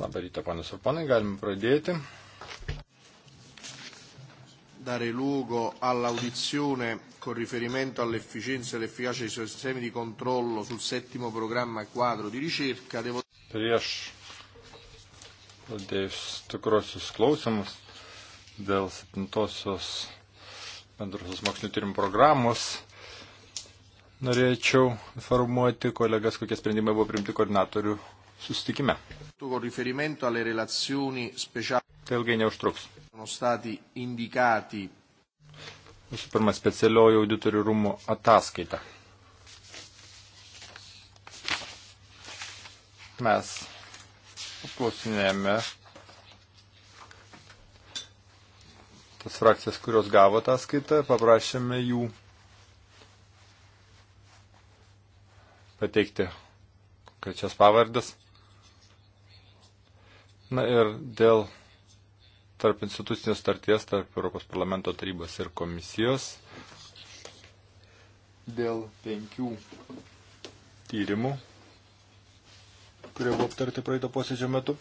Labą rytą, panas ir panai, galime pradėti. Dare luogo all'audizione con riferimento all'efficienza e all'efficacia dei sistemi di controllo sul settimo programma quadro di ricerca. Devo... Prieš pradėjus tikrosius klausimus dėl septintosios bendrosios mokslinio tyrimų programos, norėčiau informuoti kolegas, kokie sprendimai buvo priimti koordinatorių sustikime con riferimento alle relazioni speciali. Tai ilgai neužtruks. Visų pirma, specialioji auditorių rūmų ataskaita. Mes apklausinėjame tas frakcijas, kurios gavo tą skaitą, paprašėme jų pateikti konkrečias pavardas. Na ir dėl tarp institucinės starties, tarp Europos parlamento tarybos ir komisijos, dėl penkių tyrimų, kurie buvo aptarti praeito posėdžio metu.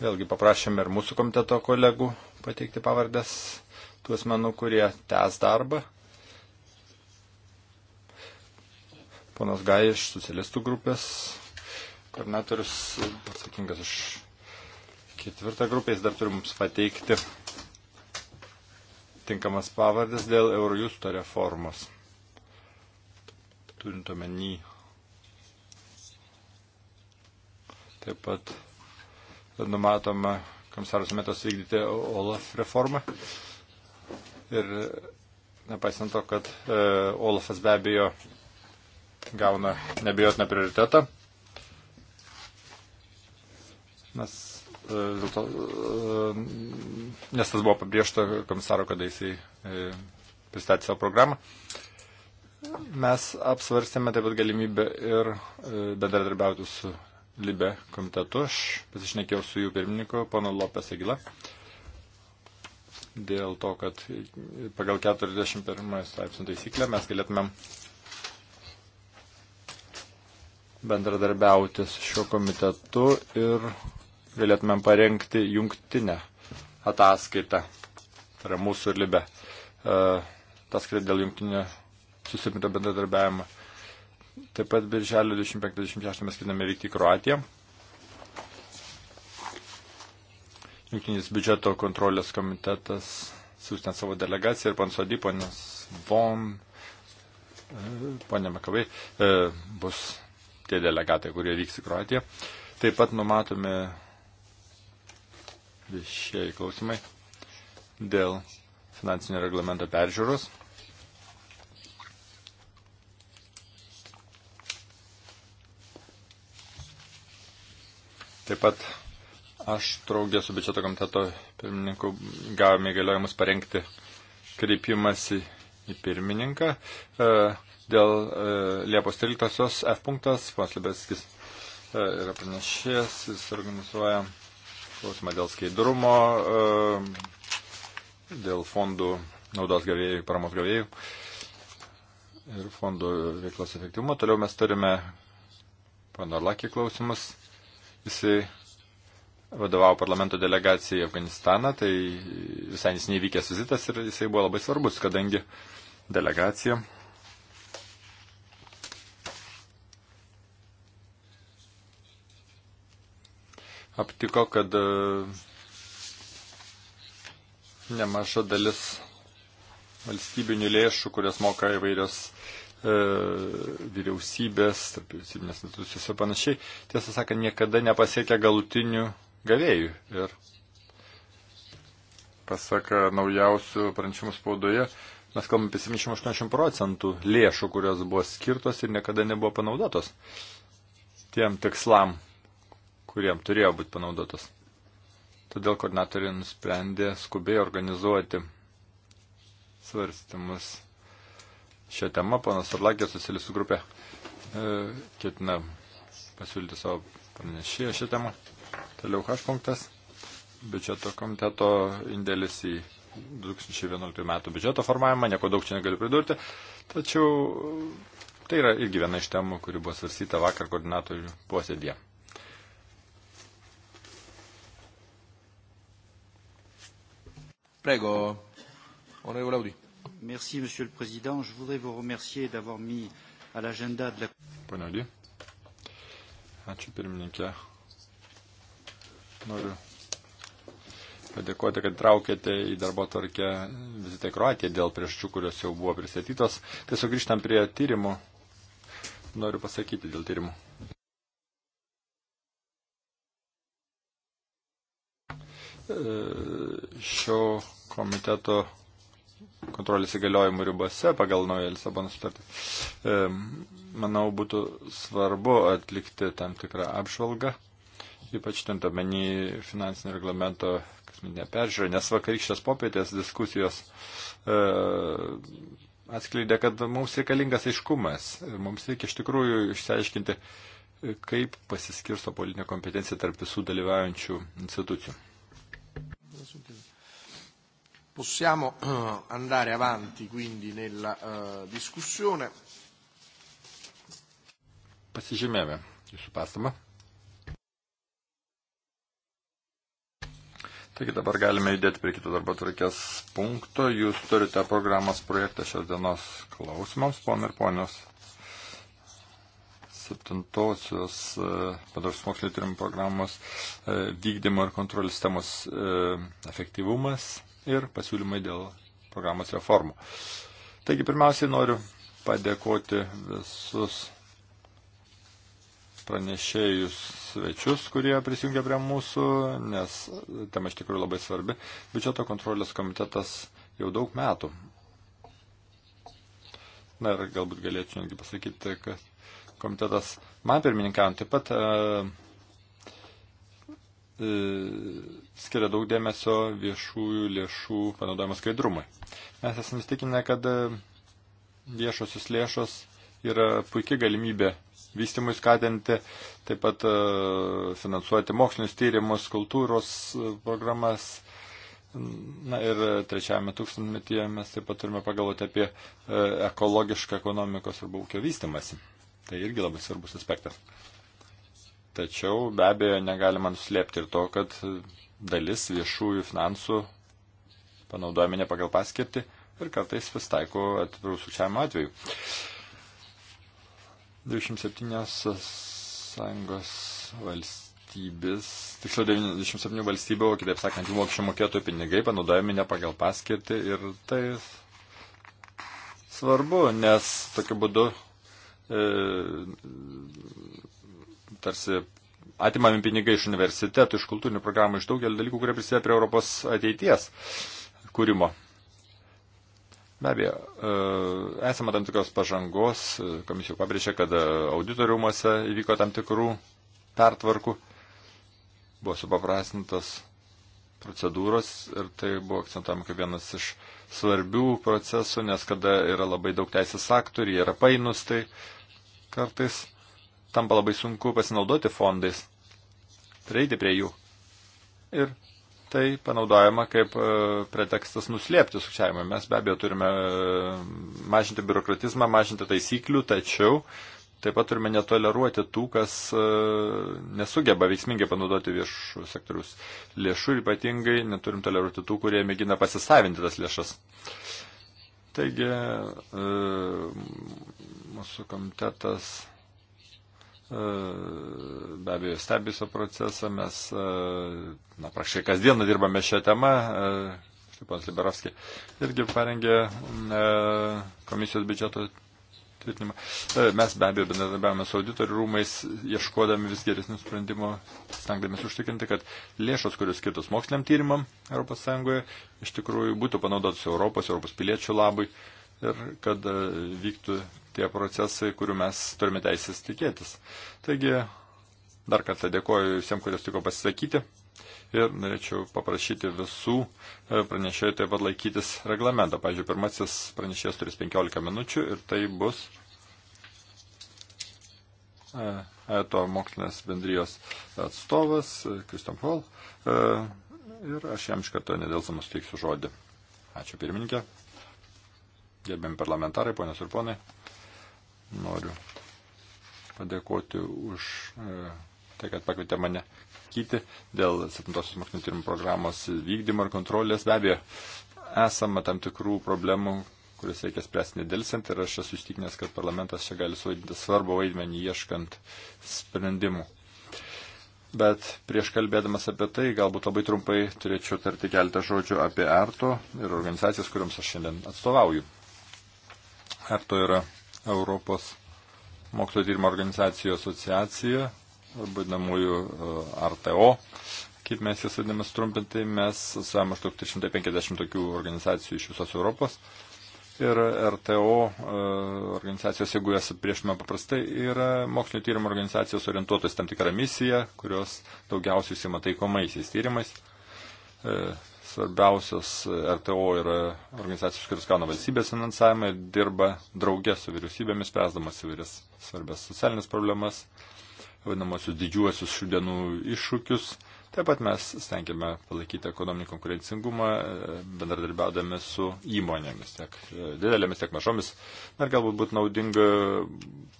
Vėlgi paprašėme ir mūsų komiteto kolegų pateikti pavardės tų asmenų, kurie tęs darbą Ponas Gai iš socialistų grupės, koordinatorius atsakingas už ketvirtą grupę, jis dar turi mums pateikti tinkamas pavardės dėl Eurojusto reformos. Turint omeny. Taip pat numatoma komisaros metos vykdyti OLAF reformą. Ir nepaisant to, kad e, OLAFas be abejo gauna nebejotiną prioritetą. Nes, e, dėl to, e, nes tas buvo pabrėžta komisaro, kada jisai e, pristatė savo programą. Mes apsvarstėme taip pat galimybę ir bendradarbiauti su Libe komitetu. Aš pasišnekėjau su jų pirmininku, pono Lopes Agila, dėl to, kad pagal 41 straipsnių taisyklę mes galėtumėm bendradarbiauti su šiuo komitetu ir galėtumėm parengti jungtinę ataskaitą. Tai yra mūsų ir libe. E, Ataskaita dėl jungtinio susipinto bendradarbiavimo. Taip pat birželio 25-26 mes ketiname vykti į Kroatiją. Junktinis biudžeto kontrolės komitetas siūs ten savo delegaciją ir pansodį, ponas Von, e, ponė Makavai, e, bus tie delegatai, kurie vyks į Kroatiją. Taip pat numatome viešieji klausimai dėl finansinio reglamento peržiūros. Taip pat aš traugė su biudžeto komiteto pirmininku gavome įgaliojimus parengti kreipimąsi į pirmininką. Uh, dėl e, Liepos 13-osios F punktas, ponas Libeskis e, yra pranešėjęs, jis organizuoja klausimą dėl skaidrumo, e, dėl fondų naudos gavėjų, paramos gavėjų ir fondų veiklos efektyvumo. Toliau mes turime panorlakį klausimus. Jisai vadovavo parlamento delegacijai į Afganistaną, tai visai nesiniai vykęs vizitas ir jisai buvo labai svarbus, kadangi delegacija aptiko, kad e, nemaža dalis valstybinių lėšų, kurias moka įvairios e, vyriausybės, tarp vyriausybinės institucijos ir panašiai, tiesą sakant, niekada nepasiekia galutinių gavėjų. Ir pasak naujausių pranešimų spaudoje, mes kalbame apie 780 procentų lėšų, kurios buvo skirtos ir niekada nebuvo panaudotos tiem tikslam, kuriam turėjo būti panaudotas. Todėl koordinatoriai nusprendė skubiai organizuoti svarstymus šią temą. Panas Arlakė susilis su grupė e, ketina pasiūlyti savo pranešėją šią temą. Toliau H punktas. Biudžeto komiteto indėlis į 2011 metų biudžeto formavimą. Nieko daug čia negaliu pridurti. Tačiau tai yra irgi viena iš temų, kuri buvo svarstyta vakar koordinatorių posėdėje. Prego, onorevole Audi. Merci, Monsieur le Président. Je voudrais vous remercier d'avoir mis à l'agenda de la. Pone Audi. Ačiū pirmininkė. Noriu padėkoti, kad traukėte į darbo tvarkę vizitą į Kroatiją dėl prieščių, kurios jau buvo pristatytos. Tiesiog grįžtam prie tyrimų. Noriu pasakyti dėl tyrimų. E, šio komiteto kontrolės įgaliojimų ribose pagal naują Lisabono sutartį. E, manau, būtų svarbu atlikti tam tikrą apžvalgą, ypač turint omeny finansinio reglamento kasminę peržiūrą, nes vakarykštės popietės diskusijos e, atskleidė, kad mums reikalingas aiškumas ir mums reikia iš tikrųjų išsiaiškinti, kaip pasiskirsto politinė kompetencija tarp visų dalyvaujančių institucijų. Possiamo eh, andare avanti quindi nella uh, discussione. Pasižymėjome jūsų pastabą. Taigi dabar galime judėti prie kito darbo turkės punkto. Jūs turite programos projektą šios dienos klausimams, pon ir ponios septintosios e, padarus mokslinio tyrimų programos e, vykdymo ir kontrolės sistemos e, efektyvumas ir pasiūlymai dėl programos reformų. Taigi pirmiausiai noriu padėkoti visus pranešėjus svečius, kurie prisijungia prie mūsų, nes tema iš tikrųjų labai svarbi. Biudžeto kontrolės komitetas jau daug metų. Na ir galbūt galėčiau netgi pasakyti, kad komitetas. Man pirmininkavant taip pat e, e, skiria daug dėmesio viešųjų lėšų panaudojimo skaidrumui. Mes esame įstikinę, kad e, viešosios lėšos yra puikia galimybė vystimui skatinti, taip pat finansuoti mokslinius tyrimus, kultūros programas. Na ir trečiajame tūkstantmetyje mes taip pat turime pagalvoti apie ekologišką ekonomikos ir baukio vystimąsi. Tai irgi labai svarbus aspektas. Tačiau be abejo negalima nuslėpti ir to, kad dalis viešųjų finansų panaudojami ne pagal paskirtį ir kartais vis taiko atvirų sukčiavimo atveju. 27 sąjungos valstybės, tiksliau 97 valstybių, o kitaip sakant, jų mokesčių mokėtojų pinigai panaudojami ne pagal paskirtį ir tai svarbu, nes tokiu būdu E, tarsi atimami pinigai iš universitetų, iš kultūrinių programų, iš daugelio dalykų, kurie prisideda prie Europos ateities kūrimo. Be abejo, e, esame tam tikros pažangos, komisijų pabrėžė, kad auditoriumuose įvyko tam tikrų pertvarkų, buvo supaprastintas procedūros ir tai buvo akcentuojama kaip vienas iš svarbių procesų, nes kada yra labai daug teisės aktų ir jie yra painus, tai kartais tampa labai sunku pasinaudoti fondais, prieiti prie jų. Ir tai panaudojama kaip e, pretekstas nuslėpti sukčiavimą. Mes be abejo turime e, mažinti biurokratizmą, mažinti taisyklių, tačiau taip pat turime netoleruoti tų, kas e, nesugeba veiksmingai panaudoti viešų sektorius lėšų ir ypatingai neturim toleruoti tų, kurie mėgina pasisavinti tas lėšas. Taigi, Mūsų komitetas e, be abejo stebi visą procesą, mes, e, na, prašai, kasdieną dirbame šią temą, e, štai pas Liberavskį, irgi parengė komisijos biudžeto tvirtinimą. Mes be abejo bendradarbiavame su auditorių rūmais, ieškodami vis geresnių sprendimų, stengdamės užtikrinti, kad lėšos, kurios skirtos moksliniam tyrimam ES, iš tikrųjų būtų panaudotos Europos, Europos piliečių labui ir kad vyktų tie procesai, kurių mes turime teisės tikėtis. Taigi, dar kartą dėkoju visiems, kurie sutiko pasisakyti ir norėčiau paprašyti visų e, pranešėjų taip pat laikytis reglamento. Pavyzdžiui, pirmasis pranešėjas turės 15 minučių ir tai bus e, ETO mokslinės bendrijos atstovas Kristom e, Hall ir aš jam iš karto nedėlsamus teiksiu žodį. Ačiū pirmininkė, gerbėm parlamentarai, ponios ir ponai. Noriu padėkoti už e, tai, kad pakvietė mane sakyti dėl 7-osios mokslinio tyrimų programos vykdymo ir kontrolės. Be abejo, esama tam tikrų problemų, kuris reikia spręsti nedėlsint ir aš esu įstikinęs, kad parlamentas čia gali suvaidinti svarbą vaidmenį ieškant sprendimų. Bet prieš kalbėdamas apie tai, galbūt labai trumpai turėčiau tarti keletą žodžių apie ERTO ir organizacijas, kuriams aš šiandien atstovauju. ERTO yra Europos mokslo tyrimo organizacijų asociacija, arba namųjų e, RTO, kaip mes jas vadiname trumpintai, mes su maždaug 350 tokių organizacijų iš visos Europos. Ir RTO e, organizacijos, jeigu jas apieškime paprastai, yra mokslinio tyrimo organizacijos orientuotos tam tikrą misiją, kurios daugiausiai užsima taikomaisiais tyrimais. E, Svarbiausios RTO yra organizacijos, kuris gauna valstybės finansavimą ir dirba draugė su vyriausybėmis, spręsdamas įvairias svarbias socialinės problemas, vadinamosius didžiuosius šių dienų iššūkius. Taip pat mes stengiame palaikyti ekonominį konkurencingumą, bendradarbiaudami su įmonėmis, tiek e, didelėmis, tiek mažomis. Na ir galbūt būtų naudinga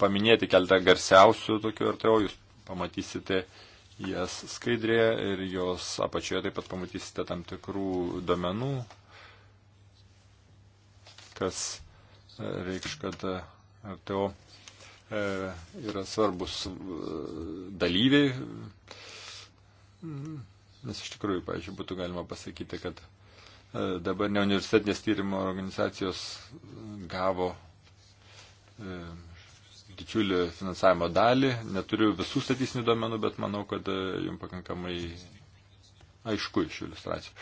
paminėti keletą garsiausių tokių RTO, jūs pamatysite jas skaidrėje ir jos apačioje taip pat pamatysite tam tikrų domenų, kas e, reikš, kad e, RTO e, yra svarbus dalyviai. Nes iš tikrųjų, pažiūrėjau, būtų galima pasakyti, kad dabar neuniversitetinės tyrimo organizacijos gavo didžiulį finansavimo dalį. Neturiu visų statistinių duomenų, bet manau, kad e, jums pakankamai aišku iš iliustracijų.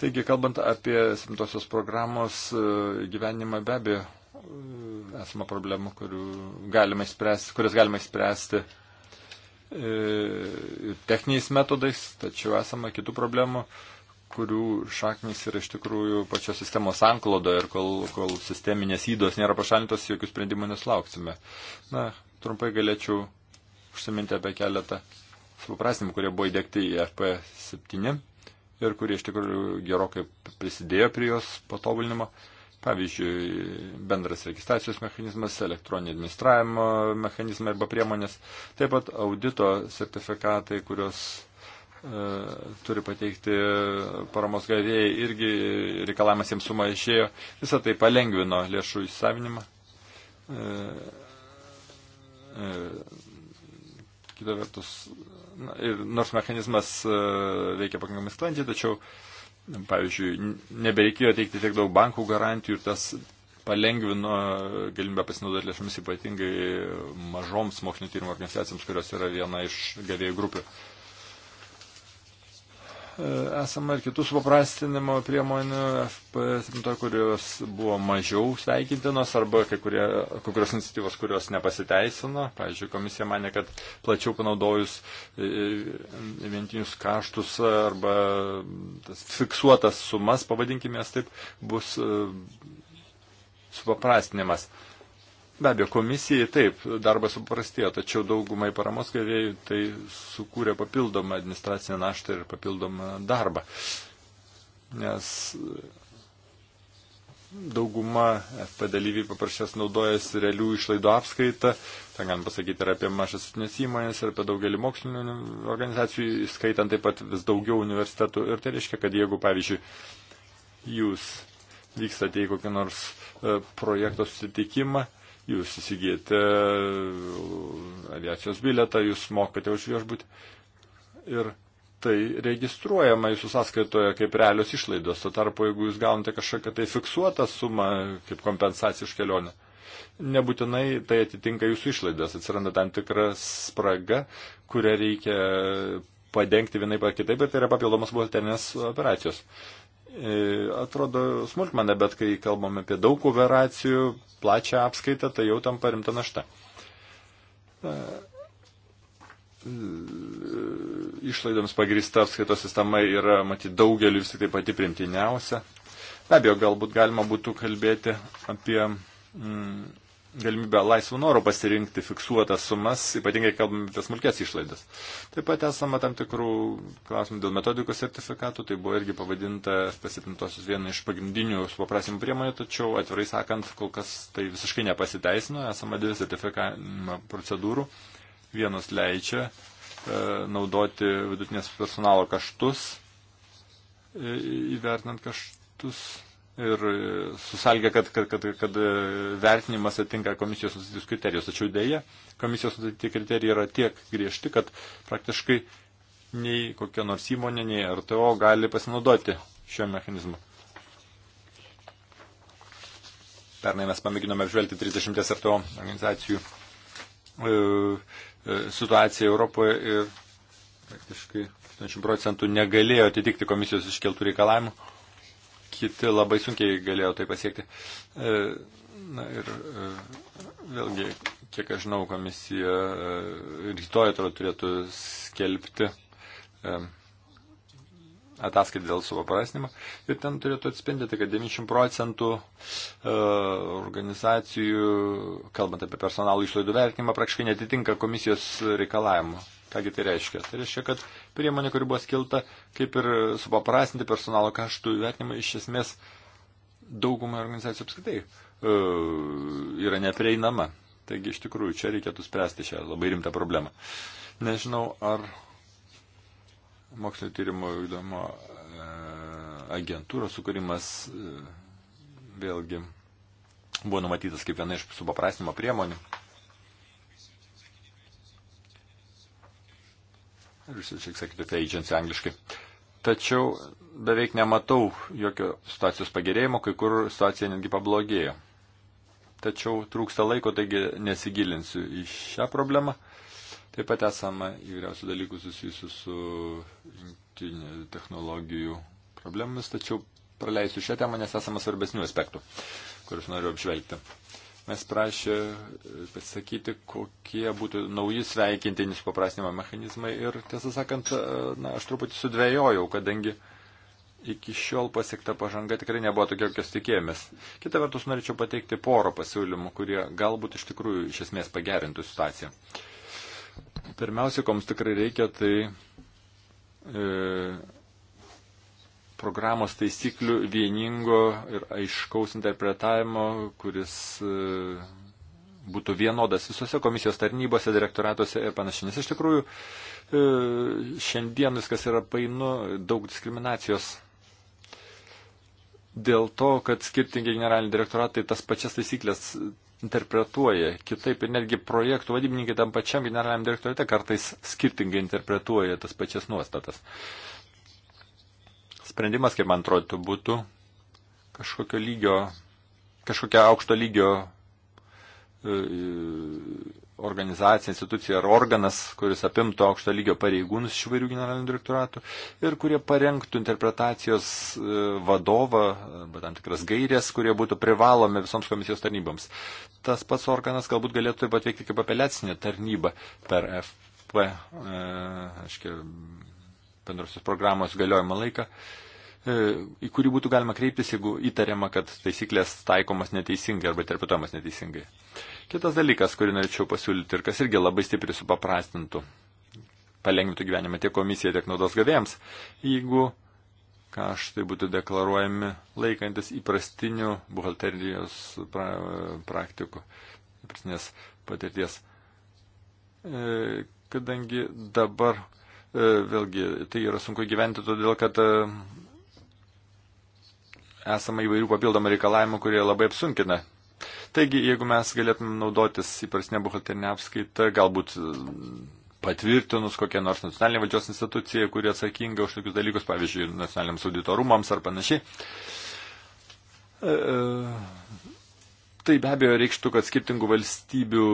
Taigi, kalbant apie simtosios programos e, gyvenimą, be abejo, e, esama problemų, galima spręsti, kurias galima išspręsti techniniais metodais, tačiau esama kitų problemų. E, kurių šaknis yra iš tikrųjų pačios sistemos anklodo ir kol, kol sisteminės įdos nėra pašalintos, jokių sprendimų nesulauksime. Na, trumpai galėčiau užsiminti apie keletą supaprastinimų, kurie buvo įdėkti į FP7 ir kurie iš tikrųjų gerokai prisidėjo prie jos patobulinimo. Pavyzdžiui, bendras registracijos mechanizmas, elektroninio administravimo mechanizmai arba priemonės, taip pat audito sertifikatai, kurios E, turi pateikti paramos gavėjai, irgi reikalavimas jiems sumažėjo. Visą tai palengvino lėšų įsavinimą. E, e, kita vertus, na, ir nors mechanizmas veikia pakankamai sklandžiai, tačiau, pavyzdžiui, nebereikėjo teikti tiek daug bankų garantijų ir tas palengvino galimybę pasinaudoti lėšomis ypatingai mažoms mokslinio tyrimo organizacijoms, kurios yra viena iš gavėjų grupių. Uh, E, esama ir kitų supaprastinimo priemonių FP7, kurios buvo mažiau sveikintinos arba kai, kurie, kai kurios iniciatyvos, kurios nepasiteisino. Pavyzdžiui, komisija mane, kad plačiau panaudojus vientinius e, e, kaštus arba fiksuotas sumas, pavadinkime jas taip, bus supaprastinimas. Uh, Be abejo, komisijai taip, darbas suprastėjo, tačiau daugumai paramos gavėjų tai sukūrė papildomą administracinę naštą ir papildomą darbą. Nes dauguma FP dalyviai paprasčiausiai naudojasi realių išlaidų apskaitą, ten galim pasakyti ir apie mažas atinės įmonės, ir apie daugelį mokslinių organizacijų, skaitant taip pat vis daugiau universitetų. Ir tai reiškia, kad jeigu, pavyzdžiui, jūs vykstate į kokį nors e, projekto susitikimą, Jūs įsigijate uh, aviacijos biletą, jūs mokate už viešbutį. Ir tai registruojama jūsų sąskaitoje kaip realios išlaidos. Tuo tarpu, jeigu jūs gaunate kažkokią tai fiksuotą sumą kaip kompensaciją už kelionę, nebūtinai tai atitinka jūsų išlaidas. Atsiranda tam tikra spraga, kurią reikia padengti vienai par kitaip, bet tai yra papildomas buhalterinės operacijos. E, atrodo smulkmena, bet kai kalbam apie daug operacijų, plačią apskaitą, tai jau tam parimta našta. E, e, išlaidoms pagrįsta apskaitos sistema yra, matyt, daugeliu vis tik tai pati primtiniausia. Be abejo, galbūt galima būtų kalbėti apie mm, galimybę laisvų norų pasirinkti fiksuotas sumas, ypatingai kalbame apie smulkės išlaidas. Taip pat esama tam tikrų klausimų dėl metodikos sertifikatų, tai buvo irgi pavadinta FP7 viena iš pagrindinių supaprasimų priemonių, tačiau atvirai sakant, kol kas tai visiškai nepasiteisino, esama dvi sertifikavimo procedūrų. Vienos leidžia e, naudoti vidutinės personalo kaštus, e, įvertinant kaštus ir e, susalgė, kad, kad, kad, kad e, vertinimas atitinka komisijos nustatytus kriterijus. Tačiau dėja, komisijos nustatyti kriterijai yra tiek griežti, kad praktiškai nei kokia nors įmonė, nei RTO gali pasinaudoti šio mechanizmu. Pernai mes pamėginome apžvelgti 30 RTO organizacijų e, situaciją Europoje ir praktiškai 80 procentų negalėjo atitikti komisijos iškeltų reikalavimų kiti labai sunkiai galėjo tai pasiekti. E, na ir e, vėlgi, kiek aš žinau, komisija e, rytoj atrodo turėtų skelbti ataskaitą dėl supaprastinimo ir ten turėtų atspindėti, kad 90 procentų organizacijų, kalbant apie personalų išlaidų vertinimą, praktiškai netitinka komisijos reikalavimų. Kągi tai reiškia? Tai reiškia, kad priemonė, kuri buvo skilta, kaip ir supaprastinti personalo kaštų vertinimą, iš esmės daugumai organizacijų apskritai e, yra neprieinama. Taigi iš tikrųjų čia reikėtų spręsti šią labai rimtą problemą. Nežinau, ar mokslinio tyrimo vykdomo e, agentūros sukūrimas e, vėlgi buvo numatytas kaip viena iš supaprastinimo priemonių. Research Executive Agency angliškai. Tačiau beveik nematau jokio situacijos pagerėjimo, kai kur situacija netgi pablogėjo. Tačiau trūksta laiko, taigi nesigilinsiu į šią problemą. Taip pat esame įvairiausių dalykų susijusių su technologijų problemomis, tačiau praleisiu šią temą, nes esame svarbesnių aspektų, kuriuos noriu apžvelgti mes prašė e, pasakyti, kokie būtų nauji sveikintini supaprastinimo mechanizmai. Ir tiesą sakant, e, na, aš truputį sudvėjojau, kadangi iki šiol pasiekta pažanga tikrai nebuvo tokia, kokios tikėjomės. Kita vertus, norėčiau pateikti porą pasiūlymų, kurie galbūt iš tikrųjų iš esmės pagerintų situaciją. Pirmiausia, ko mums tikrai reikia, tai e, programos taisyklių vieningo ir aiškaus interpretavimo, kuris e, būtų vienodas visose komisijos tarnybose, direktoratuose ir panašiai. Nes iš tikrųjų e, šiandien viskas yra painu, daug diskriminacijos. Dėl to, kad skirtingi generaliniai direktoratai tas pačias taisyklės interpretuoja kitaip ir netgi projektų vadybininkai tam pačiam generaliniam direktorate kartais skirtingai interpretuoja tas pačias nuostatas. Uh, sprendimas, kaip man atrodytų, būtų kažkokio lygio, kažkokia aukšto lygio e, organizacija, institucija ar organas, kuris apimtų aukšto lygio pareigūnus iš vairių generalinių direktoratų ir kurie parengtų interpretacijos e, vadovą, arba tam tikras gairės, kurie būtų privalomi visoms komisijos tarnyboms. Tas pats organas galbūt galėtų taip pat veikti kaip apeliacinė tarnyba per FP, aiškiai, e, bendrosios programos galiojimo laiką. E, E, į kurį būtų galima kreiptis, jeigu įtariama, kad taisyklės taikomas neteisingai arba interpretuojamas neteisingai. Kitas dalykas, kurį norėčiau pasiūlyti ir kas irgi labai stipriai supaprastintų, palengvintų gyvenimą tiek komisijai, tiek naudos gavėjams, jeigu kaštai būtų deklaruojami laikantis įprastinių buhalterijos pra, praktikų, įprastinės patirties. E, kadangi dabar e, vėlgi tai yra sunku gyventi, todėl kad e, esama įvairių papildomų reikalavimų, kurie labai apsunkina. Taigi, jeigu mes galėtume naudotis įprastinę buhalterinę apskaitą, galbūt mm, patvirtinus kokią nors nacionalinę valdžios instituciją, kuri atsakinga už tokius dalykus, pavyzdžiui, nacionaliniams auditorumams ar panašiai, e, e, Tai be abejo reikštų, kad skirtingų valstybių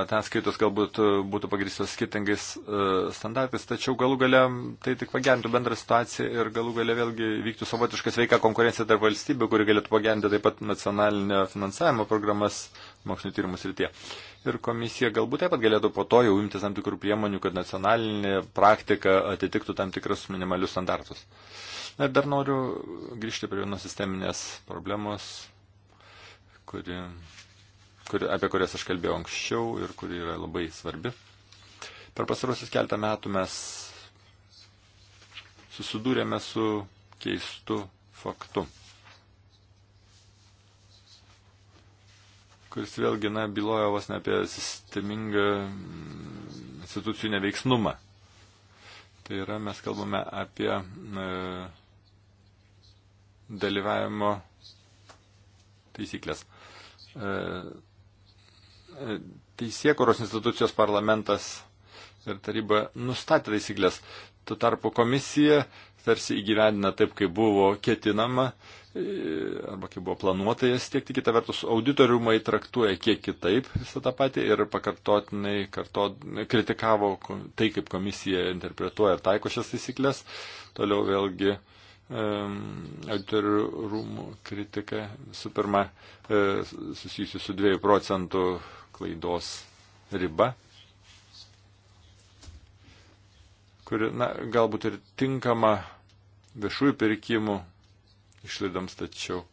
ataskaitos galbūt e, būtų pagristos skirtingais e, standartais, tačiau galų gale tai tik pagerintų bendrą situaciją ir galų gale vėlgi vyktų savotiškas veika konkurencija tarp valstybių, kuri galėtų pagerinti taip pat nacionalinio finansavimo programas mokslinio tyrimų srityje. Ir komisija galbūt taip pat galėtų po to jau imtis tam tikrų priemonių, kad nacionalinė praktika atitiktų tam tikrus minimalius standartus. Na ir dar noriu grįžti prie vienos sisteminės problemos kuri, kuri, apie kurias aš kalbėjau anksčiau ir kuri yra labai svarbi. Per pasarosius keltą metų mes susidūrėme su keistu faktu, kuris vėlgi, na, byloja vos ne apie sistemingą mm, institucijų neveiksnumą. Tai yra, mes kalbame apie e, dalyvavimo taisyklės. E, e, teisėkuros institucijos parlamentas ir taryba nustatė taisyklės. Tuo tarpu komisija tarsi įgyvendina taip, kaip buvo ketinama e, arba kaip buvo planuota jas tiekti, kita vertus auditoriumai traktuoja kiek kitaip visą tą patį ir pakartotinai karto, kritikavo tai, kaip komisija interpretuoja ir taiko šias taisyklės. Toliau vėlgi uh, auditorių rūmų kritika, visų pirma, e, susijusi su 2 procentų klaidos riba, kuri, na, galbūt ir tinkama viešųjų pirkimų išlaidams, tačiau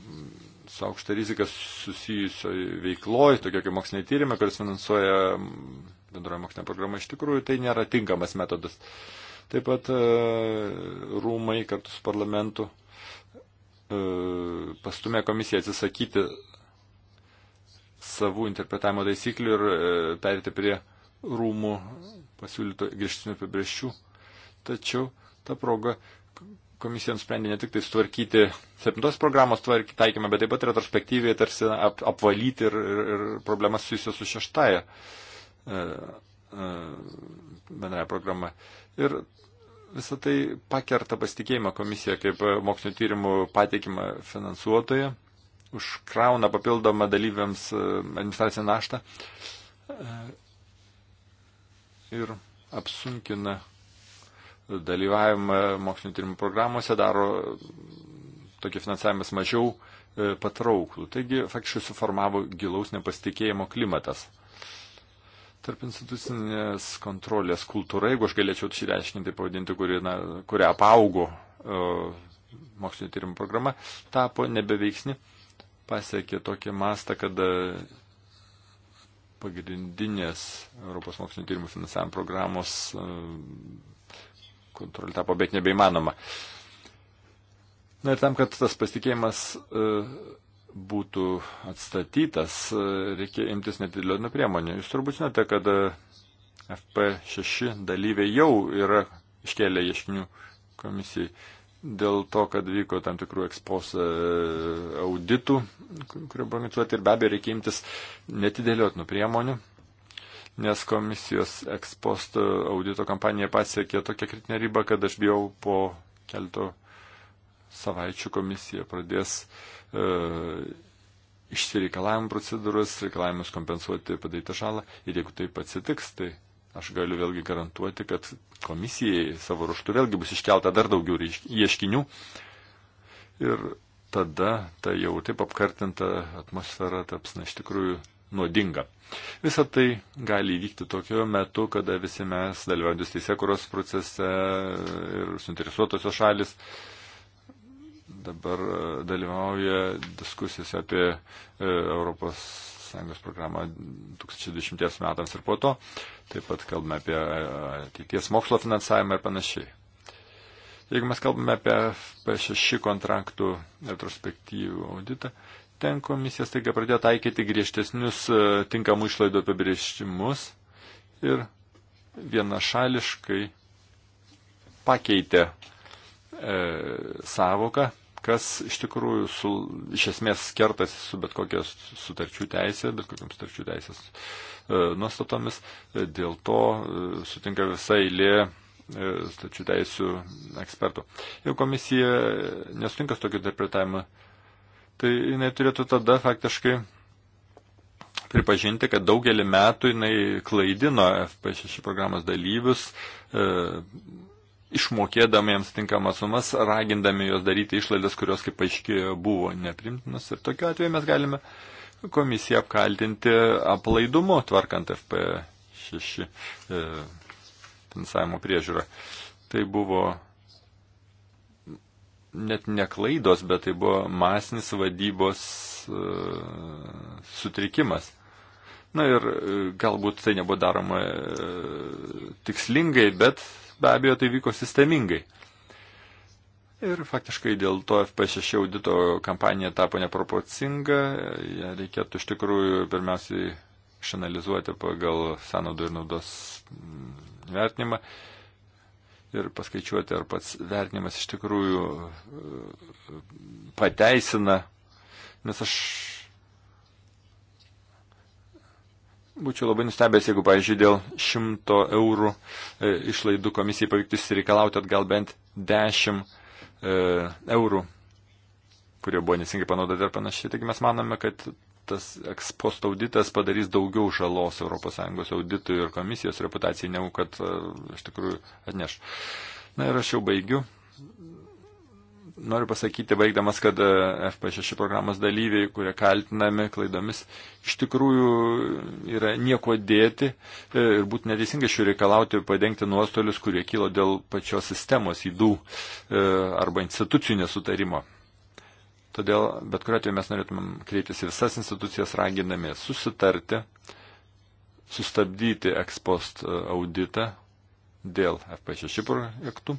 mm, su aukšta rizika susijusio veikloje, tokie kaip moksliniai tyrimai, kuris finansuoja mm, bendroje mokslinė programa, iš tikrųjų tai nėra tinkamas metodas. Uh, Taip pat e, rūmai kartu su parlamentu e, pastumė komisiją atsisakyti savų interpretavimo taisyklių ir e, perėti prie rūmų pasiūlyto griežtinių apibrėžčių. Tačiau ta proga komisija nusprendė ne tik tai sutvarkyti septintos programos tvarkį, taikymą, bet taip pat retrospektyviai tarsi ap, apvalyti ir, ir, ir problemas susijusios su šeštaja e, e, bendraja programa. Ir visą tai pakerta pasitikėjimą komisiją kaip mokslinio tyrimų pateikimą finansuotoje, užkrauna papildomą dalyviams e, administracinę naštą e, ir apsunkina dalyvavimą mokslinio tyrimų programuose, daro tokį finansavimas mažiau e, patrauklų. Taigi faktiškai suformavo gilaus nepasitikėjimo klimatas tarp institucinės kontrolės kultūra, jeigu aš galėčiau šį reiškinį tai pavadinti, kuri, na, kurią apaugo e, mokslinio tyrimų programa, tapo nebeveiksni, pasiekė tokį mastą, kad e, pagrindinės Europos mokslinio tyrimų finansavimo programos e, kontrolė tapo beveik nebeįmanoma. Na ir tam, kad tas pasitikėjimas uh, būtų atstatytas, e, reikia imtis nedidelio priemonių. Jūs turbūt žinote, kad e, FP6 dalyviai jau yra iškėlę ieškinių komisijai dėl to, kad vyko tam tikrų ekspos e, auditų, kurie buvo imituoti ir be abejo reikia imtis netidėliotinų priemonių, nes komisijos ekspost audito kampanija pasiekė tokią kritinę ribą, kad aš bijau po kelto savaičių komisija pradės uh, E, išsireikalavimų procedūras, reikalavimus kompensuoti padarytą žalą ir jeigu taip atsitiks, tai aš galiu vėlgi garantuoti, kad komisijai savo ruštų vėlgi bus iškelta dar daugiau ieškinių ir tada ta jau taip apkartinta atmosfera taps, na, iš tikrųjų nuodinga. Visą tai gali įvykti tokiu metu, kada visi mes, dalyvaujantis teisėkuros procese ir suinteresuotosios šalis, uh, dabar e, dalyvauja diskusijas apie e, Europos Sąjungos programą 2010 metams ir po to. Taip pat kalbame apie e, ateities mokslo finansavimą ir panašiai. Jeigu mes kalbame apie P6 kontraktų retrospektyvų auditą, ten komisija staiga pradėjo taikyti griežtesnius tinkamų išlaidų apibriežimus ir vienašališkai pakeitė e, savoką kas iš tikrųjų su, iš esmės kertasi su bet kokios sutarčių teisė, bet kokiam sutarčių teisės e, nuostatomis. E, dėl to e, sutinka visa eilė e, sutarčių teisų ekspertų. Jeigu komisija nesutinka su tokiu interpretavimu, tai jinai turėtų tada faktiškai pripažinti, kad daugelį metų jinai klaidino FP6 programos dalyvius. E, išmokėdami jiems tinkamas sumas, ragindami juos daryti išlaidas, kurios, kaip aiškėjo, buvo neprimtinas. Ir tokiu atveju mes galime komisiją apkaltinti aplaidumu, tvarkant FP6 e, finansavimo priežiūrą. Tai buvo net ne klaidos, bet tai buvo masinis vadybos e, sutrikimas. Na ir e, galbūt tai nebuvo daroma e, tikslingai, bet be abejo tai vyko sistemingai. Ir faktiškai dėl to FP6 audito kampanija tapo neproporcinga, ją reikėtų iš tikrųjų pirmiausiai išanalizuoti pagal sąnaudų ir naudos vertinimą ir paskaičiuoti, ar pats vertinimas iš tikrųjų e, pateisina, nes aš Būčiau labai nustebęs, jeigu, pavyzdžiui, dėl 100 eurų e, išlaidų komisijai pavyktų įsireikalauti atgal bent 10 e, eurų, kurie buvo nesingai panaudoti ir panašiai. Taigi mes manome, kad tas ekspost auditas padarys daugiau žalos ES auditui ir komisijos reputacijai, negu kad e, iš tikrųjų atneš. Na ir aš jau baigiu. Noriu pasakyti, baigdamas, kad e, FP6 programos dalyviai, kurie kaltinami klaidomis, iš tikrųjų yra nieko dėti e, ir būtų neteisinga šių reikalauti padengti nuostolius, kurie kilo dėl pačios sistemos įdų e, arba institucijų nesutarimo. Todėl bet kuriuo atveju mes norėtumėm kreiptis į visas institucijas, ragindami susitarti, sustabdyti ekspost auditą dėl FP6 projektų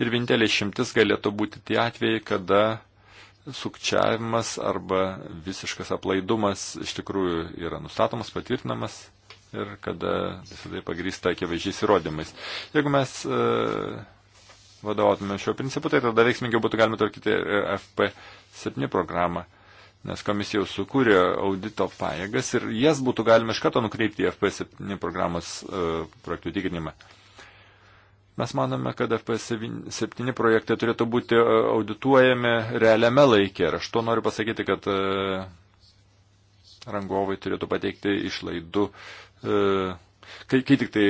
Ir vienintelė šimtis galėtų būti tie atvejai, kada sukčiavimas arba visiškas aplaidumas iš tikrųjų yra nustatomas, patvirtinamas ir kada visą tai pagrįsta akivaizdžiais įrodymais. Jeigu mes e, vadovautume šiuo principu, tai tada veiksmingiau būtų galima tvarkyti FP7 programą, nes komisija jau sukūrė audito pajėgas ir jas būtų galima iš karto nukreipti į FP7 programos e, projektų tikrinimą. Mes manome, kad FP7 projektai turėtų būti e, audituojami realiame laikė. Ir aš to noriu pasakyti, kad e, rangovai turėtų pateikti išlaidų. E, kai, kai tik tai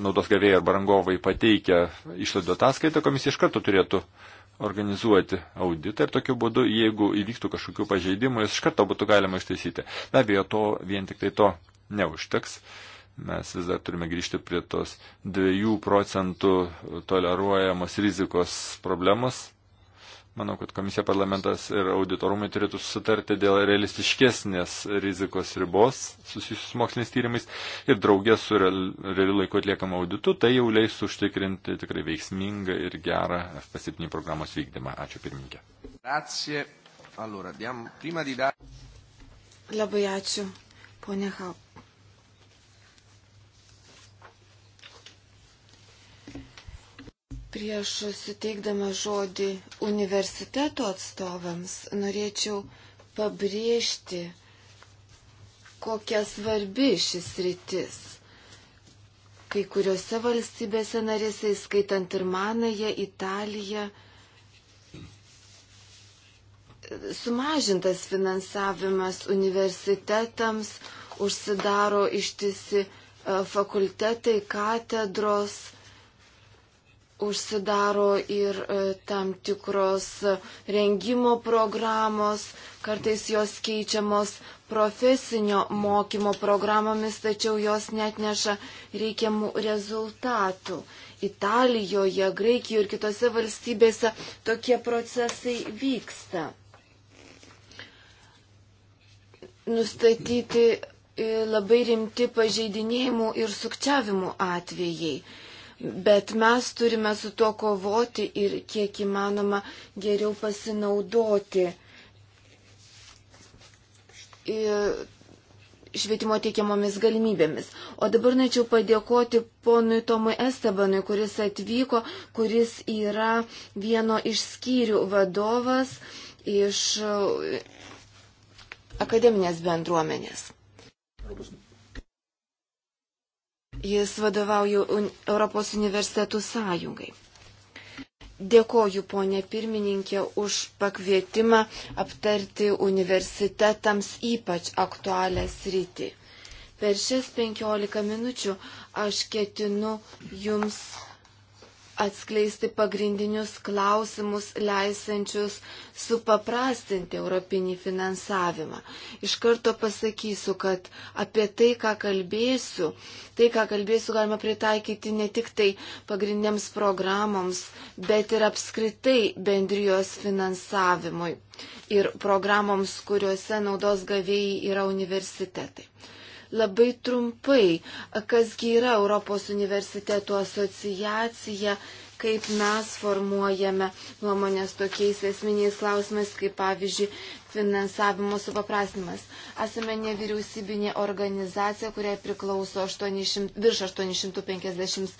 naudos gavėjai arba rangovai pateikia išlaidų ataskaitą, komisija iš karto turėtų organizuoti auditą ir tokiu būdu, jeigu įvyktų kažkokių pažeidimų, jis iš karto būtų galima ištaisyti. Be abejo, to vien tik tai to neužteks. Uh, mes vis dar turime grįžti prie tos 2 procentų toleruojamos rizikos problemos. Manau, kad komisija, parlamentas ir auditorumai turėtų susitarti dėl realistiškesnės rizikos ribos susijusius moksliniais tyrimais ir draugės su realiu laiku atliekama auditu, tai jau leis užtikrinti tikrai veiksmingą ir gerą F7 programos vykdymą. Ačiū pirmininkė. Allora, diam, da... Labai ačiū, ponė Haup. Prieš suteikdama žodį universiteto atstovams norėčiau pabrėžti, kokia svarbi šis rytis. Kai kuriuose valstybėse narėse, skaitant ir manąją Italiją, sumažintas finansavimas universitetams, užsidaro ištisi e, fakultetai, katedros užsidaro ir e, tam tikros rengimo programos, kartais jos keičiamos profesinio mokymo programomis, tačiau jos net neša reikiamų rezultatų. Italijoje, Graikijoje ir kitose valstybėse tokie procesai vyksta. Nustatyti e, labai rimti pažeidinėjimų ir sukčiavimų atvejai bet mes turime su tuo kovoti ir kiek įmanoma geriau pasinaudoti švietimo teikiamomis galimybėmis. O dabar norėčiau padėkoti ponui Tomui Estebanui, kuris atvyko, kuris yra vieno iš skyrių vadovas iš akademinės bendruomenės. Labas. Jis vadovauja Europos universitetų sąjungai. Dėkoju, ponė pirmininkė, už pakvietimą aptarti universitetams ypač aktualią sritį. Per šias 15 minučių aš ketinu jums atskleisti pagrindinius klausimus, leisančius supaprastinti europinį finansavimą. Iš karto pasakysiu, kad apie tai, ką kalbėsiu, tai, ką kalbėsiu, galima pritaikyti ne tik tai pagrindiniams programoms, bet ir apskritai bendrijos finansavimui ir programoms, kuriuose naudos gavėjai yra universitetai labai trumpai, kasgi yra Europos universitetų asociacija, kaip mes formuojame nuomonės tokiais esminiais klausimais, kaip pavyzdžiui finansavimo supaprastinimas. Esame nevyriausybinė organizacija, kuriai priklauso 800, virš 850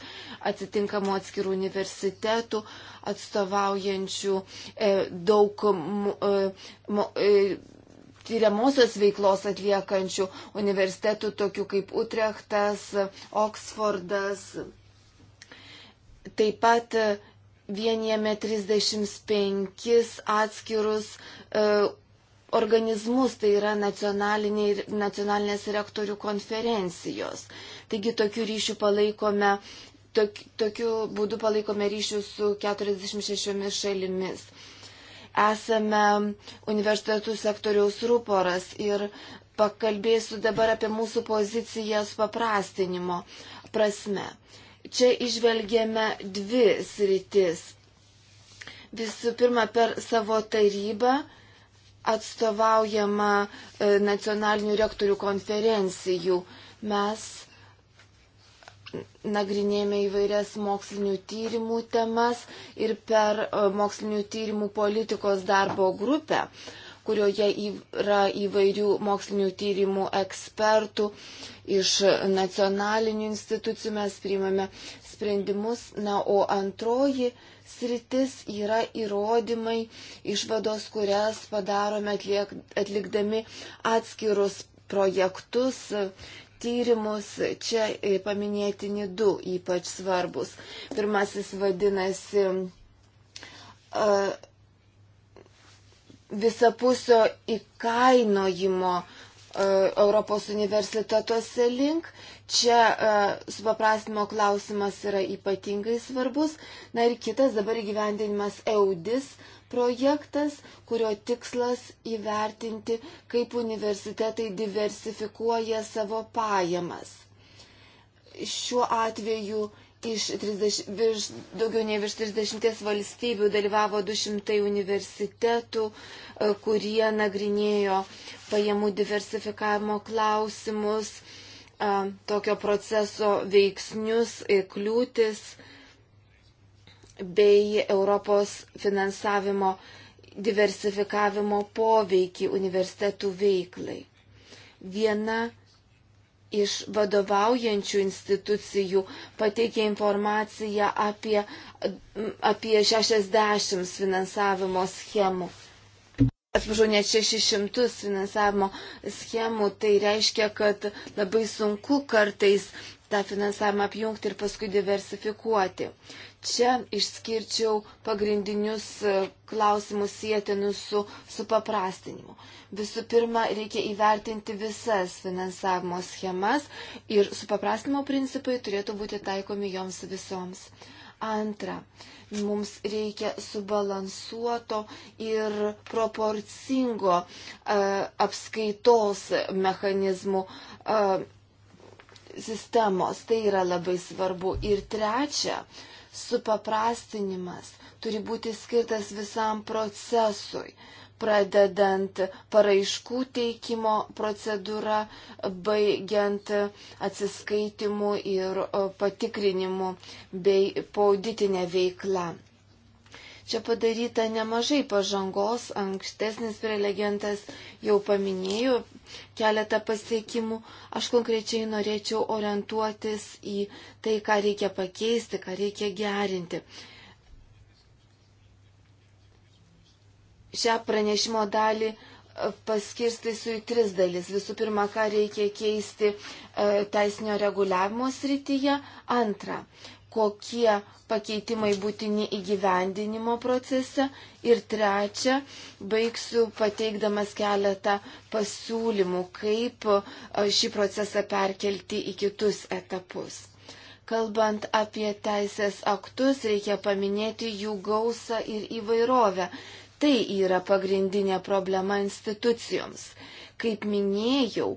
atitinkamų atskirų universitetų, atstovaujančių e, daug. M, e, m, e, tyriamosios veiklos atliekančių universitetų, tokių kaip Utrechtas, Oksfordas. Taip pat e, vienijame 35 atskirus e, organizmus, tai yra nacionalinės rektorių konferencijos. Taigi tokiu ryšiu palaikome, tok, tokiu būdu palaikome ryšius su 46 šalimis esame universitetų sektoriaus ruporas ir pakalbėsiu dabar apie mūsų pozicijas paprastinimo prasme. Čia išvelgėme dvi sritis. Visų pirma, per savo tarybą atstovaujama e, nacionalinių rektorių konferencijų. Mes nagrinėjame įvairias mokslinių tyrimų temas ir per e, mokslinių tyrimų politikos darbo grupę, kurioje yra įvairių mokslinių tyrimų ekspertų iš nacionalinių institucijų mes priimame sprendimus. Na, o antroji sritis yra įrodymai, išvados, kurias padarome atliek, atlikdami atskirus projektus, tyrimus čia e, paminėtini du ypač svarbus. Pirmasis vadinasi e, visapusio įkainojimo e, Europos universitetuose link. Čia supaprastimo klausimas yra ypatingai svarbus. Na ir kitas dabar įgyvendinimas EUDIS projektas, kurio tikslas įvertinti, kaip universitetai diversifikuoja savo pajamas. Šiuo atveju iš 30, virš, daugiau nei virš 30 valstybių dalyvavo 200 universitetų, e, kurie nagrinėjo pajamų diversifikavimo klausimus, e, tokio proceso veiksnius, e, kliūtis bei Europos finansavimo diversifikavimo poveikį universitetų veiklai. Viena iš vadovaujančių institucijų pateikė informaciją apie, apie 60 finansavimo schemų. Atsiprašau, net 600 finansavimo schemų, tai reiškia, kad labai sunku kartais tą finansavimą apjungti ir paskui diversifikuoti. Čia išskirčiau pagrindinius e, klausimus sėtinus su, su paprastinimu. Visų pirma, reikia įvertinti visas finansavimo schemas ir su paprastinimo principai turėtų būti taikomi joms visoms. Antra, mums reikia subalansuoto ir proporcingo uh, apskaitos mechanizmų uh, sistemos. Tai yra labai svarbu. Ir trečia, uh, supaprastinimas turi būti skirtas visam procesui, pradedant paraiškų teikimo procedūrą, baigiant atsiskaitimu ir patikrinimu bei pauditinė veikla. Čia padaryta nemažai pažangos, ankstesnis prelegentas jau paminėjo keletą pasiekimų. Aš konkrečiai norėčiau orientuotis į tai, ką reikia pakeisti, ką reikia gerinti. Šią pranešimo dalį e, paskirstysiu į tris dalis. Visų pirma, ką reikia keisti e, teisinio reguliavimo srityje. Antra, kokie pakeitimai būtini įgyvendinimo procese. Ir trečia, baigsiu pateikdamas keletą pasiūlymų, kaip šį procesą perkelti į kitus etapus. Kalbant apie teisės aktus, reikia paminėti jų gausą ir įvairovę. Tai yra pagrindinė problema institucijoms. Kaip minėjau,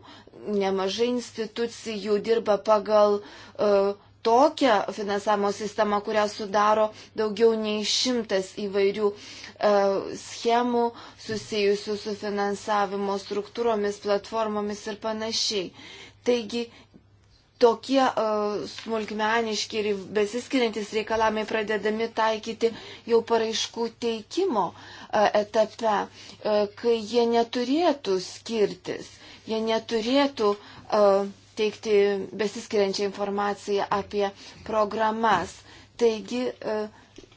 nemažai institucijų dirba pagal uh, tokią finansavimo sistemą, kurią sudaro daugiau nei šimtas įvairių e, schemų susijusių su finansavimo struktūromis, platformomis ir panašiai. Taigi tokie uh, smulkmeniški ir besiskiriantis reikalavimai pradedami taikyti jau paraiškų teikimo uh, etape, uh, kai jie neturėtų skirtis, jie neturėtų uh, teikti besiskiriančią informaciją apie programas. Taigi e,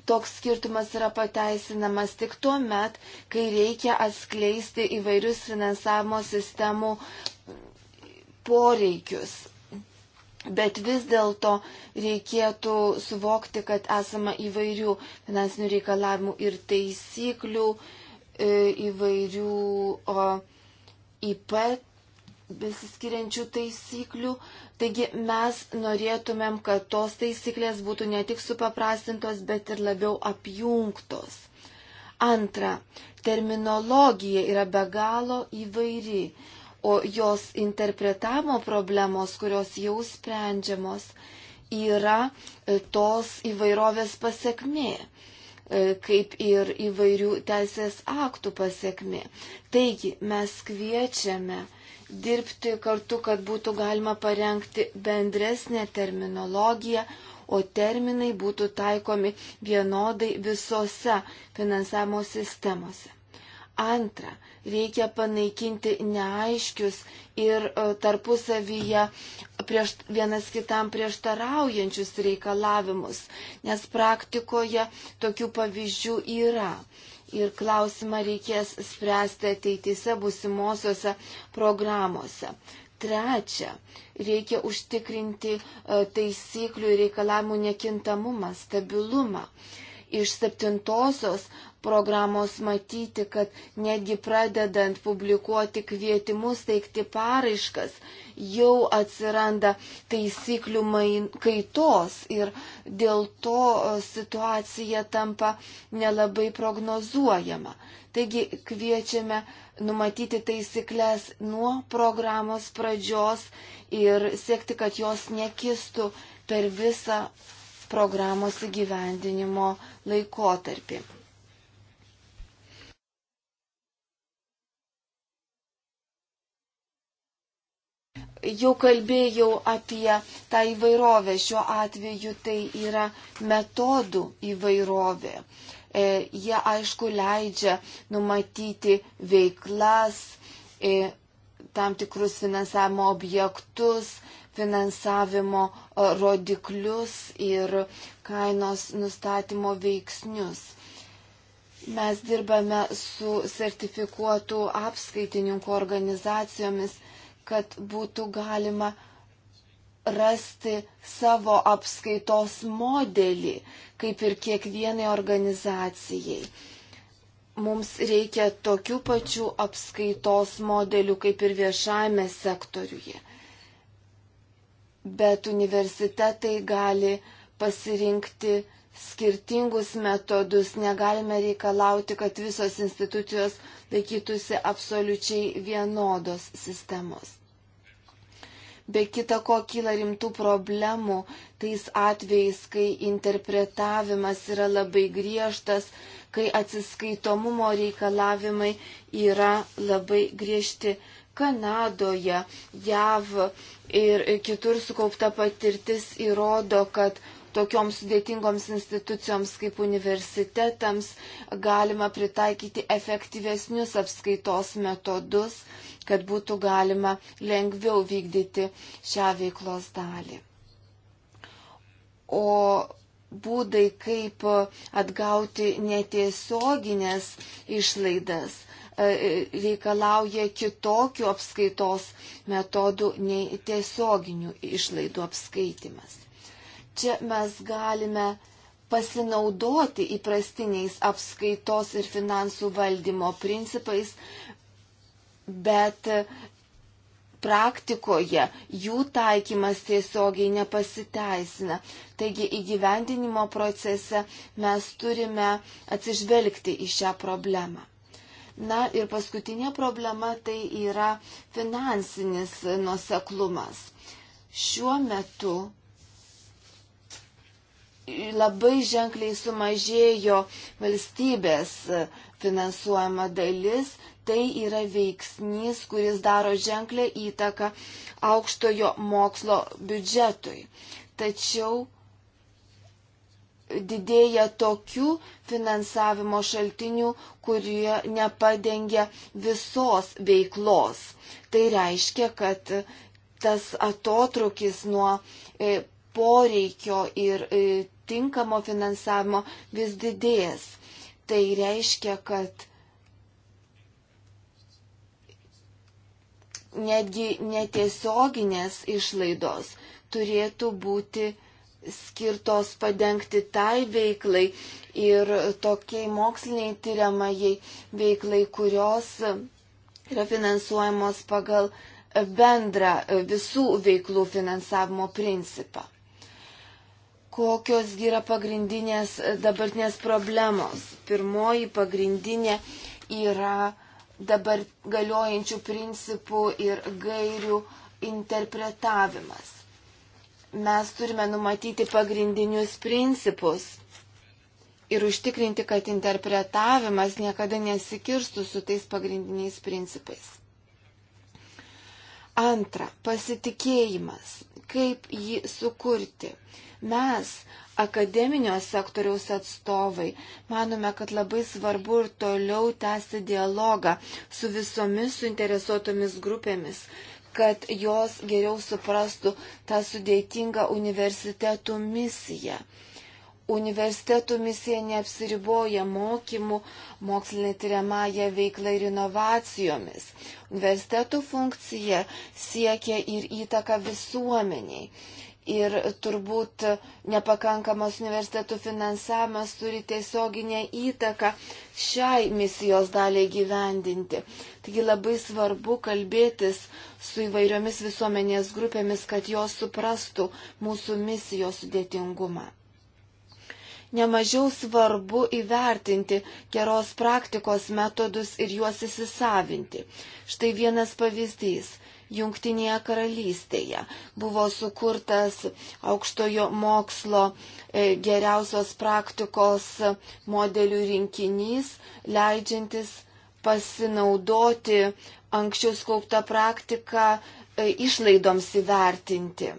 toks skirtumas yra pateisinamas tik tuo met, kai reikia atskleisti įvairius finansavimo sistemų poreikius. Bet vis dėlto reikėtų suvokti, kad esama įvairių finansinių reikalavimų ir taisyklių, e, įvairių IP besiskiriančių taisyklių. Taigi mes norėtumėm, kad tos taisyklės būtų ne tik supaprastintos, bet ir labiau apjungtos. Antra, terminologija yra be galo įvairi, o jos interpretavimo problemos, kurios jau sprendžiamos, yra e, tos įvairovės pasiekmė e, kaip ir įvairių teisės aktų pasiekmi. Taigi mes kviečiame uh, dirbti kartu, kad būtų galima parengti bendresnę terminologiją, o terminai būtų taikomi vienodai visose finansavimo sistemose. Antra, reikia panaikinti neaiškius ir e, tarpusavyje prieš, vienas kitam prieštaraujančius reikalavimus, nes praktikoje tokių pavyzdžių yra ir klausimą reikės spręsti ateitėse busimuosiuose programuose. Trečia, reikia užtikrinti e, taisyklių ir reikalavimų nekintamumą, stabilumą. Iš septintosios programos matyti, kad netgi pradedant publikuoti kvietimus, teikti paraiškas, jau atsiranda taisyklių main, kaitos ir dėl to e, situacija tampa nelabai prognozuojama. Taigi kviečiame numatyti taisyklės nuo programos pradžios ir siekti, kad jos nekistų per visą programos įgyvendinimo laikotarpį. Jau kalbėjau apie tą įvairovę, šiuo atveju tai yra metodų įvairovė. E, jie aišku leidžia numatyti veiklas, e, tam tikrus finansavimo objektus, finansavimo e, rodiklius ir kainos nustatymo veiksnius. Mes dirbame su sertifikuotų apskaitininkų organizacijomis kad būtų galima rasti savo apskaitos modelį, kaip ir kiekvienai organizacijai. Mums reikia tokių pačių apskaitos modelių, kaip ir viešajame sektoriuje. Bet universitetai gali pasirinkti skirtingus metodus, negalime reikalauti, kad visos institucijos laikytųsi absoliučiai vienodos sistemos. Be kita ko kyla rimtų problemų tais atvejais, kai interpretavimas yra labai griežtas, kai atsiskaitomumo reikalavimai yra labai griežti. Kanadoje, JAV ir kitur sukaupta patirtis įrodo, kad tokioms sudėtingoms institucijoms kaip universitetams galima pritaikyti efektyvesnius apskaitos metodus, kad būtų galima lengviau vykdyti šią veiklos dalį. O būdai, kaip atgauti netiesioginės išlaidas, e, e, reikalauja kitokių apskaitos metodų nei tiesioginių išlaidų apskaitimas. Čia mes galime pasinaudoti įprastiniais apskaitos ir finansų valdymo principais, bet praktikoje jų taikymas tiesiogiai nepasiteisina. Taigi įgyvendinimo procese mes turime atsižvelgti į šią problemą. Na ir paskutinė problema tai yra finansinis nuseklumas. Šiuo metu labai ženkliai sumažėjo valstybės finansuojama dalis, tai yra veiksnys, kuris daro ženklę įtaką aukštojo mokslo biudžetui. Tačiau didėja tokių finansavimo šaltinių, kurie nepadengia visos veiklos. Tai reiškia, kad tas atotrukis nuo e, poreikio ir e, tinkamo finansavimo vis didės. Tai reiškia, kad netgi netiesioginės išlaidos turėtų būti skirtos padengti tai veiklai ir tokiai moksliniai tyriamajai veiklai, kurios yra finansuojamos pagal bendrą visų veiklų finansavimo principą kokios yra pagrindinės e, dabartinės problemos. Pirmoji pagrindinė yra dabar galiojančių principų ir gairių interpretavimas. Mes turime numatyti pagrindinius principus ir užtikrinti, kad interpretavimas niekada nesikirstų su tais pagrindiniais principais. Antra, pasitikėjimas. Kaip jį sukurti? Mes, akademinio sektoriaus atstovai, manome, kad labai svarbu ir toliau tęsti dialogą su visomis suinteresuotomis grupėmis, kad jos geriau suprastų tą sudėtingą universitetų misiją. Universitetų misija neapsiriboja mokymų, mokslinė tyriamąją veiklą ir inovacijomis. Universitetų funkcija siekia ir įtaka visuomeniai ir turbūt nepakankamas universitetų finansavimas turi tiesioginę įtaką šiai misijos daliai gyvendinti. Taigi labai svarbu kalbėtis su įvairiomis visuomenės grupėmis, kad jos suprastų mūsų misijos sudėtingumą. Nemažiau svarbu įvertinti geros praktikos metodus ir juos įsisavinti. Štai vienas pavyzdys Jungtinėje karalystėje. Buvo sukurtas aukštojo mokslo e, geriausios praktikos modelių rinkinys, leidžiantis pasinaudoti anksčiau skauptą praktiką e, išlaidoms įvertinti,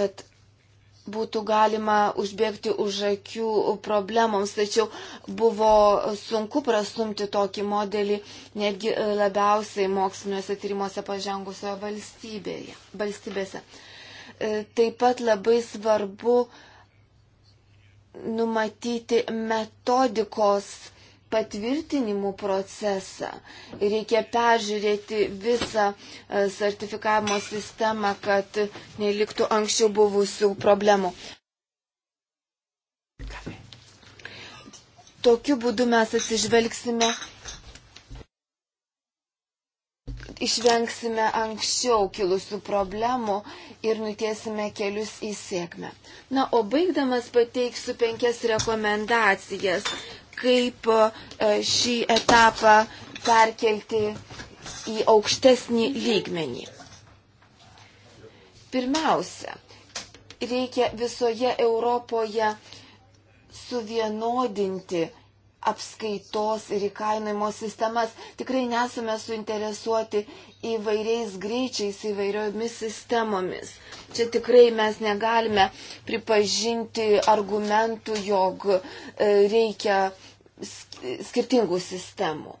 kad būtų galima užbėgti už akių problemoms, tačiau buvo sunku prastumti tokį modelį netgi labiausiai moksliniuose tyrimuose pažengusioje valstybėse. E, taip pat labai svarbu numatyti metodikos patvirtinimų procesą. Reikia peržiūrėti visą e, sertifikavimo sistemą, kad neliktų anksčiau buvusių problemų. Tokiu būdu mes atsižvelgsime, išvengsime anksčiau kilusių problemų ir nutiesime kelius į sėkmę. Na, o baigdamas pateiksiu penkias rekomendacijas, kaip e, šį etapą perkelti į aukštesnį lygmenį. Pirmiausia, reikia visoje Europoje suvienodinti apskaitos ir įkainojimo sistemas. Tikrai nesame suinteresuoti įvairiais greičiais, įvairiomis sistemomis. Čia tikrai mes negalime pripažinti argumentų, jog e, reikia skirtingų sistemų.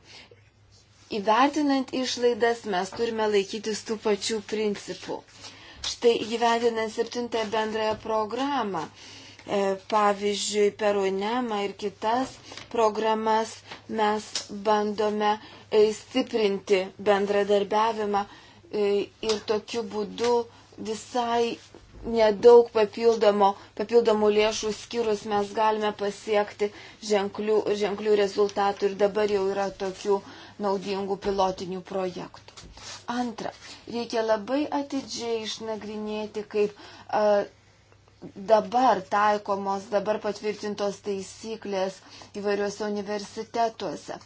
Įvertinant išlaidas mes turime laikytis tų pačių principų. Štai įgyvendinant septintąją bendrąją programą E, pavyzdžiui, per UNEMą ir kitas programas mes bandome e, stiprinti bendradarbiavimą e, ir tokiu būdu visai nedaug papildomo, papildomų lėšų skirus mes galime pasiekti ženklių, ženklių rezultatų ir dabar jau yra tokių naudingų pilotinių projektų. Antra, reikia labai atidžiai išnagrinėti, kaip a, dabar taikomos, dabar patvirtintos taisyklės įvairiuose universitetuose.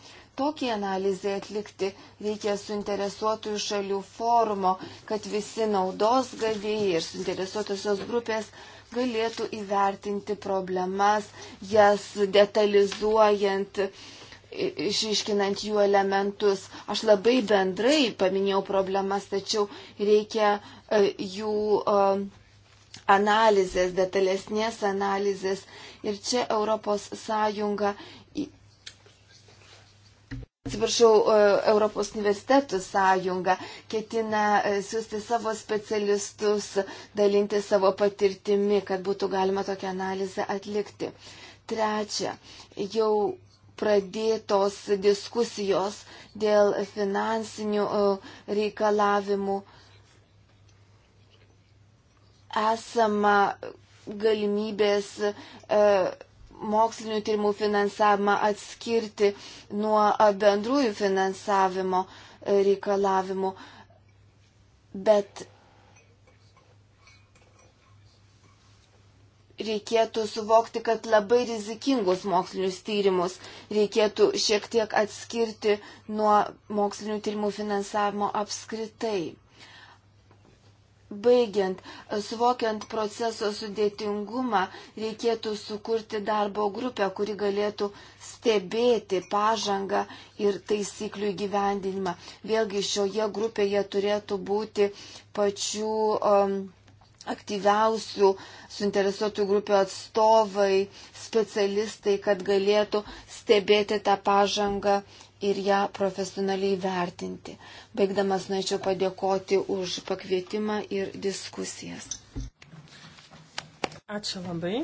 Tokį analizę atlikti reikia suinteresuotųjų šalių forumo, kad visi naudos gavėjai ir suinteresuotosios grupės galėtų įvertinti problemas, jas detalizuojant, išiškinant jų elementus. Aš labai bendrai paminėjau problemas, tačiau reikia e, jų e, analizės, detalesnės analizės. Ir čia Europos Sąjunga, atsiprašau, e, Europos universitetų sąjunga ketina e, siūsti savo specialistus, dalinti savo patirtimi, kad būtų galima tokią analizę atlikti. Trečia, jau pradėtos diskusijos dėl finansinių e, reikalavimų esama galimybės e, mokslinių tyrimų finansavimą atskirti nuo bendrųjų finansavimo e, reikalavimų. Bet reikėtų suvokti, kad labai rizikingus mokslinius tyrimus reikėtų šiek tiek atskirti nuo mokslinių tyrimų finansavimo apskritai. Baigiant, suvokiant proceso sudėtingumą, reikėtų sukurti darbo grupę, kuri galėtų stebėti pažangą ir taisyklių įgyvendinimą. Vėlgi šioje grupėje turėtų būti pačių um, aktyviausių suinteresuotų grupių atstovai, specialistai, kad galėtų stebėti tą pažangą ir ją profesionaliai vertinti. Baigdamas norėčiau padėkoti už pakvietimą ir diskusijas. Ačiū labai.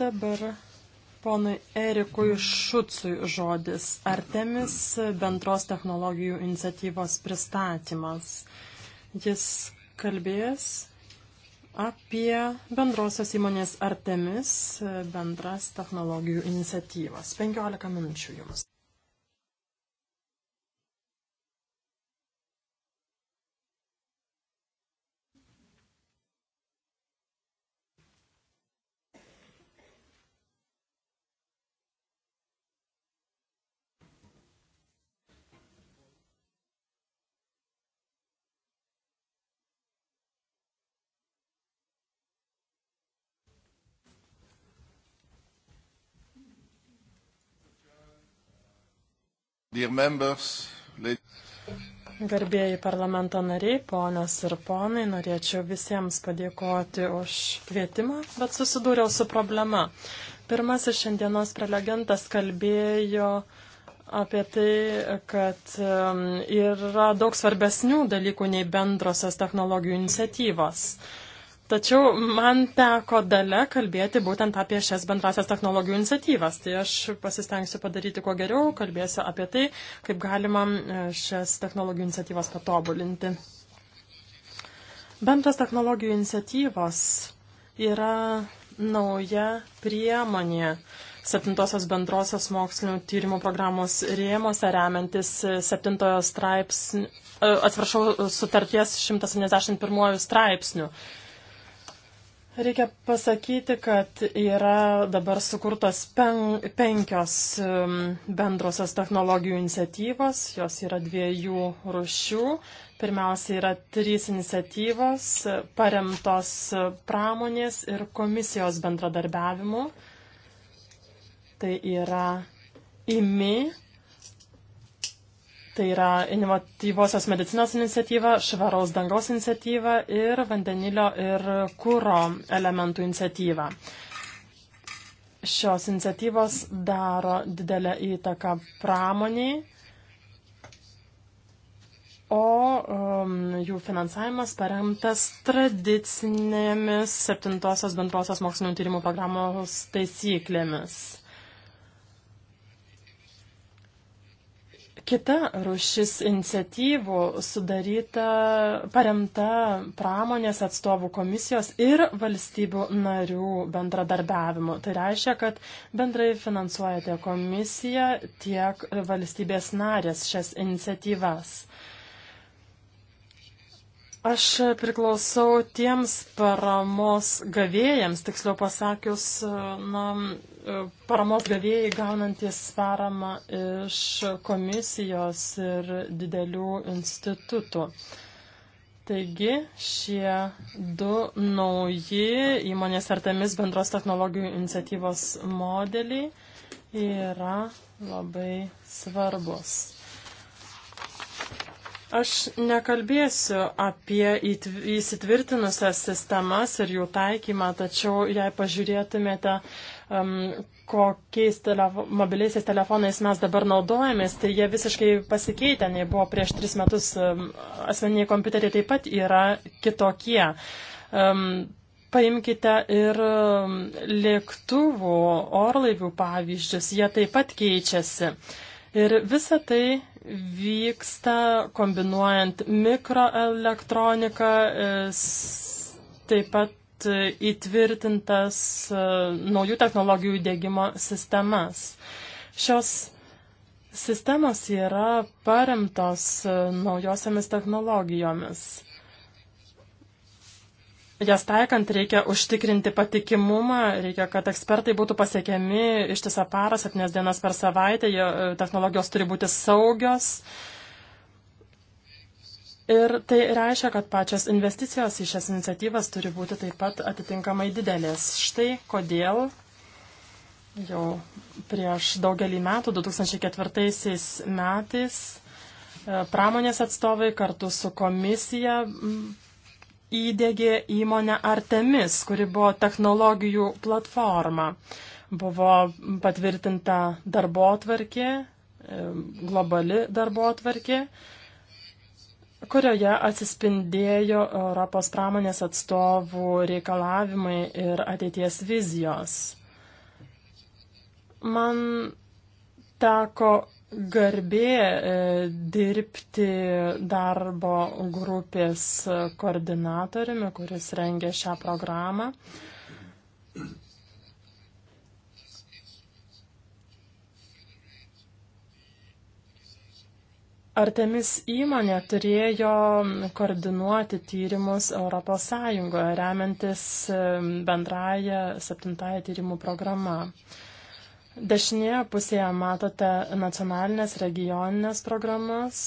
Dabar ponui Erikui Šucui žodis Artemis bendros technologijų iniciatyvos pristatymas. Jis kalbės apie bendrosios įmonės Artemis bendras technologijų iniciatyvas. 15 minučių jums. Garbėjai parlamento nariai, ponios ir ponai, norėčiau visiems padėkoti už kvietimą, bet susidūriau su problema. Pirmasis šiandienos prelegentas kalbėjo apie tai, kad um, yra daug svarbesnių dalykų nei bendrosios technologijų iniciatyvos. Tačiau man teko dalę kalbėti būtent apie šias bendrasias technologijų iniciatyvas. Tai aš pasistengsiu padaryti kuo geriau, kalbėsiu apie tai, kaip galima e, šias technologijų iniciatyvas patobulinti. Bendras technologijų iniciatyvos yra nauja priemonė septintosios bendrosios mokslinio tyrimų programos rėmose remiantis e, septintojo straipsnio, e, atsiprašau, sutarties 171 straipsnių. straipsnių Reikia pasakyti, kad yra dabar sukurtos pen, penkios um, bendrosios technologijų iniciatyvos, jos yra dviejų rušių. Pirmiausia yra trys iniciatyvos paremtos pramonės ir komisijos bendradarbiavimu. Tai yra IMI Tai yra inovatyvosios medicinos iniciatyva, švaros dangos iniciatyva ir vandenilio ir kūro elementų iniciatyva. Šios iniciatyvos daro didelę įtaką pramoniai, o um, jų finansavimas paremtas tradicinėmis septintosios bendrosios mokslinio tyrimų programos taisyklėmis. Kita rušis iniciatyvų sudaryta, paremta pramonės atstovų komisijos ir valstybių narių bendradarbiavimu. Tai reiškia, kad bendrai finansuoja tiek komisija, tiek valstybės narės šias iniciatyvas. Aš priklausau tiems paramos gavėjams, tiksliau pasakius, na, E, paramos gavėjai gaunantis paramą iš komisijos ir didelių institutų. Taigi šie du nauji įmonės artamis bendros technologijų iniciatyvos modeliai yra labai svarbus. Aš nekalbėsiu apie įsitvirtinusias sistemas ir jų taikymą, tačiau jei pažiūrėtumėte kokiais telefo, mobiliaisiais telefonais mes dabar naudojamės, tai jie visiškai pasikeitė, nei buvo prieš tris metus. Asmeniniai kompiuteriai taip pat yra kitokie. Paimkite ir lėktuvų, orlaivių pavyzdžius, jie taip pat keičiasi. Ir visa tai vyksta kombinuojant mikroelektroniką, e, taip pat pat įtvirtintas e, naujų technologijų dėgymo sistemas. Šios sistemos yra paremtos e, naujosiamis technologijomis. Jas taikant reikia užtikrinti patikimumą, reikia, kad ekspertai būtų pasiekiami ištisą parą, septynias dienas per savaitę, e, technologijos turi būti saugios, uh, Ir tai reiškia, kad pačios investicijos į šias iniciatyvas turi būti taip pat atitinkamai didelės. Štai kodėl jau prieš daugelį metų, 2004 metais, e, pramonės atstovai kartu su komisija įdėgė įmonę Artemis, kuri buvo technologijų platforma. Buvo patvirtinta darbo atvarkė, e, globali darbo atvarkė, kurioje atsispindėjo Europos pramonės atstovų reikalavimai ir ateities vizijos. Man teko garbė e, dirbti darbo grupės koordinatoriumi, kuris rengė šią programą. Artemis įmonė turėjo koordinuoti tyrimus ES, remiantis bendraja septintąją tyrimų programą. Dešinėje pusėje matote nacionalinės regioninės programas,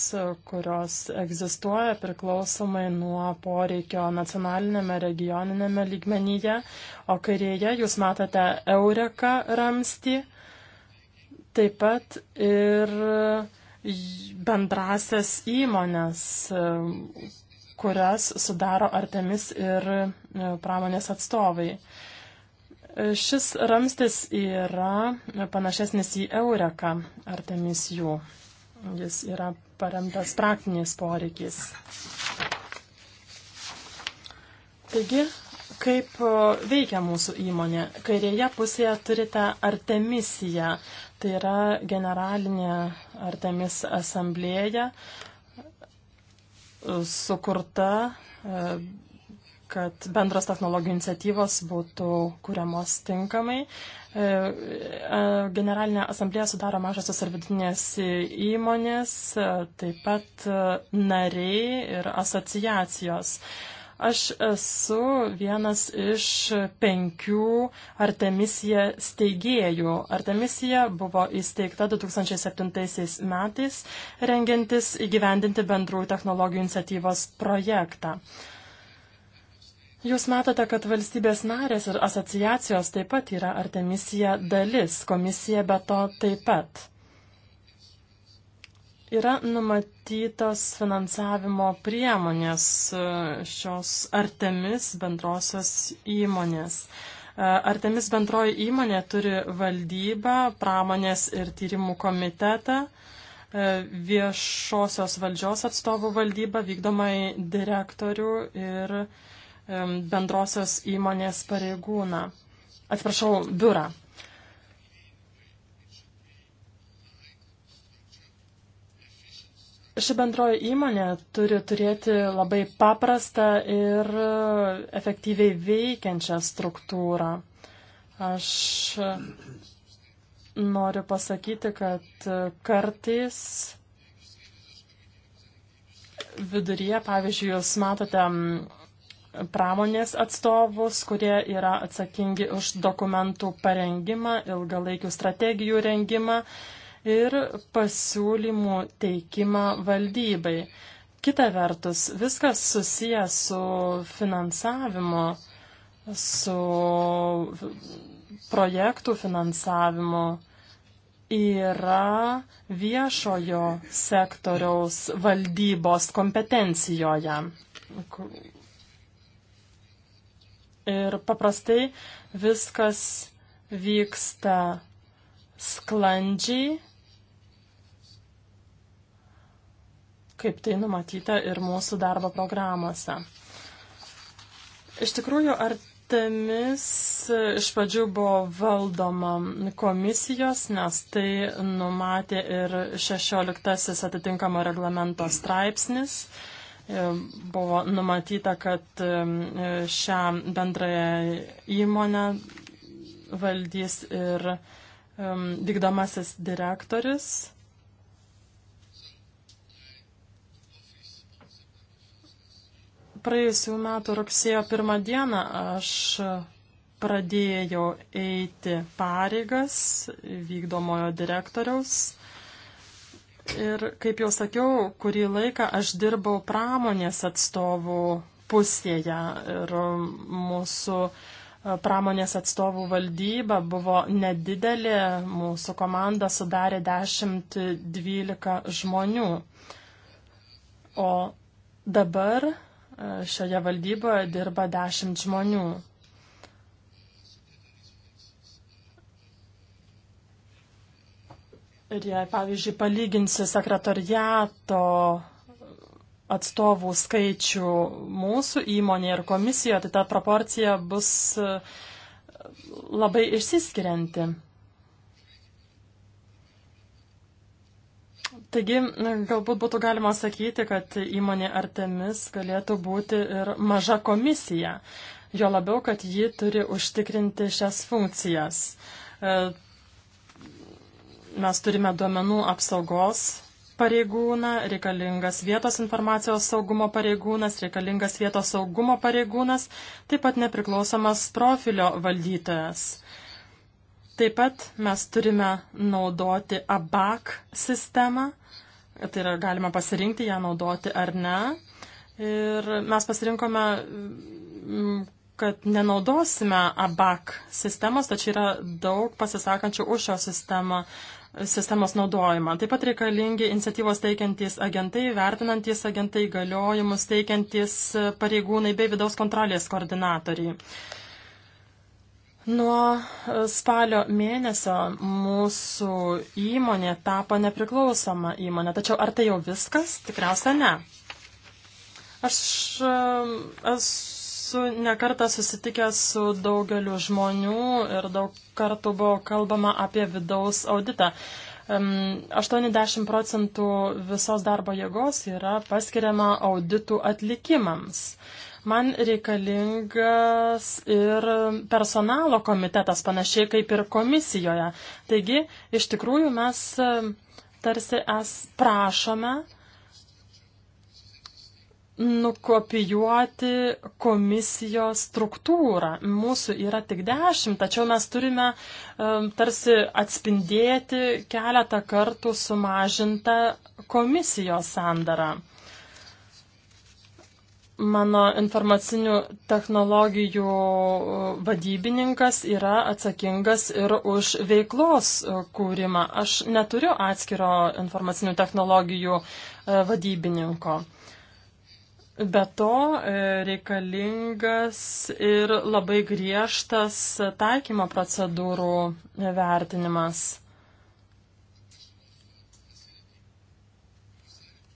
kurios egzistuoja priklausomai nuo poreikio nacionalinėme regioninėme lygmenyje, o kairėje jūs matote Eureka ramstį, taip pat ir bendrasias įmonės, kurias sudaro Artemis ir e, pramonės atstovai. Šis ramstis yra panašesnis į Eureką Artemis jų. Jis yra paremtas praktiniais poreikiais. Taigi, kaip veikia mūsų įmonė. Kairėje pusėje turite Artemisiją tai yra generalinė Artemis asamblėja e, sukurta, e, kad bendros technologijų iniciatyvos būtų kuriamos tinkamai. E, generalinė asamblėja sudaro mažasios ir vidinės įmonės, taip pat nariai ir asociacijos. Aš esu vienas iš penkių Artemisija steigėjų. Artemisija buvo įsteigta 2007 metais, rengiantis įgyvendinti bendrų technologijų iniciatyvos projektą. Jūs matote, kad valstybės narės ir asociacijos taip pat yra Artemisija dalis, komisija be to taip pat. Yra numatytos finansavimo priemonės e, šios Artemis bendrosios įmonės. E, Artemis bendroji įmonė turi valdybą, pramonės ir tyrimų komitetą, e, viešosios valdžios atstovų valdybą, vykdomai direktorių ir bendrosios įmonės pareigūną. Atsiprašau, biurą. Ši bendroji įmonė turi turėti labai paprastą ir efektyviai veikiančią struktūrą. Aš noriu pasakyti, kad kartais viduryje, pavyzdžiui, jūs matote pramonės atstovus, kurie yra atsakingi už dokumentų parengimą, ilgalaikių strategijų rengimą ir pasiūlymų teikimą valdybai. Kita vertus, viskas susijęs su finansavimo, su projektų finansavimo yra viešojo sektoriaus valdybos kompetencijoje. Ir paprastai viskas vyksta sklandžiai kaip tai numatyta ir mūsų darbo programuose. Iš tikrųjų, artemis iš pradžių buvo valdoma komisijos, nes tai numatė ir 16 atitinkamo reglamento straipsnis e, buvo numatyta, kad e, šią bendrąją įmonę valdys ir e, vykdomasis direktorius. praėjusių metų rugsėjo pirmą dieną aš pradėjau eiti pareigas vykdomojo direktoriaus. Ir, kaip jau sakiau, kurį laiką aš dirbau pramonės atstovų pusėje ir mūsų e, pramonės atstovų valdyba buvo nedidelė, mūsų komanda sudarė 10-12 žmonių. O dabar šioje valdyboje dirba dešimt žmonių. Ir jei, pavyzdžiui, palyginsi sekretariato atstovų skaičių mūsų įmonėje ir komisijoje, tai ta proporcija bus e, labai išsiskirianti. Taigi, galbūt būtų galima sakyti, kad įmonė Artemis galėtų būti ir maža komisija, jo labiau, kad ji turi užtikrinti šias funkcijas. E, mes turime duomenų apsaugos pareigūną, reikalingas vietos informacijos saugumo pareigūnas, reikalingas vietos saugumo pareigūnas, taip pat nepriklausomas profilio valdytojas. Taip pat mes turime naudoti ABAC sistemą, Tai yra galima pasirinkti ją naudoti ar ne. Ir mes pasirinkome, mm, kad nenaudosime ABAC sistemos, tačiau yra daug pasisakančių už šio sistemą sistemos naudojimą. Taip pat reikalingi iniciatyvos teikiantys agentai, vertinantys agentai, galiojimus teikiantys pareigūnai bei vidaus kontrolės koordinatoriai. Nuo e, spalio mėnesio mūsų įmonė tapo nepriklausoma įmonė, tačiau ar tai jau viskas? Tikriausia ne. Aš e, esu nekartą susitikęs su daugeliu žmonių ir daug kartų buvo kalbama apie vidaus auditą. 80 procentų visos darbo jėgos yra paskiriama auditų atlikimams. Man reikalingas ir personalo komitetas, panašiai kaip ir komisijoje. Taigi, iš tikrųjų, mes e, tarsi es prašome nukopijuoti komisijos struktūrą. Mūsų yra tik dešimt, tačiau mes turime um, tarsi atspindėti keletą kartų sumažintą komisijos sandarą mano informacinių technologijų e, vadybininkas yra atsakingas ir už veiklos e, kūrimą. Aš neturiu atskiro informacinių technologijų e, vadybininko. Be to reikalingas ir labai griežtas taikymo procedūrų vertinimas.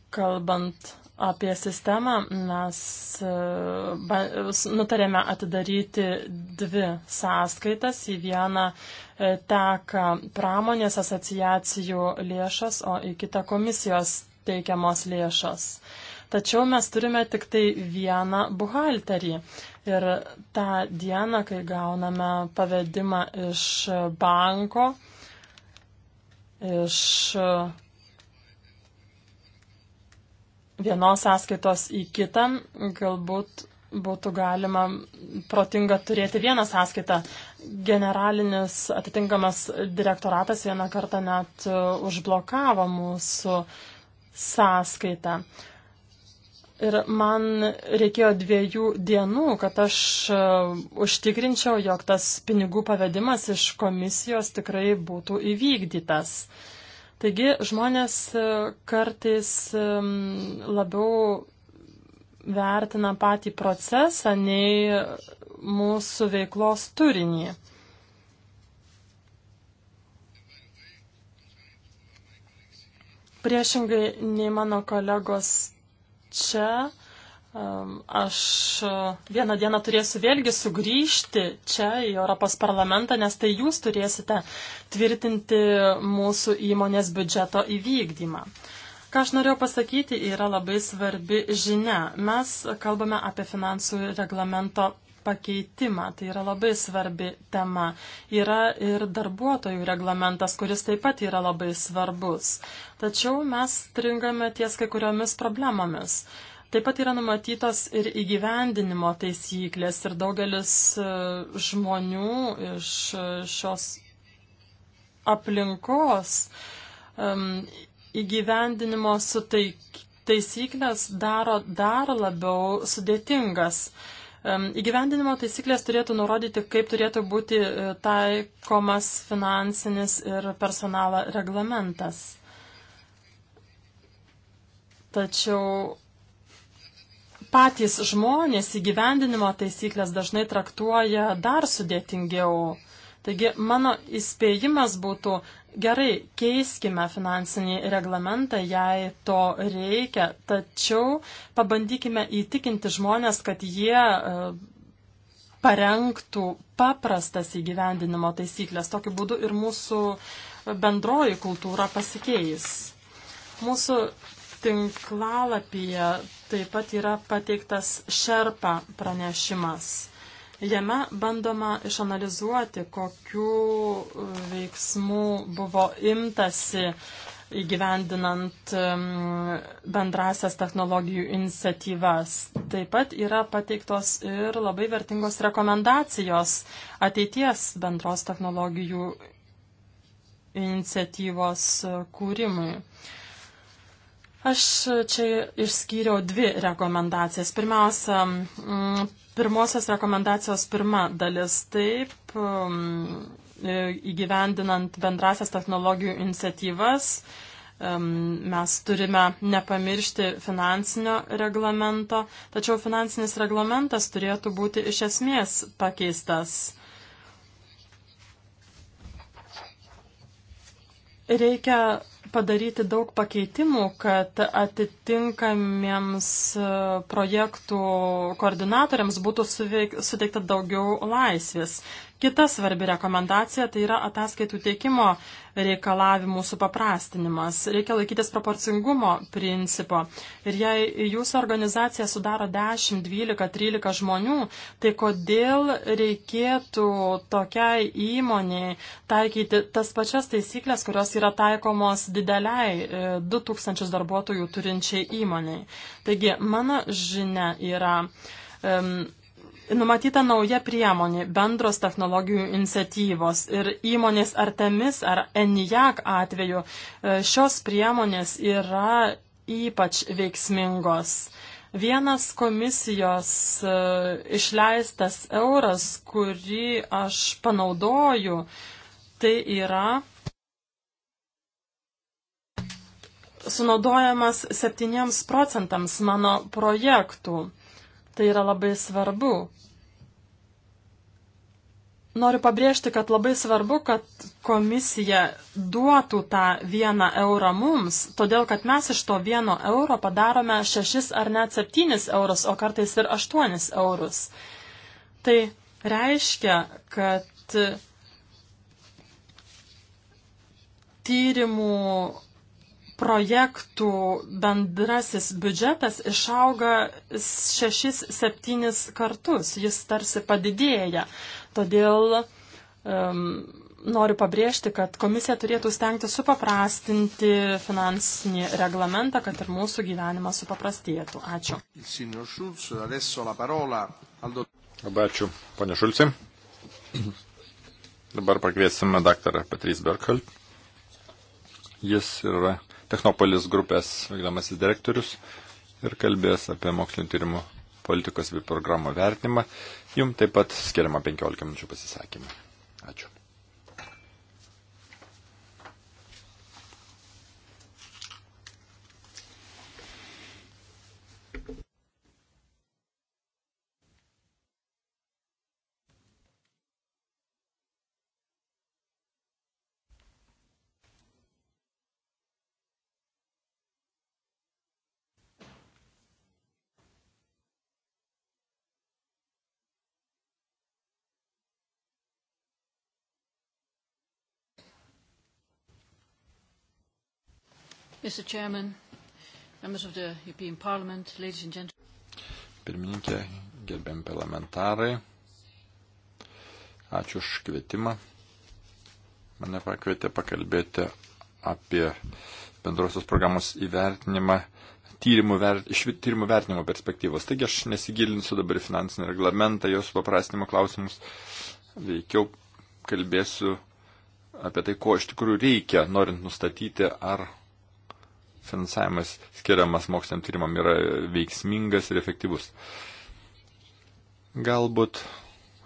Kalbant apie sistemą mes e, nutarėme atidaryti dvi sąskaitas. Į vieną e, teka pramonės asociacijų lėšas, o į kitą komisijos teikiamos lėšas. Tačiau mes turime tik tai vieną buhalterį. Ir tą dieną, kai gauname pavedimą iš banko, iš vienos sąskaitos į kitą, galbūt būtų galima protinga turėti vieną sąskaitą. Generalinis atitinkamas direktoratas vieną kartą net užblokavo mūsų sąskaitą. Ir man reikėjo dviejų dienų, kad aš e, užtikrinčiau, jog tas pinigų pavedimas iš komisijos tikrai būtų įvykdytas. Uh, Taigi žmonės e, kartais labiau vertina patį procesą nei mūsų veiklos turinį. Priešingai nei mano kolegos čia, Aš e, vieną dieną turėsiu vėlgi sugrįžti čia į Europos parlamentą, nes tai jūs turėsite tvirtinti mūsų įmonės biudžeto įvykdymą. Ką aš norėjau pasakyti, yra labai svarbi žinia. Mes kalbame apie finansų reglamento pakeitimą. Tai yra labai svarbi tema. Yra ir darbuotojų reglamentas, kuris taip pat yra labai svarbus. Tačiau mes stringame ties kai kuriomis problemomis. Taip pat yra numatytos ir įgyvendinimo taisyklės ir daugelis e, žmonių iš e, šios aplinkos um, įgyvendinimo taisyklės daro dar labiau sudėtingas. Um, įgyvendinimo taisyklės turėtų nurodyti, kaip turėtų būti e, taikomas finansinis ir personalo reglamentas. Tačiau patys žmonės įgyvendinimo taisyklės dažnai traktuoja dar sudėtingiau. Taigi mano įspėjimas būtų gerai, keiskime finansinį reglamentą, jei to reikia, tačiau pabandykime įtikinti žmonės, kad jie e, parengtų paprastas įgyvendinimo taisyklės. Tokiu būdu ir mūsų bendroji kultūra pasikeis. Mūsų tinklalapyje taip pat yra pateiktas šerpa pranešimas. Jame bandoma išanalizuoti, kokiu e, veiksmu buvo imtasi įgyvendinant bendrasias technologijų iniciatyvas. Taip pat yra pateiktos ir labai vertingos rekomendacijos ateities bendros technologijų iniciatyvos e, kūrimui. Aš čia išskyriau dvi rekomendacijas. Pirmiausia, mm, pirmosios rekomendacijos pirma dalis. Taip, mm, įgyvendinant bendrasias technologijų iniciatyvas, mm, mes turime nepamiršti finansinio reglamento, tačiau finansinis reglamentas turėtų būti iš esmės pakeistas. Reikia padaryti daug pakeitimų, kad atitinkamiems e, projektų koordinatoriams būtų suteikta daugiau laisvės. Kita svarbi rekomendacija tai yra ataskaitų teikimo reikalavimų supaprastinimas. Reikia laikytis proporcingumo principo. Ir jei jūsų organizacija sudaro 10, 12, 13 žmonių, tai kodėl reikėtų tokiai įmoniai taikyti tas pačias taisyklės, kurios yra taikomos dideliai 2000 e, darbuotojų turinčiai įmoniai. Taigi, mano žinia yra. Um, numatyta nauja priemonė - bendros technologijų iniciatyvos ir įmonės Artemis ar ENIAC atveju e, šios priemonės yra ypač veiksmingos. Vienas komisijos e, išleistas euras, kurį aš panaudoju, tai yra sunaudojamas 7 procentams mano projektų. Tai yra labai svarbu. Noriu pabrėžti, kad labai svarbu, kad komisija duotų tą vieną eurą mums, todėl kad mes iš to vieno euro padarome šešis ar net septynis eurus, o kartais ir aštuonis eurus. Tai reiškia, kad tyrimų projektų bendrasis biudžetas išauga 6-7 kartus, jis tarsi padidėja. Todėl um, noriu pabrėžti, kad komisija turėtų stengti supaprastinti finansinį reglamentą, kad ir mūsų gyvenimas supaprastėtų. Ačiū. Labai ačiū, ponė Šulci. Dabar pakviesime daktarą Patrys Berkalt. Jis yra Technopolis grupės vykdomasis direktorius ir kalbės apie mokslinio tyrimų politikos bei programų vertinimą. Jums taip pat skiriama 15 minučių pasisakymą. Mr. Chairman, members of the European Parliament, ladies and gentlemen. Pirmininkė, gerbiami parlamentarai, ačiū už kvietimą. Mane pakvietė pakalbėti apie bendrosios programos įvertinimą tyrimų, ver, iš tyrimų vertinimo perspektyvos. Taigi aš nesigilinsiu dabar į finansinį reglamentą, jos paprastinimo klausimus, veikiau kalbėsiu apie tai, ko iš tikrųjų reikia, norint nustatyti, ar finansavimas skiriamas moksliniam tyrimam yra veiksmingas ir efektyvus. Galbūt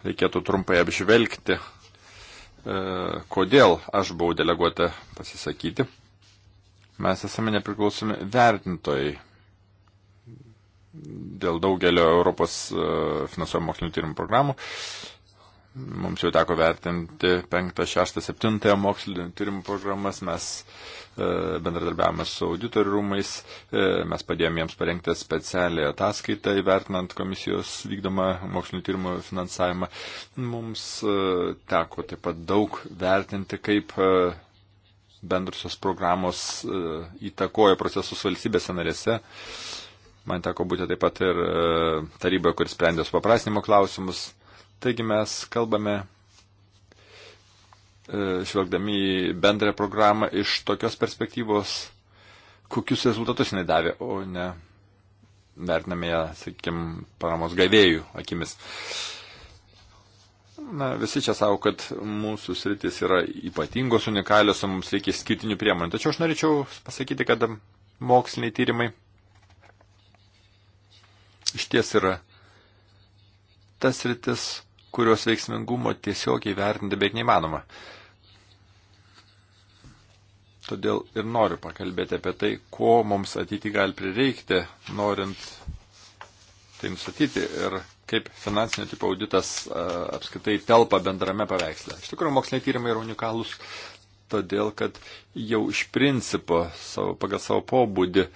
reikėtų trumpai apžvelgti, e, kodėl aš buvau deleguota pasisakyti. Mes esame nepriklausomi vertintojai dėl daugelio Europos e, finansuojamų mokslinio tyrimų programų. Mums jau teko vertinti 5, 6, 7 mokslinio tyrimų programas, mes e, bendradarbiavome su auditorių rūmais, e, mes padėjome jiems parengti specialią ataskaitą įvertinant komisijos vykdomą mokslinio tyrimų finansavimą. Mums e, teko taip pat daug vertinti, kaip bendrusios programos įtakoja procesus valstybėse narėse. Man teko būti taip pat ir taryboje, kuris sprendė supaprastinimo klausimus. Taigi mes kalbame, e, žvelgdami į bendrą programą, iš tokios perspektyvos, kokius rezultatus jinai davė, o ne vertiname ją, sakykime, paramos gavėjų akimis. Na, visi čia savo, kad mūsų sritis yra ypatingos, unikalios, o mums reikia skirtinių priemonių. Tačiau aš norėčiau pasakyti, kad moksliniai tyrimai iš ties yra tas sritis, kurios veiksmingumo tiesiogiai vertinti beveik neįmanoma. Todėl ir noriu pakalbėti apie tai, ko mums ateity gali prireikti, norint tai nustatyti ir kaip finansinio tipo auditas apskaitai telpa bendrame paveiksle. Iš tikrųjų, moksliniai tyrimai yra unikalūs, todėl kad jau iš principo savo, pagal savo pobūdį e,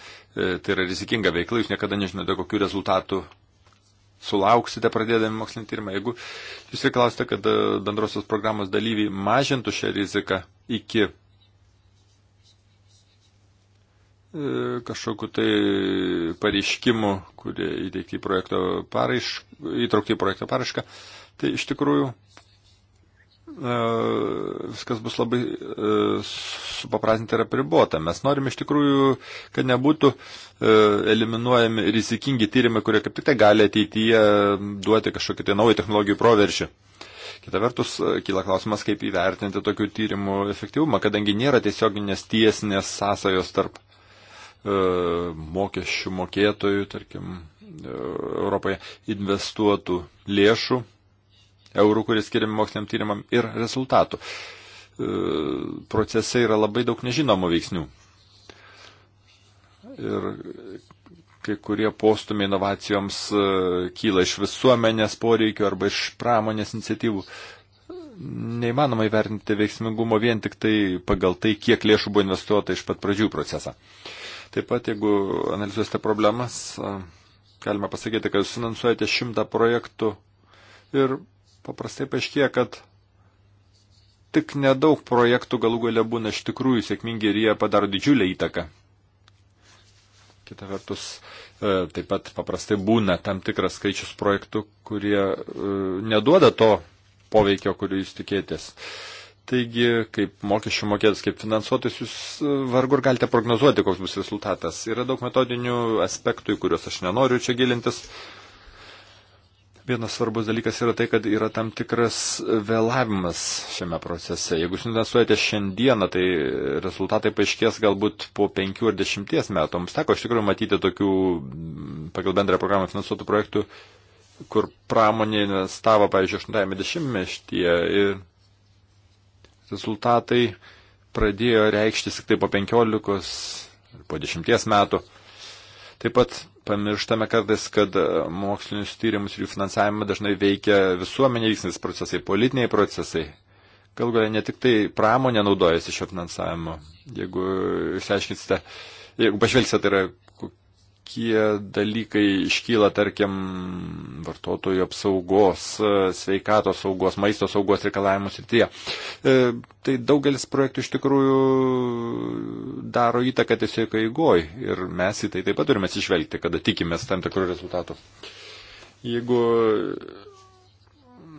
tai yra rizikinga veikla, jūs niekada nežinote, kokiu rezultatu sulauksite pradėdami mokslinį tyrimą. Jeigu jūs reikalausite, kad e, bendrosios programos dalyviai mažintų šią riziką iki e, kažkokiu tai pareiškimu, kurie įteikti į projekto paraišką, įtraukti į projekto paraišką, tai iš tikrųjų E, viskas bus labai e, supaprasinta ir apribuota. Mes norime iš tikrųjų, kad nebūtų e, eliminuojami rizikingi tyrimai, kurie kaip tik tai gali ateityje duoti kažkokį tai naują technologijų proveržį. Kita vertus, kyla klausimas, kaip įvertinti tokių tyrimų efektyvumą, kadangi nėra tiesioginės tiesinės sąsajos tarp mokesčių mokėtojų, tarkim, Europoje investuotų lėšų eurų, kurie skiriami moksliniam tyrimam ir rezultatų. E, procese yra labai daug nežinomų veiksnių. Ir kai kurie postumiai inovacijoms e, kyla iš visuomenės poreikių arba iš pramonės iniciatyvų. Neįmanoma įvertinti veiksmingumo vien tik tai pagal tai, kiek lėšų buvo investuota iš pat pradžių procesą. Taip pat, jeigu analizuosite problemas, e, galima pasakyti, kad jūs finansuojate šimtą projektų ir paprastai paaiškėja, kad tik nedaug projektų galų galia būna iš tikrųjų sėkmingi ir jie padaro didžiulę įtaką. Kita vertus, e, taip pat paprastai būna tam tikras skaičius projektų, kurie e, neduoda to poveikio, kurį jūs tikėtės. Taigi, kaip mokesčių mokėtas, kaip finansuotis, jūs e, vargu ar galite prognozuoti, koks bus rezultatas. Yra daug metodinių aspektų, į kuriuos aš nenoriu čia gilintis. Uh, Vienas svarbus dalykas yra tai, kad yra tam tikras vėlavimas šiame procese. Jeigu jūs investuojate šiandieną, tai rezultatai paaiškės galbūt po penkių ar dešimties metų. Mums teko iš tikrųjų matyti tokių mm, pagal bendrą programą finansuotų projektų, kur pramonė investavo, pavyzdžiui, 80-metyje ir rezultatai pradėjo reikštis tik tai po 15 ar po 10 metų. Taip pat pamirštame kartais, kad e, mokslinius tyrimus ir jų finansavimą dažnai veikia visuomenė vyksnis procesai, politiniai procesai. Gal galia ne tik tai pramonė naudojasi šio finansavimo. Jeigu išsiaiškinsite, jeigu pažvelgsite, tai yra kokie dalykai iškyla, tarkim, vartotojų apsaugos, sveikatos saugos, maisto saugos reikalavimų srityje. E, tai daugelis projektų iš tikrųjų daro įtaką tiesiog eigoj ir mes į tai taip pat turime atsižvelgti, kada tikimės tam tikrų rezultatų. Jeigu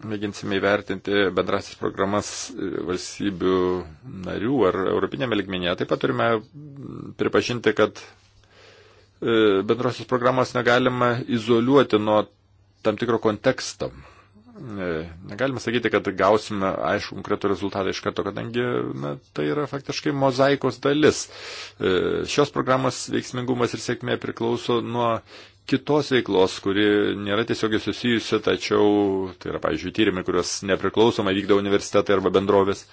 mėginsime įvertinti bendrasis programas valstybių narių ar europinėme ligmenyje, taip pat turime pripažinti, kad E, bendrosios programos negalima izoliuoti nuo tam tikro konteksto. E, negalima sakyti, kad gausime aišku konkretų rezultatą iš karto, kadangi na, tai yra faktiškai mozaikos dalis. E, šios programos veiksmingumas ir sėkmė priklauso nuo kitos veiklos, kuri nėra tiesiogiai susijusi, tačiau tai yra, pavyzdžiui, tyrimai, kuriuos nepriklausomai vykdo universitetai arba bendrovės.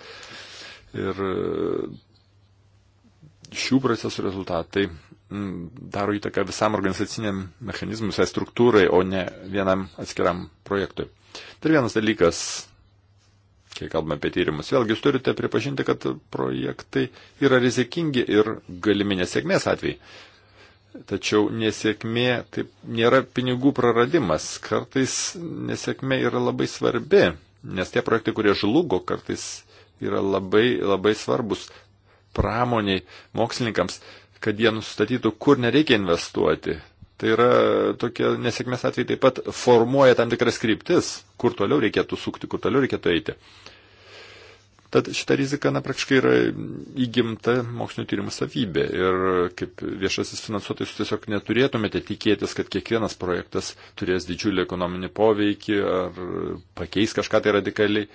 Ir šių procesų rezultatai daro įtaką visam organizaciniam mechanizmui, visai struktūrai, o ne vienam atskiram projektui. Dar tai vienas dalykas, kai kalbame apie tyrimus, vėlgi jūs turite pripažinti, kad projektai yra rizikingi ir galimi nesėkmės atvejai. Tačiau nesėkmė taip, nėra pinigų praradimas. Kartais nesėkmė yra labai svarbi, nes tie projektai, kurie žlugo, kartais yra labai, labai svarbus pramoniai, mokslininkams, kad jie nustatytų, kur nereikia investuoti. Tai yra tokie nesėkmės atvejai taip pat formuoja tam tikras kryptis, kur toliau reikėtų sukti, kur toliau reikėtų eiti. Tad šita rizika, na, praktiškai yra įgimta mokslinio tyrimų savybė. Ir kaip viešasis finansuotojas tiesiog neturėtumėte tikėtis, kad kiekvienas projektas turės didžiulį ekonominį poveikį ar pakeis kažką tai radikaliai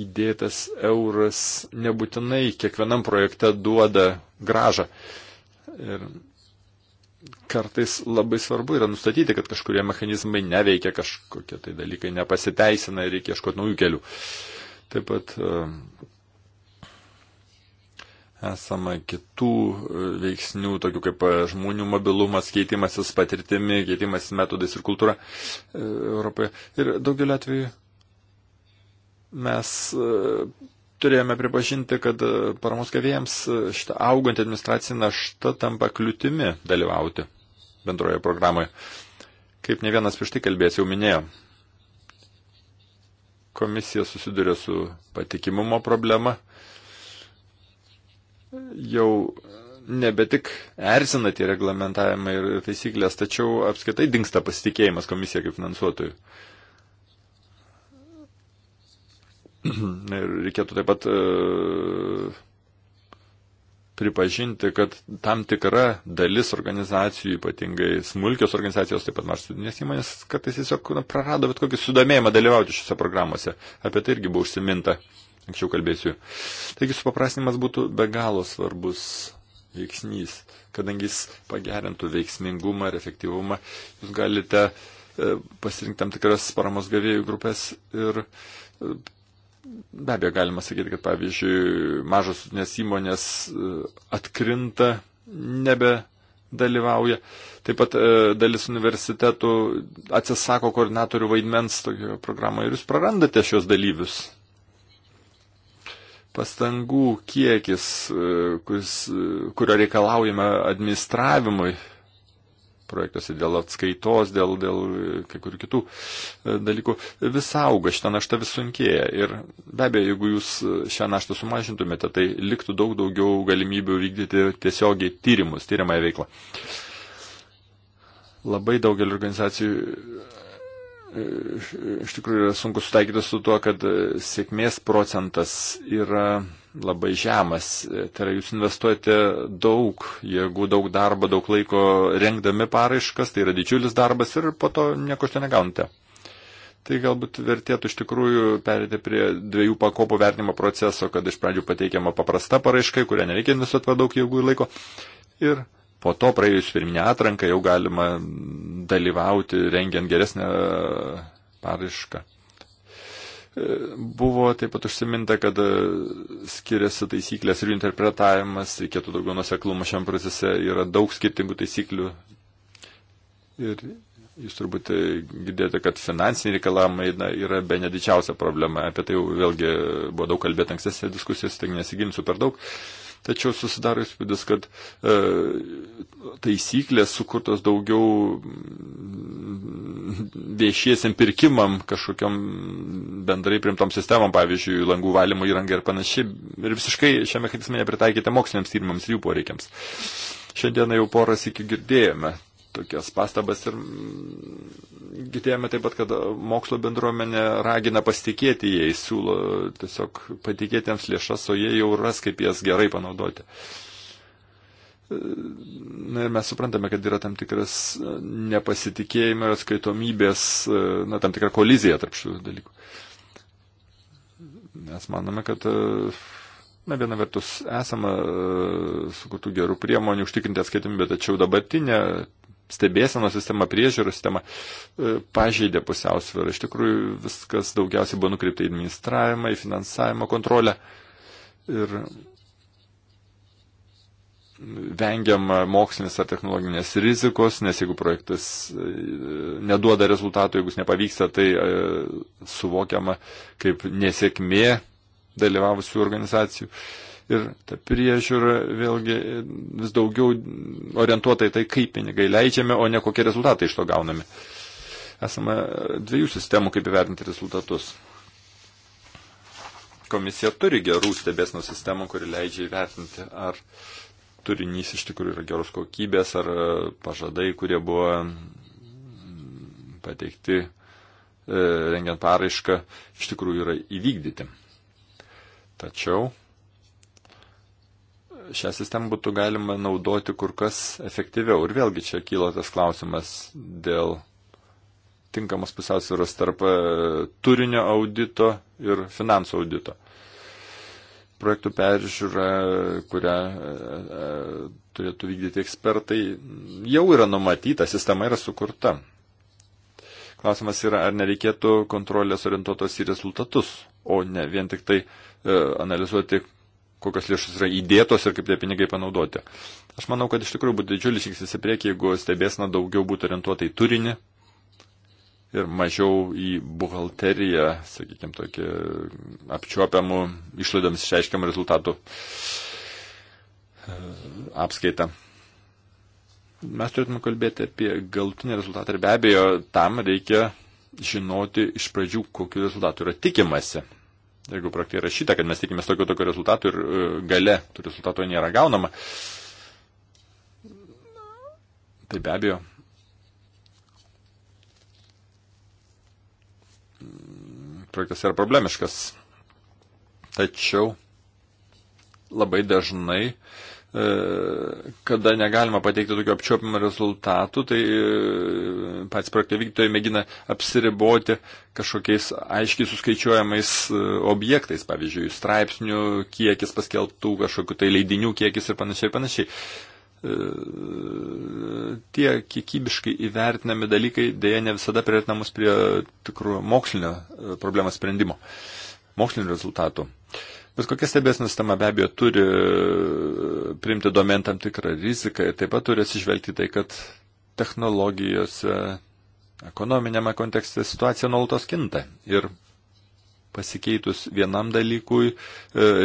įdėtas euras nebūtinai kiekvienam projekte duoda gražą. Ir kartais labai svarbu yra nustatyti, kad kažkurie mechanizmai neveikia, kažkokie tai dalykai nepasiteisina ir reikia ieškoti naujų kelių. Taip pat e, esama kitų e, veiksnių, tokių kaip e, žmonių mobilumas, keitimasis patirtimi, keitimasis metodais ir kultūra Europoje. Ir daugeliu atveju Mes e, turėjome pripažinti, kad e, paramos gavėjams e, šitą augantį administracinį naštą tampa kliūtimi dalyvauti bendroje programoje. Kaip ne vienas prieš tai kalbėjęs jau minėjo, komisija susiduria su patikimumo problema. Jau nebe tik erzina tie reglamentavimai ir taisyklės, tačiau apskaitai dinksta pasitikėjimas komisija kaip finansuotojų. Uh, Ir reikėtų taip pat e, pripažinti, kad tam tikra dalis organizacijų, ypatingai smulkios organizacijos, taip pat maršrutinės įmonės, kartais tiesiog na, prarado bet kokį sudomėjimą dalyvauti šiuose programuose. Apie tai irgi buvo užsiminta, anksčiau kalbėsiu. Taigi supaprastinimas būtų be galo svarbus veiksnys, kadangi jis pagerintų veiksmingumą ir efektyvumą. Jūs galite e, pasirinkti tam tikras paramos gavėjų grupės ir e, Be abejo, galima sakyti, kad pavyzdžiui, mažos nes įmonės e, atkrinta, nebe dalyvauja. Taip pat e, dalis universitetų atsisako koordinatorių vaidmens tokioje programoje ir jūs prarandate šios dalyvius. Pastangų kiekis, e, kuris, e, kurio reikalaujame administravimui, projektuose, dėl atskaitos, dėl, dėl e, kai kurių kitų e, dalykų. Vis auga, šitą naštą vis sunkėja. Ir be abejo, jeigu jūs e, šią naštą sumažintumėte, tai liktų daug daugiau galimybių vykdyti tiesiogiai tyrimus, tyriamąją veiklą. Labai daugelį organizacijų iš tikrųjų yra sunku sutaikyti su tuo, kad sėkmės procentas yra labai žemas. Tai yra, jūs investuojate daug jėgų, daug darbo, daug laiko rengdami paraiškas, tai yra didžiulis darbas ir po to nieko iš to negaunate. Tai galbūt vertėtų iš tikrųjų perėti prie dviejų pakopų vertinimo proceso, kad iš pradžių pateikiama paprasta paraiška, kurią nereikia investuoti daug jėgų ir laiko. Ir po to praėjus pirminę atranką jau galima dalyvauti rengiant geresnę paraišką. E, buvo taip pat užsiminta, kad e, skiriasi taisyklės ir jų interpretavimas, reikėtų daugiau nuseklumo šiam procese, yra daug skirtingų taisyklių. Ir jūs turbūt e, girdėjote, kad finansiniai reikalavimai na, yra be nedidžiausia problema. Apie tai vėlgi buvo daug kalbėta ankstesnėse diskusijose, taigi nesiginsiu per daug. Uh, Tačiau susidaro įspūdis, kad e, taisyklės sukurtos daugiau viešiesiam pirkimam, kažkokiam bendrai primtom sistemam, pavyzdžiui, langų valymo įrangai ir panašiai, ir visiškai šiame mechanizme nepritaikyta moksliniams tyrimams ir jų poreikiams. Šiandieną jau poras iki girdėjome tokias pastabas ir Girdėjome taip pat, kad mokslo bendruomenė ragina pasitikėti jais, siūlo tiesiog patikėti jiems lėšas, o jie jau ras, kaip jas gerai panaudoti. Na ir mes suprantame, kad yra tam tikras nepasitikėjimo ir atskaitomybės, na, tam tikra kolizija tarp šių dalykų. Mes manome, kad Na, viena vertus esama sukurtų gerų priemonių užtikrinti atskaitimį, bet tačiau dabartinė stebėseno sistema, priežiūros sistema e, pažeidė pusiausvyrą. Iš tikrųjų viskas daugiausiai buvo nukreipta į administravimą, į finansavimo kontrolę ir vengiama mokslinės ar technologinės rizikos, nes jeigu projektas e, neduoda rezultatų, jeigu jis nepavyksta, tai e, suvokiama kaip nesėkmė dalyvavusių organizacijų. E, ir ta priežiūra vėlgi vis daugiau orientuota į tai, kaip pinigai leidžiame, o ne kokie rezultatai iš to gauname. Esame dviejų sistemų, kaip įvertinti rezultatus. Komisija turi gerų stebėsnų sistemų, kuri leidžia įvertinti, ar turinys iš tikrųjų yra geros kokybės, ar pažadai, kurie buvo pateikti e, rengiant paraišką, iš tikrųjų yra įvykdyti. Tačiau šią sistemą būtų galima naudoti kur kas efektyviau. Ir vėlgi čia kyla tas klausimas dėl tinkamas pusiausvėros tarp e, turinio audito ir finansų audito. Projektų peržiūra, kurią e, e, turėtų vykdyti ekspertai, jau yra numatyta, sistema yra sukurta. Klausimas yra, ar nereikėtų kontrolės orientuotos į rezultatus, o ne vien tik tai analizuoti kokios lėšos yra įdėtos ir kaip tie pinigai panaudoti. Aš manau, kad iš tikrųjų būtų didžiulis žingsnis į priekį, jeigu stebėsna daugiau būtų orientuota į turinį ir mažiau į buhalteriją, sakykime, tokį apčiuopiamų išlaidams išreiškiamų rezultatų e, apskaitą mes turėtume kalbėti apie galutinį rezultatą ir be abejo tam reikia žinoti iš pradžių, kokiu rezultatu yra tikimasi jeigu projektai yra šita, kad mes tikimės tokio tokio rezultato ir e, gale tų rezultato nėra gaunama, tai be abejo. Projektas yra problemiškas. Tačiau labai dažnai uh, E, kada negalima pateikti tokio apčiopimo rezultatų, tai e, pats projekto vykdytojai mėgina apsiriboti kažkokiais aiškiai suskaičiuojamais e, objektais, pavyzdžiui, straipsnių kiekis paskelbtų, kažkokiu tai leidinių kiekis ir panašiai ir panašiai. Tie kiekybiškai įvertinami dalykai dėja ne visada priartinamus prie tikrų mokslinio problemos sprendimo, mokslinio rezultatų. Bet kokia stebėsina sistema be abejo turi e, primti domen tam tikrą riziką ir taip pat turi atsižvelgti tai, kad technologijose, ekonominėme kontekste situacija nuolatos kinta. Ir pasikeitus vienam dalykui e,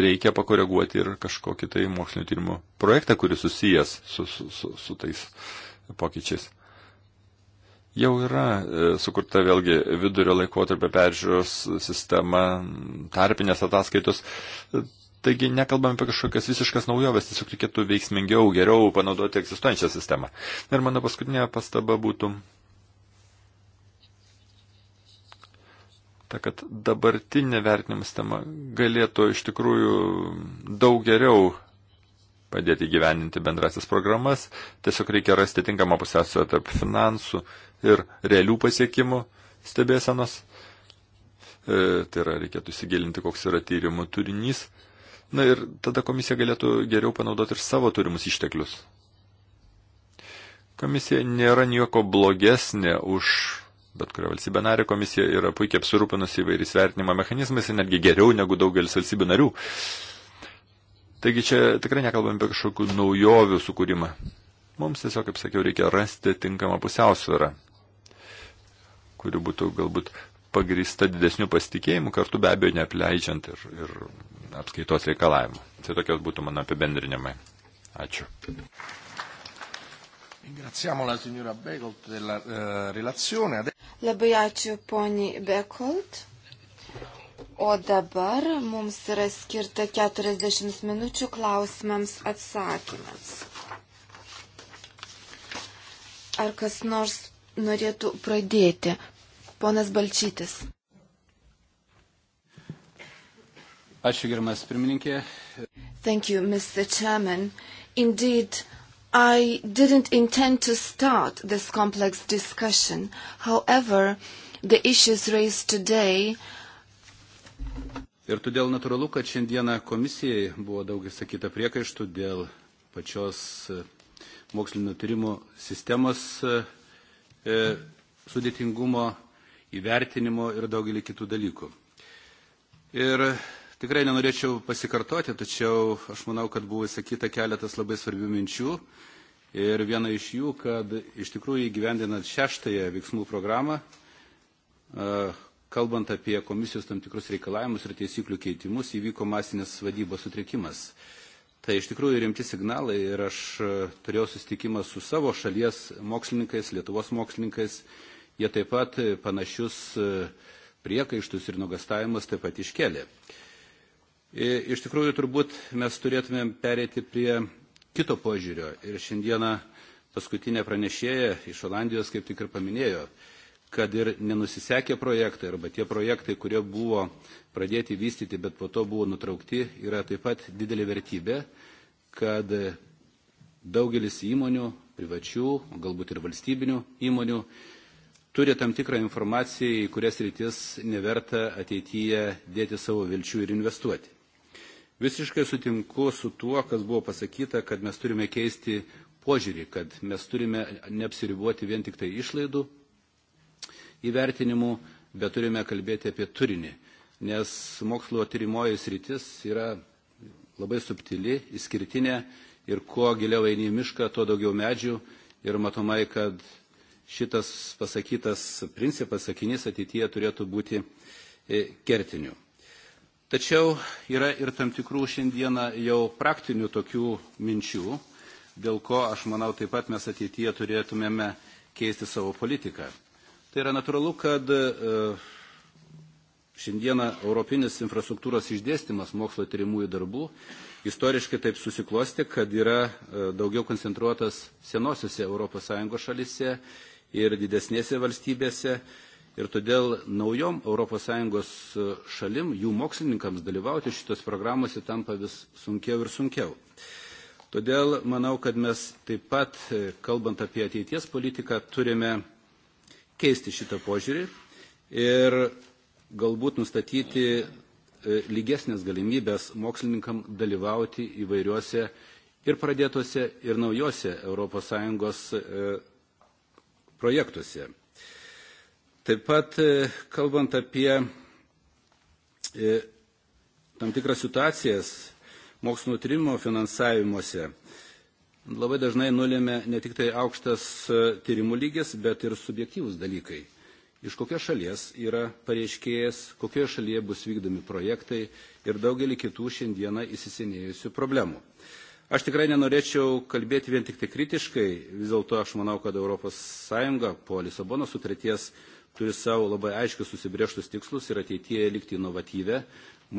reikia pakoreguoti ir kažkokį tai mokslinio tyrimų projektą, kuris susijęs su, su, su, su tais pokyčiais. Jau yra e, sukurta vėlgi vidurio laikotarpio peržiūros sistema, tarpinės ataskaitos. E, Taigi nekalbam apie kažkokias visiškas naujoves, tiesiog reikėtų veiksmingiau, geriau panaudoti egzistuojančią sistemą. Ir mano paskutinė pastaba būtų ta, kad dabartinė vertinimo sistema galėtų iš tikrųjų daug geriau padėti gyveninti bendrasis programas, tiesiog reikia rasti tinkamą pusiausvę tarp finansų ir realių pasiekimų stebėsenos. E, tai yra, reikėtų įsigilinti, koks yra tyrimų turinys. Na ir tada komisija galėtų geriau panaudoti ir savo turimus išteklius. Komisija nėra nieko blogesnė už bet kurio valstybė narė komisija yra puikiai apsirūpinusi įvairiais vertinimo mechanizmais ir netgi geriau negu daugelis valstybių narių. Taigi čia tikrai nekalbam apie kažkokių naujovių sukūrimą. Mums tiesiog, kaip sakiau, reikia rasti tinkamą pusiausvyrą kuri būtų galbūt pagrįsta didesnių pasitikėjimų, kartu be abejo neapleidžiant ir, ir apskaitos reikalavimų. Tai tokios būtų mano apibendrinimai. Ačiū. Eh, Labai ačiū poniai Bekolt. O dabar mums yra skirta 40 minučių klausimams atsakymams. Ar kas nors norėtų pradėti? Ponas Balčytis. Ačiū, gerbiamas pirmininkė. Thank you, Mr. Chairman. Indeed, I didn't intend to start this complex discussion. However, the issues raised today Ir todėl natūralu, kad šiandieną komisijai buvo daug įsakyta priekaištų dėl pačios e, mokslinio tyrimų sistemos e, e, sudėtingumo įvertinimo ir daugelį kitų dalykų. Ir tikrai nenorėčiau pasikartoti, tačiau aš manau, kad buvo įsakyta keletas labai svarbių minčių. Ir viena iš jų, kad iš tikrųjų įgyvendinant šeštąją veiksmų programą, kalbant apie komisijos tam tikrus reikalavimus ir teisiklių keitimus, įvyko masinės vadybos sutrikimas. Tai iš tikrųjų rimti signalai ir aš turėjau susitikimą su savo šalies mokslininkais, Lietuvos mokslininkais jie taip pat e, panašius e, priekaištus ir nugastavimus taip pat iškelė. E, iš tikrųjų, turbūt mes turėtumėm perėti prie kito požiūrio. Ir šiandieną paskutinė pranešėja iš Olandijos kaip tik ir paminėjo, kad ir nenusisekė projektai arba tie projektai, kurie buvo pradėti vystyti, bet po to buvo nutraukti, yra taip pat didelė vertybė, kad daugelis įmonių, privačių, galbūt ir valstybinių įmonių turi tam tikrą informaciją, į kurias rytis neverta ateityje dėti savo vilčių ir investuoti. Visiškai sutinku su tuo, kas buvo pasakyta, kad mes turime keisti požiūrį, kad mes turime neapsiriboti vien tik tai išlaidų įvertinimu, bet turime kalbėti apie turinį, nes mokslo tyrimoji sritis yra labai subtili, išskirtinė ir kuo giliau eini į mišką, tuo daugiau medžių ir matomai, kad šitas pasakytas principas, sakinys ateityje turėtų būti e, kertiniu. Tačiau yra ir tam tikrų šiandieną jau praktinių tokių minčių, dėl ko, aš manau, taip pat mes ateityje turėtumėme keisti savo politiką. Tai yra natūralu, kad e, šiandieną europinis infrastruktūros išdėstymas mokslo tyrimųjų darbų istoriškai taip susiklosti, kad yra e, daugiau koncentruotas senosiuose ES šalise ir didesnėse valstybėse. Ir todėl naujom ES e, šalim, jų mokslininkams dalyvauti šitos programose tampa vis sunkiau ir sunkiau. Todėl manau, kad mes taip pat, e, kalbant apie ateities politiką, turime keisti šitą požiūrį ir galbūt nustatyti e, lygesnės galimybės mokslininkam dalyvauti įvairiuose ir pradėtose ir naujose ES projektuose. Taip pat, e, kalbant apie e, tam tikras situacijas mokslinio tyrimo finansavimuose, labai dažnai nulėmė ne tik tai aukštas e, tyrimų lygis, bet ir subjektyvus dalykai. Iš kokios šalies yra pareiškėjas, kokioje šalyje bus vykdomi projektai ir daugelį kitų šiandieną įsisenėjusių problemų. E, Aš tikrai nenorėčiau kalbėti vien tik tai kritiškai, vis dėlto aš manau, kad ES po Lisabono sutarties turi savo labai aiškius susibrieštus tikslus ir ateityje likti inovatyvę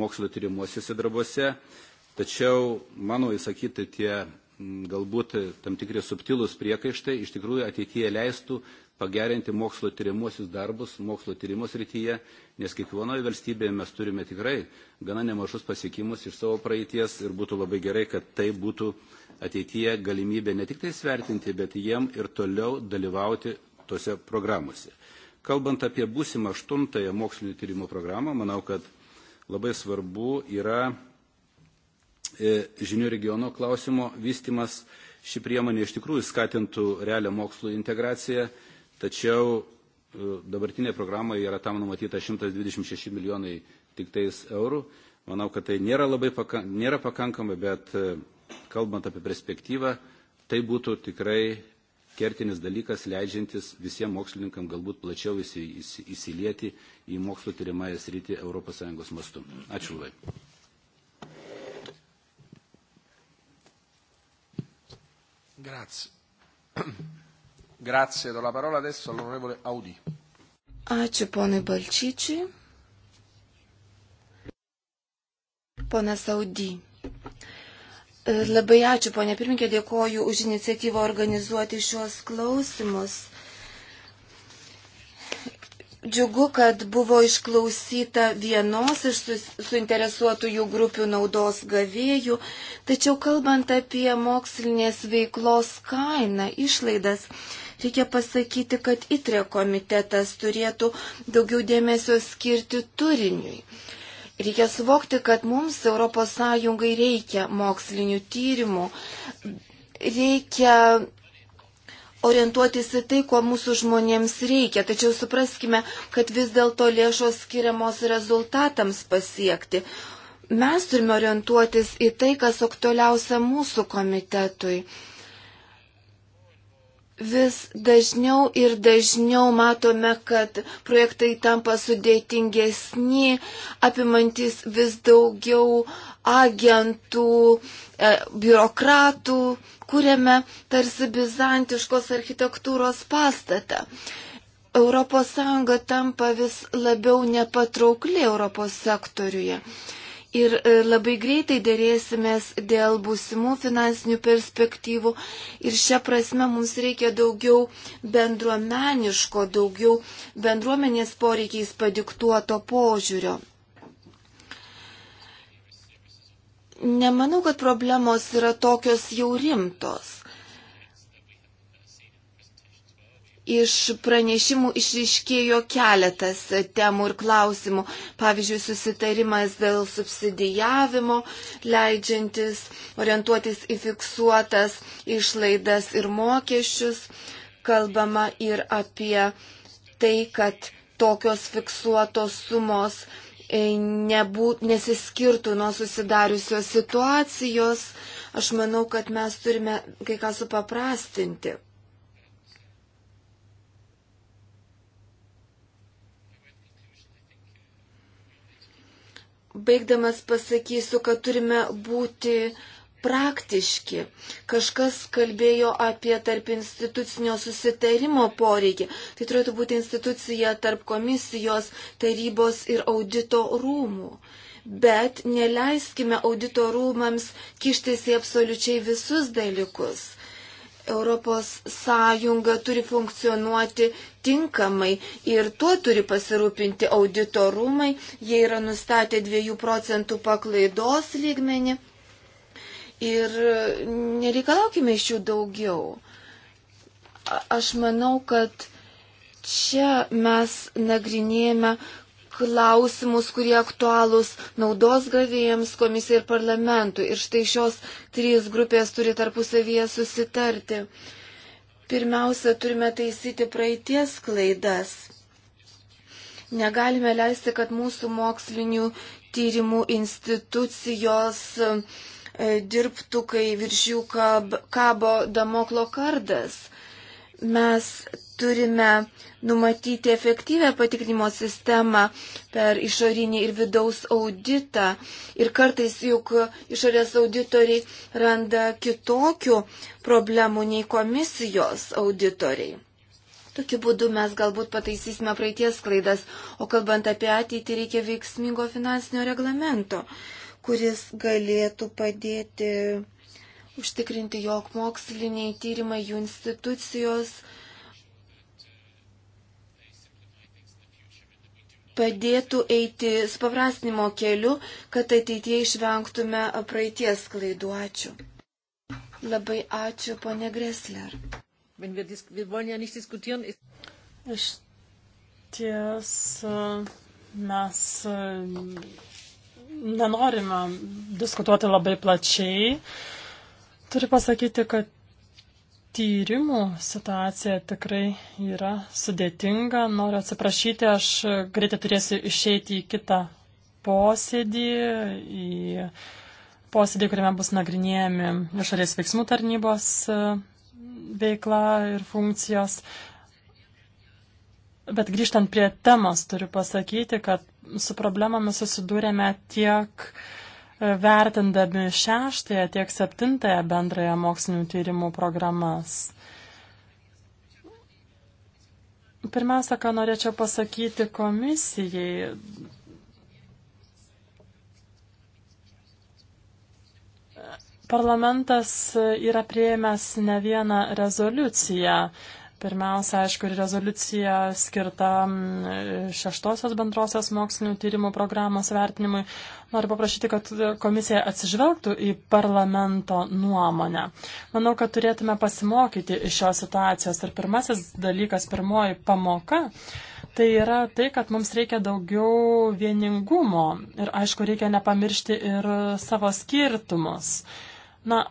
mokslo tyrimuosiuose darbuose. Tačiau mano įsakyti tie galbūt tam tikri subtilūs priekaištai iš tikrųjų ateityje leistų pagerinti mokslo tyrimuosius darbus, mokslo tyrimos rytyje, nes kiekvienoje valstybėje mes turime tikrai gana nemažus pasiekimus iš savo praeities ir būtų labai gerai, kad tai būtų ateityje galimybė ne tik tai svertinti, bet jiem ir toliau dalyvauti tose programuose. Kalbant apie būsimą aštuntąją mokslinio tyrimo programą, manau, kad labai svarbu yra e, žinių regiono klausimo vystimas. Ši priemonė iš tikrųjų skatintų realią mokslo integraciją Tačiau e, dabartinė programoje yra tam numatyta 126 milijonai tik tais eurų. Manau, kad tai nėra, labai pakan, nėra pakankama, bet e, kalbant apie perspektyvą, tai būtų tikrai kertinis dalykas, leidžiantis visiems mokslininkams galbūt plačiau įsi, įsi, įsilieti į mokslo tyrimąją sritį ES mastu. Ačiū labai. Grazie. Grazie, do la parola adesso all'onorevole Audi. Ačiū ponai Balčyčiui. Ponas Audi. E, labai ačiū, ponė pirminkė, dėkoju už iniciatyvą organizuoti šios klausimus. Džiugu, kad buvo išklausyta vienos iš suinteresuotųjų grupių naudos gavėjų, tačiau kalbant apie mokslinės veiklos kainą, išlaidas, Reikia pasakyti, kad ITRE komitetas turėtų daugiau dėmesio skirti turiniui. Reikia suvokti, kad mums ES reikia mokslinių tyrimų, reikia orientuotis į tai, ko mūsų žmonėms reikia. Tačiau supraskime, kad vis dėlto lėšos skiriamos rezultatams pasiekti. Mes turime orientuotis į tai, kas aktualiausia mūsų komitetui. Vis dažniau ir dažniau matome, kad projektai tampa sudėtingesni, apimantis vis daugiau agentų, e, biurokratų, kuriame tarsi bizantiškos architektūros pastatą. ES tampa vis labiau nepatraukli Europos sektoriuje ir e, labai greitai dėrėsimės dėl būsimų finansinių perspektyvų ir šią prasme mums reikia daugiau bendruomeniško, daugiau bendruomenės poreikiais padiktuoto požiūrio. Nemanau, kad problemos yra tokios jau rimtos. Iš pranešimų išriškėjo keletas temų ir klausimų. Pavyzdžiui, susitarimas dėl subsidijavimo, leidžiantis orientuotis į fiksuotas išlaidas ir mokesčius. Kalbama ir apie tai, kad tokios fiksuotos sumos e, nebūt, nesiskirtų nuo susidariusios situacijos, aš manau, kad mes turime kai ką supaprastinti. baigdamas pasakysiu, kad turime būti praktiški. Kažkas kalbėjo apie tarp institucinio susitarimo poreikį. Tai turėtų būti institucija tarp komisijos, tarybos ir audito rūmų. Bet neleiskime auditorumams kištis į absoliučiai visus dalykus. ES turi funkcionuoti tinkamai ir tuo turi pasirūpinti auditorumai, jie yra nustatę 2 procentų paklaidos lygmenį ir nereikalaukime iš jų daugiau. A aš manau, kad čia mes nagrinėjame klausimus, kurie aktualūs naudos gavėjams, komisijai ir parlamentui. Ir štai šios trys grupės turi tarpusavyje susitarti. Pirmiausia, turime taisyti praeities klaidas. Negalime leisti, kad mūsų mokslinių tyrimų institucijos e, dirbtų, kai virš jų kabo damoklo kardas Mes turime numatyti efektyvę patikrinimo sistemą per išorinį ir vidaus auditą. Ir kartais juk išorės auditoriai randa kitokių problemų nei komisijos auditoriai. Tokiu būdu mes galbūt pataisysime praeities klaidas, o kalbant apie ateitį reikia veiksmingo finansinio reglamento, kuris galėtų padėti užtikrinti, jog moksliniai tyrimai jų institucijos padėtų eiti spavrasnimo keliu, kad ateitie išvengtume praeities klaidų. Ačiū. Labai ačiū, ponė Gresler. Iš ties e, mes e, nenorime diskutuoti labai plačiai. Turiu pasakyti, kad tyrimų situacija tikrai yra sudėtinga. Noriu atsiprašyti, aš greitai turėsiu išeiti į kitą posėdį, į posėdį, kuriame bus nagrinėjami išorės veiksmų tarnybos e, veikla ir funkcijos. Bet grįžtant prie temos, turiu pasakyti, kad su problemomis susidūrėme tiek uh, vertindami šeštąją tiek septintąją bendrąją mokslinių tyrimų programas. Pirmiausia, ką norėčiau pasakyti komisijai. Parlamentas yra prieimęs ne vieną rezoliuciją Pirmiausia, aišku, ir rezoliucija skirta šeštosios bendrosios mokslinių tyrimų programos vertinimui. Noriu paprašyti, kad komisija atsižvelgtų į parlamento nuomonę. Manau, kad turėtume pasimokyti iš šios situacijos. Ir pirmasis dalykas, pirmoji pamoka, tai yra tai, kad mums reikia daugiau vieningumo. Ir aišku, reikia nepamiršti ir savo skirtumus. Na,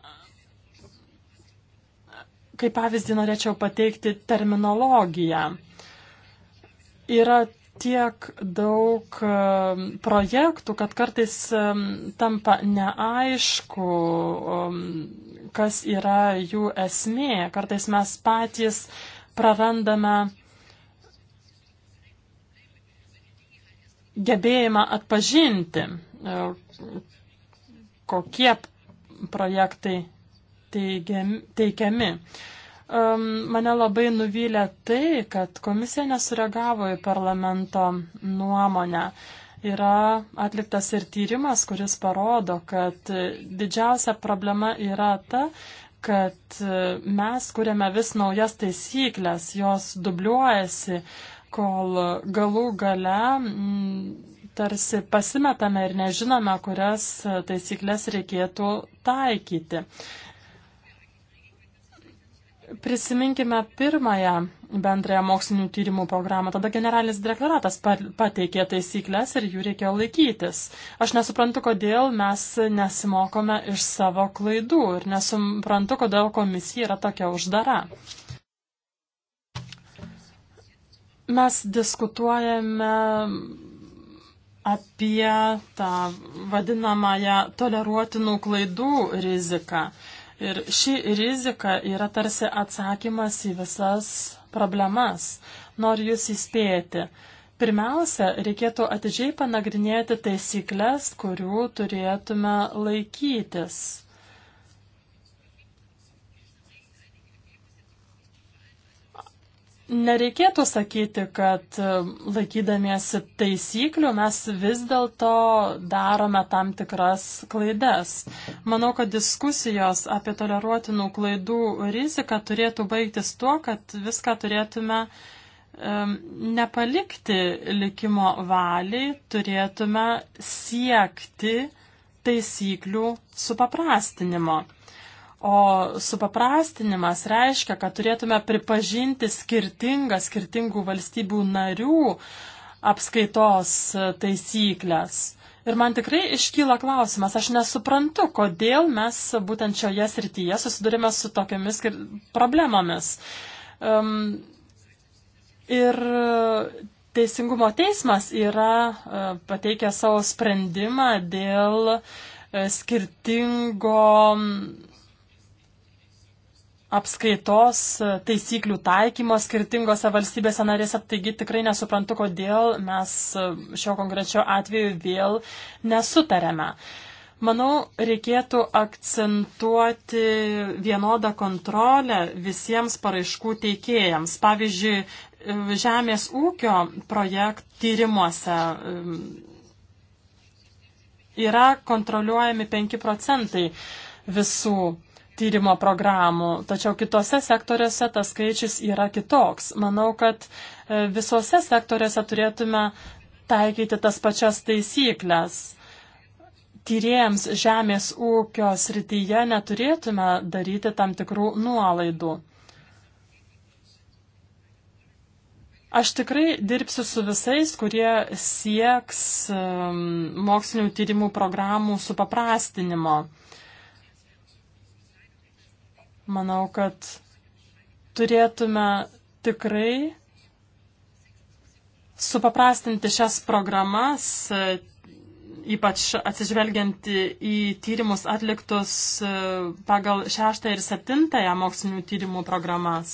kaip pavyzdį norėčiau pateikti terminologiją. Yra tiek daug e, projektų, kad kartais e, tampa neaišku, e, kas yra jų esmė. Kartais mes patys prarandame gebėjimą atpažinti, kokie projektai teikiami. Um, mane labai nuvylė tai, kad komisija nesureagavo į parlamento nuomonę. Yra atliktas ir tyrimas, kuris parodo, kad didžiausia problema yra ta, kad mes kuriame vis naujas taisyklės, jos dubliuojasi, kol galų gale mm, tarsi pasimetame ir nežinome, kurias taisyklės reikėtų taikyti. Prisiminkime pirmąją bendrąją mokslinių tyrimų programą. Tada generalinis direktoratas pateikė taisyklės ir jų reikėjo laikytis. Aš nesuprantu, kodėl mes nesimokome iš savo klaidų ir nesuprantu, kodėl komisija yra tokia uždara. Mes diskutuojame apie tą vadinamąją toleruotinų klaidų riziką. Ir ši rizika yra tarsi atsakymas į visas problemas. Noriu jūs įspėti. Pirmiausia, reikėtų atidžiai panagrinėti taisyklės, kurių turėtume laikytis. Nereikėtų sakyti, kad e, laikydamiesi taisyklių mes vis dėlto darome tam tikras klaidas. Manau, kad diskusijos apie toleruotinų klaidų riziką turėtų baigtis tuo, kad viską turėtume um, nepalikti likimo valiai, turėtume siekti taisyklių supaprastinimo. O supaprastinimas reiškia, kad turėtume pripažinti skirtingą skirtingų valstybių narių apskaitos taisyklės. Ir man tikrai iškyla klausimas, aš nesuprantu, kodėl mes būtent šioje srityje susidurime su tokiamis problemomis. Um, ir Teisingumo teismas yra e, pateikę savo sprendimą dėl e, skirtingo apskaitos taisyklių taikymo skirtingose valstybėse narėse, taigi tikrai nesuprantu, kodėl mes šio konkrečio atveju vėl nesutarėme. Manau, reikėtų akcentuoti vienodą kontrolę visiems paraiškų teikėjams. Pavyzdžiui, žemės ūkio projektų tyrimuose um, yra kontroliuojami 5 procentai visų tyrimo programų, tačiau kitose sektoriuose tas skaičius yra kitoks. Manau, kad e, visose sektoriuose turėtume taikyti tas pačias taisyklės. Tyrėjams žemės ūkio srityje neturėtume daryti tam tikrų nuolaidų. Aš tikrai dirbsiu su visais, kurie sieks um, mokslinių tyrimų programų supaprastinimo. Manau, kad turėtume tikrai supaprastinti šias programas, ypač atsižvelgiant į tyrimus atliktus e, pagal šeštą ir septintąją mokslinių tyrimų programas.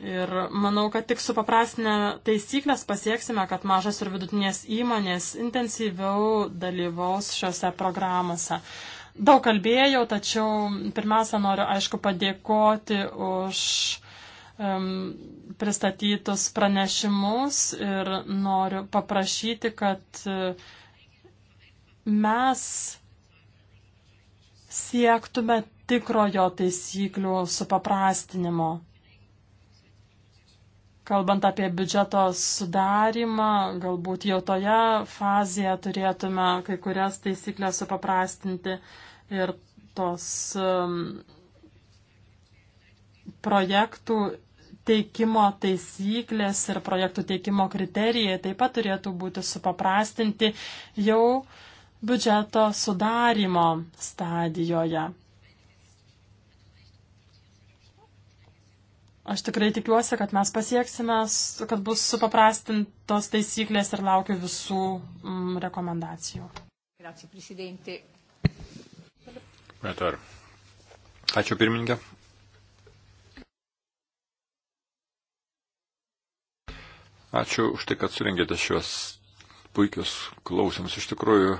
Ir manau, kad tik su paprastinė taisyklės pasieksime, kad mažas ir vidutinės įmonės intensyviau dalyvaus šiuose programuose. Daug kalbėjau, tačiau pirmiausia noriu, aišku, padėkoti už um, pristatytus pranešimus ir noriu paprašyti, kad e, mes siektume tikrojo taisyklių supaprastinimo. Kalbant apie biudžeto sudarimą, galbūt jau toje fazėje turėtume kai kurias taisyklės supaprastinti ir tos um, projektų teikimo taisyklės ir projektų teikimo kriterijai taip pat turėtų būti supaprastinti jau biudžeto sudarimo stadijoje. Aš tikrai tikiuosi, kad mes pasieksime, kad bus supaprastintos taisyklės ir laukiu visų mm, rekomendacijų. Grazie, prezidentė. Metar. Ačiū pirmininkė. Ačiū už tai, kad surinkėte šios puikius klausimus. Iš tikrųjų,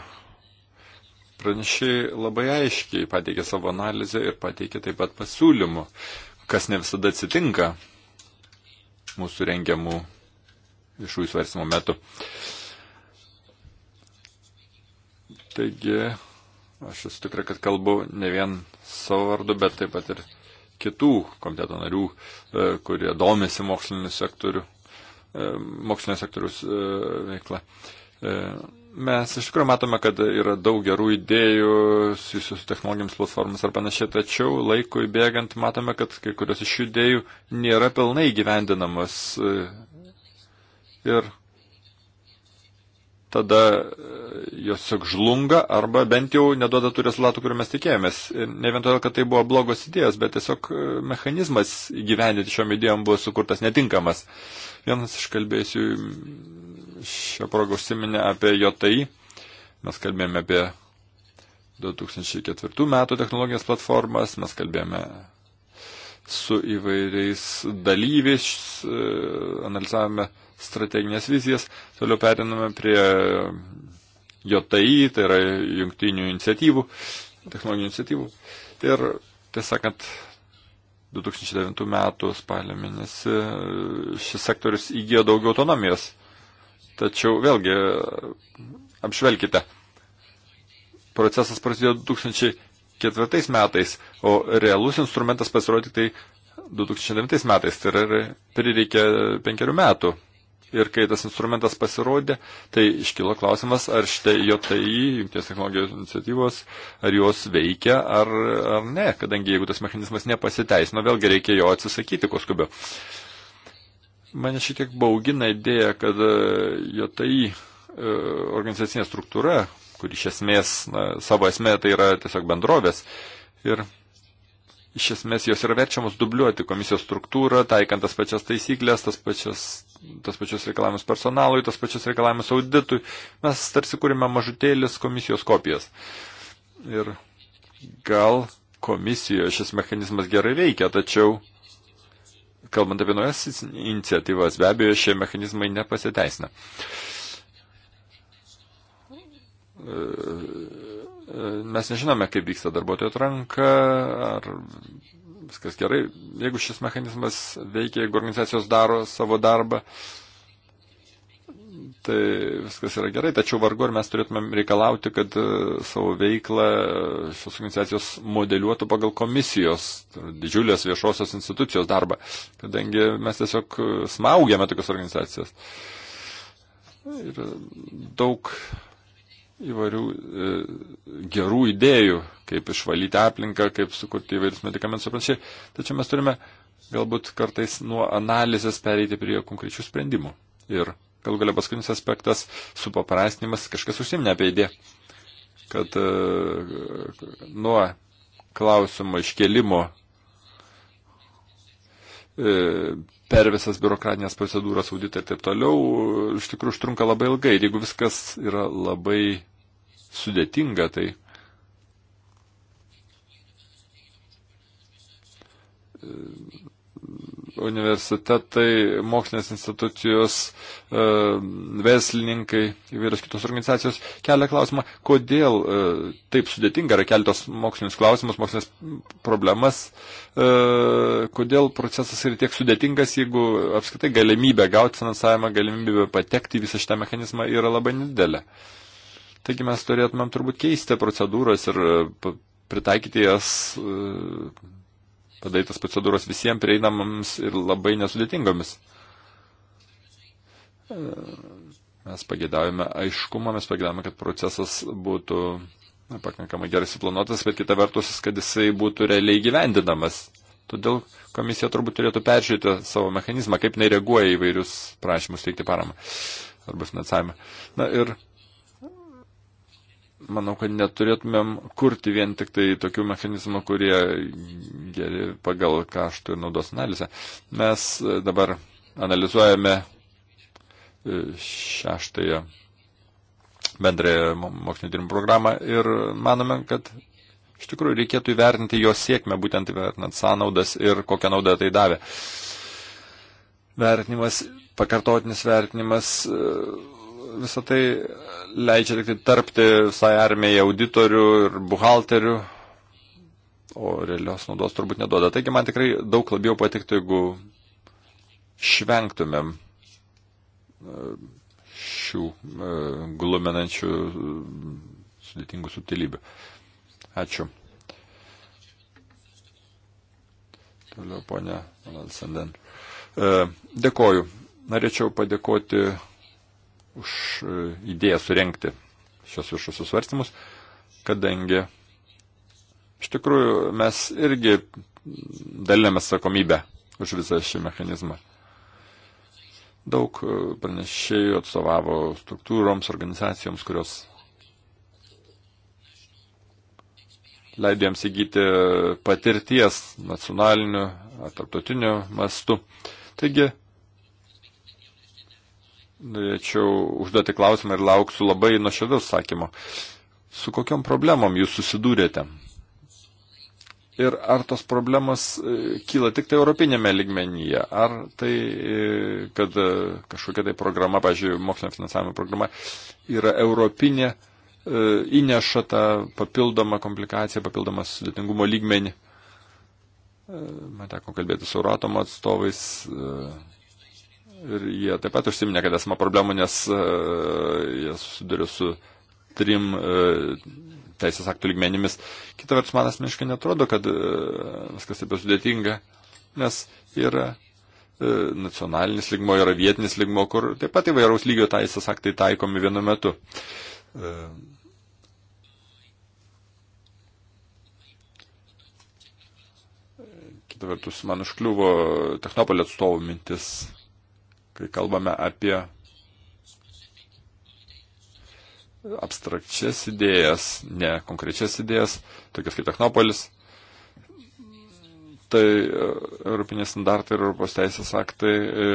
pranešiai labai aiškiai pateikė savo analizę ir pateikė taip pat pasiūlymų, kas ne visada atsitinka mūsų rengiamų viešųjų svarstymo metu. Taigi, aš esu tikra, kad kalbu ne vien savo vardu, bet taip pat ir kitų komiteto narių, e, kurie domėsi mokslinio sektorių, e, mokslinio sektorius e, veikla. E, Mes iš tikrųjų matome, kad yra daug gerų idėjų susijusių su technologijoms platformas ar panašiai, tačiau laikui bėgant matome, kad kai kurios iš šių idėjų nėra pilnai gyvendinamas. Ir tada jos tiesiog žlunga arba bent jau neduoda tų rezultatų, kurių mes tikėjomės. Ne vien todėl, kad tai buvo blogos idėjos, bet tiesiog mechanizmas gyvendyti šiom idėjom buvo sukurtas netinkamas. Vienas iš kalbėjusių šią progą užsiminė apie JTI. Mes kalbėjome apie 2004 metų technologijos platformas, mes kalbėjome su įvairiais dalyviais, e, analizavome strateginės vizijas, toliau periname prie JTI, tai yra jungtinių iniciatyvų, technologinių iniciatyvų. Ir, tiesąkant, 2009 metų spalio mėnesį e, šis sektorius įgyjo daugiau autonomijos. Tačiau vėlgi, apžvelkite, procesas prasidėjo 2004 metais, o realus instrumentas pasirodė tik tai 2009 metais, tai yra prireikė penkerių metų. Ir kai tas instrumentas pasirodė, tai iškilo klausimas, ar šitai JTI, Junktinės technologijos iniciatyvos, ar jos veikia, ar, ar ne, kadangi jeigu tas mechanizmas nepasiteisino, vėlgi reikia jo atsisakyti, kuo skubiau. Mane šitiek baugina idėja, kad e, jo tai e, organizacinė struktūra, kur iš esmės na, savo esmė tai yra tiesiog bendrovės. Ir iš esmės jos yra verčiamos dubliuoti komisijos struktūrą, taikant tas pačias taisyklės, tas, pačias, tas pačius reikalavimus personalui, tas pačius reikalavimus auditui. Mes tarsi kūrime mažutėlis komisijos kopijas. Ir gal komisijoje šis mechanizmas gerai veikia, tačiau kalbant apie naujas iniciatyvas, be abejo, šie mechanizmai nepasiteisina. Mes nežinome, kaip vyksta darbuotojo atranka, ar viskas gerai. Jeigu šis mechanizmas veikia, jeigu organizacijos daro savo darbą, tai viskas yra gerai, tačiau vargu ar mes turėtumėm reikalauti, kad e, savo veiklą e, šios organizacijos modeliuotų pagal komisijos, tai didžiulės viešosios institucijos darbą, kadangi mes tiesiog e, smaugiame tokias organizacijas. Ir daug įvairių e, gerų idėjų, kaip išvalyti aplinką, kaip sukurti įvairius medikamentus ir panašiai. Tačiau mes turime galbūt kartais nuo analizės pereiti prie konkrečių sprendimų. Ir Gal galia paskutinis aspektas - supaprastinimas, kažkas užsiminė apie idėją, kad e, nuo klausimo iškelimo e, per visas biurokratinės procedūras, auditą ir taip toliau, iš tikrųjų užtrunka labai ilgai. Ir jeigu viskas yra labai sudėtinga, tai e, universitetai, mokslinės institucijos, e, verslininkai, įvairios kitos organizacijos kelia klausimą, kodėl e, taip sudėtinga yra keltos mokslinius klausimus, mokslinės problemas, e, kodėl procesas yra tiek sudėtingas, jeigu apskritai galimybė gauti finansavimą, galimybė patekti į visą šitą mechanizmą yra labai nedidelė. Taigi mes turėtumėm turbūt keisti procedūras ir pritaikyti jas padarytos procedūros visiems prieinamams ir labai nesudėtingomis. E, mes pagėdavome aiškumą, mes pagėdavome, kad procesas būtų na, pakankamai gerai suplanuotas, bet kita vertus, kad jisai būtų realiai gyvendinamas. Todėl komisija turbūt turėtų peržiūrėti savo mechanizmą, kaip nereaguoja į vairius prašymus teikti paramą arba finansavimą. Na ir manau, kad neturėtumėm kurti vien tik tai tokių mechanizmų, kurie geri pagal kaštų ir naudos analizę. Mes dabar analizuojame e, šeštąją bendrąją mokslinio tyrimų programą ir manome, kad iš tikrųjų reikėtų įvertinti jo sėkmę, būtent įvertinant sąnaudas ir kokią naudą tai davė. Vertinimas, pakartotinis vertinimas e, visą tai leidžia tik tai tarpti visai armijai auditorių ir buhalterių, o realios naudos turbūt neduoda. Taigi man tikrai daug labiau patiktų, jeigu švengtumėm e, šių e, glumenančių e, sudėtingų subtilybių. Ačiū. Toliau, ponia Alansanden. Dėkoju. Norėčiau padėkoti už e, idėją surenkti šios viešusius svarstymus, kadangi iš tikrųjų mes irgi daliname atsakomybę už visą šį mechanizmą. Daug e, pranešėjų atstovavo struktūroms, organizacijoms, kurios leidėjams įgyti patirties nacionaliniu ar tarptautiniu mastu. Taigi, norėčiau užduoti klausimą ir lauksiu labai nuoširdaus sakymo. Su kokiam problemom jūs susidūrėte? Ir ar tos problemos e, kyla tik tai europinėme ligmenyje, ar tai, e, kad e, kažkokia tai programa, pažiūrėjau, mokslinio finansavimo programa yra europinė, įneša tą papildomą komplikaciją, papildomą sudėtingumo lygmenį. Man teko kalbėti su Euratomo atstovais, Ir jie taip pat užsiminė, kad esama problemų, nes e, jie susiduria su trim e, teisės aktų lygmenimis. Kita vertus, man asmeniškai netrodo, kad e, viskas taip sudėtinga, nes yra nacionalinis lygmo, yra vietinis lygmo, kur taip pat įvairaus lygio teisės aktai taikomi vienu metu. Kita vertus, man užkliuvo Technopolio atstovų mintis kai kalbame apie abstrakčias idėjas, ne konkrečias idėjas, tokias kaip Technopolis, tai e, Europiniai standartai ir Europos teisės aktai e,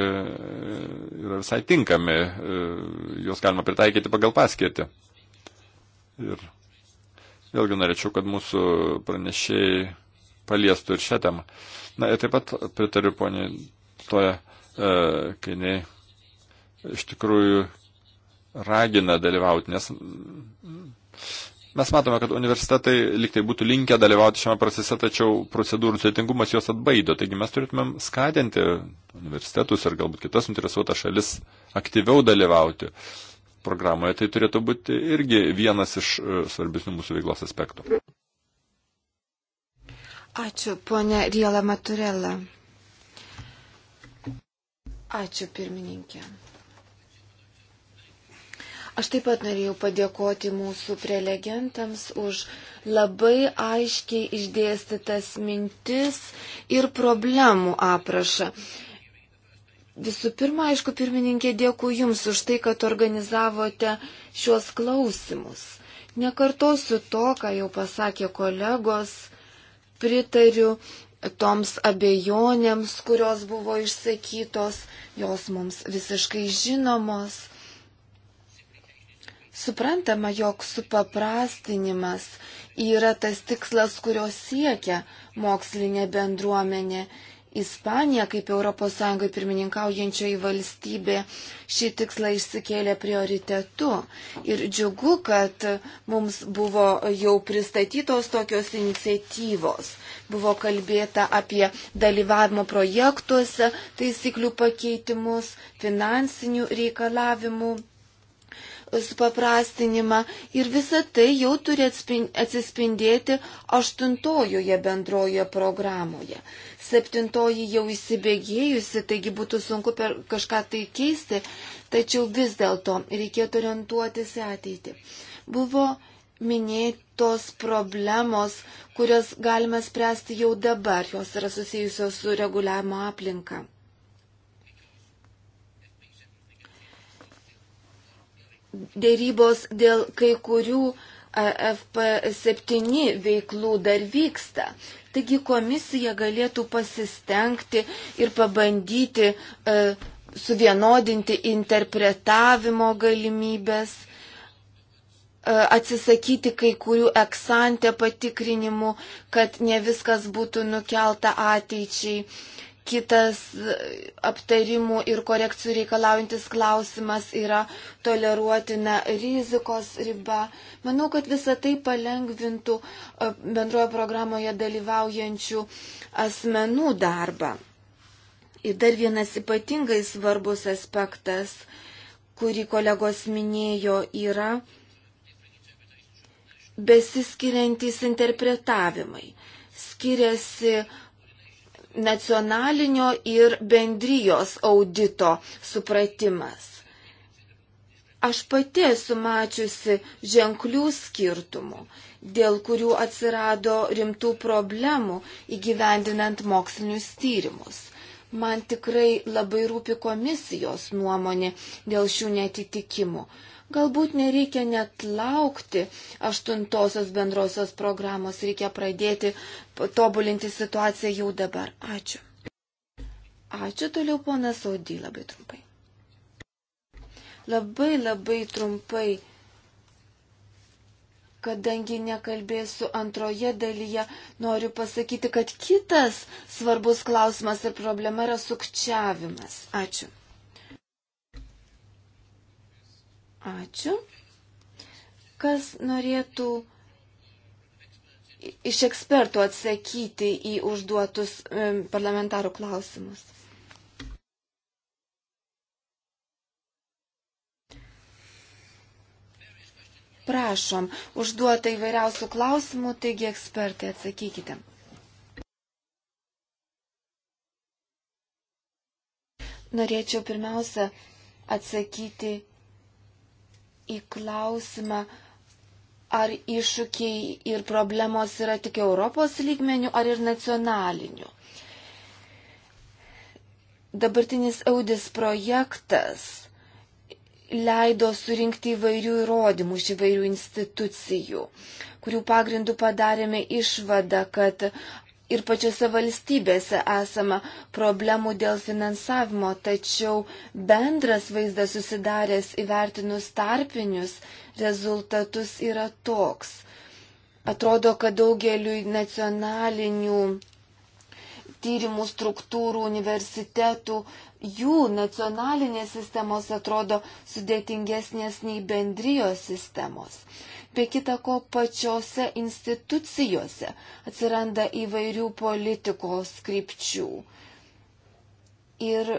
yra visai tinkami, e, juos galima pritaikyti pagal paskirtį. Ir vėlgi norėčiau, kad mūsų pranešėjai paliestų ir šią temą. Na ir taip pat pritariu poniai toje E, kai ne iš tikrųjų ragina dalyvauti, nes mes matome, kad universitetai liktai būtų linkę dalyvauti šiame procese, tačiau procedūrų sudėtingumas juos atbaido. Taigi mes turėtumėm skatinti universitetus ir galbūt kitas interesuotas šalis aktyviau dalyvauti programoje. Tai turėtų būti irgi vienas iš e, svarbesnių mūsų veiklos aspektų. Ačiū, ponė Riela Maturela. Ačiū pirmininkė. Aš taip pat norėjau padėkoti mūsų prelegentams už labai aiškiai išdėstytas mintis ir problemų aprašą. Visų pirma, aišku, pirmininkė, dėkui Jums už tai, kad organizavote šiuos klausimus. Nekartosiu to, ką jau pasakė kolegos, pritariu toms abejonėms, kurios buvo išsakytos, jos mums visiškai žinomos. Suprantama, jog supaprastinimas yra tas tikslas, kurio siekia mokslinė bendruomenė Ispanija, kaip ES pirmininkaujančioji valstybė, šį tikslą išsikėlė prioritetu. Ir džiugu, kad mums buvo jau pristatytos tokios iniciatyvos. Buvo kalbėta apie dalyvavimo projektuose, taisyklių pakeitimus, finansinių reikalavimų supaprastinimą ir visa tai jau turi atsispindėti aštuntojoje bendrojoje programoje septintoji jau įsibėgėjusi, taigi būtų sunku per kažką tai keisti, tačiau vis dėlto reikėtų orientuotis į ateitį. Buvo minėtos problemos, kurias galime spręsti jau dabar, jos yra susijusios su reguliavimo aplinka. Dėrybos dėl kai kurių FP7 veiklų dar vyksta. Taigi komisija galėtų pasistengti ir pabandyti e, suvienodinti interpretavimo galimybės, e, atsisakyti kai kurių eksantę patikrinimų, kad ne viskas būtų nukelta ateičiai. E, Kitas e, aptarimų ir korekcijų reikalaujantis klausimas yra toleruotina rizikos riba. Manau, kad visa tai palengvintų e, bendrojo programoje dalyvaujančių asmenų darbą. Ir dar vienas ypatingai svarbus aspektas, kurį kolegos minėjo, yra besiskiriantys interpretavimai. Skiriasi nacionalinio ir bendrijos audito supratimas. Aš pati esu mačiusi ženklių skirtumų, dėl kurių atsirado rimtų problemų įgyvendinant mokslinius tyrimus. Man tikrai labai rūpi komisijos nuomonė dėl šių netitikimų. Galbūt nereikia net laukti aštuntosios bendrosios programos, reikia pradėti tobulinti situaciją jau dabar. Ačiū. Ačiū toliau, ponas Audy, labai trumpai. Labai labai trumpai kadangi nekalbėsiu antroje dalyje, noriu pasakyti, kad kitas svarbus klausimas ir problema yra sukčiavimas. Ačiū. Ačiū. Kas norėtų iš ekspertų atsakyti į užduotus parlamentarų klausimus? Prašom, užduota įvairiausių klausimų, taigi ekspertai atsakykite. Norėčiau pirmiausia atsakyti į klausimą, ar iššūkiai ir problemos yra tik Europos lygmenių ar ir nacionalinių. Dabartinis Audis projektas leido surinkti įvairių įrodymų iš įvairių institucijų, kurių pagrindų padarėme išvadą, kad ir pačiose valstybėse esama problemų dėl finansavimo, tačiau bendras vaizdas susidaręs įvertinus tarpinius rezultatus yra toks. Atrodo, kad daugeliu nacionalinių tyrimų struktūrų, universitetų, jų nacionalinės sistemos atrodo sudėtingesnės nei bendrijos sistemos. Be kita ko, pačiose institucijose atsiranda įvairių politikos krypčių. Ir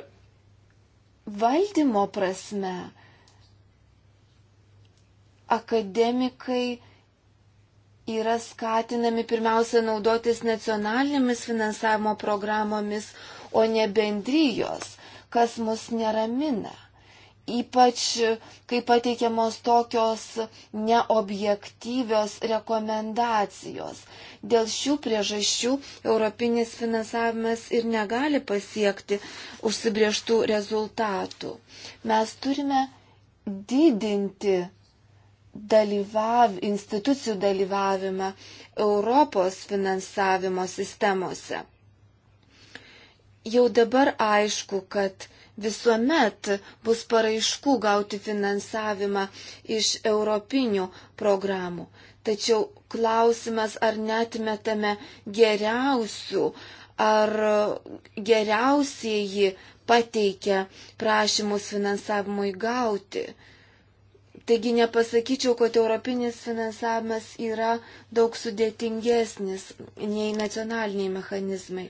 valdymo prasme akademikai yra skatinami pirmiausia naudotis nacionalinėmis finansavimo programomis, o ne bendrijos, kas mus neramina. Ypač, kai pateikiamos tokios neobjektyvios rekomendacijos. Dėl šių priežasčių europinis finansavimas ir negali pasiekti užsibrieštų rezultatų. Mes turime didinti dalyvav, institucijų dalyvavimą Europos finansavimo sistemose. Jau dabar aišku, kad visuomet bus paraiškų gauti finansavimą iš europinių programų. Tačiau klausimas, ar netmetame geriausių, ar geriausieji pateikia prašymus finansavimui gauti. Taigi nepasakyčiau, kad europinis finansavimas yra daug sudėtingesnis nei nacionaliniai mechanizmai.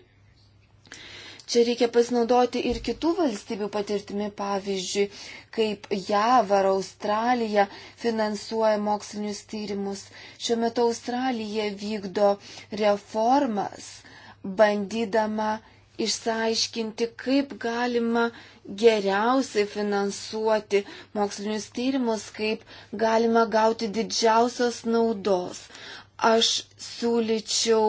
Čia reikia pasinaudoti ir kitų valstybių patirtimi, pavyzdžiui, kaip JAV ar Australija finansuoja mokslinius tyrimus. Šiuo metu Australija vykdo reformas, bandydama išsiaiškinti, kaip galima geriausiai finansuoti mokslinius tyrimus, kaip galima gauti didžiausios naudos. Aš siūlyčiau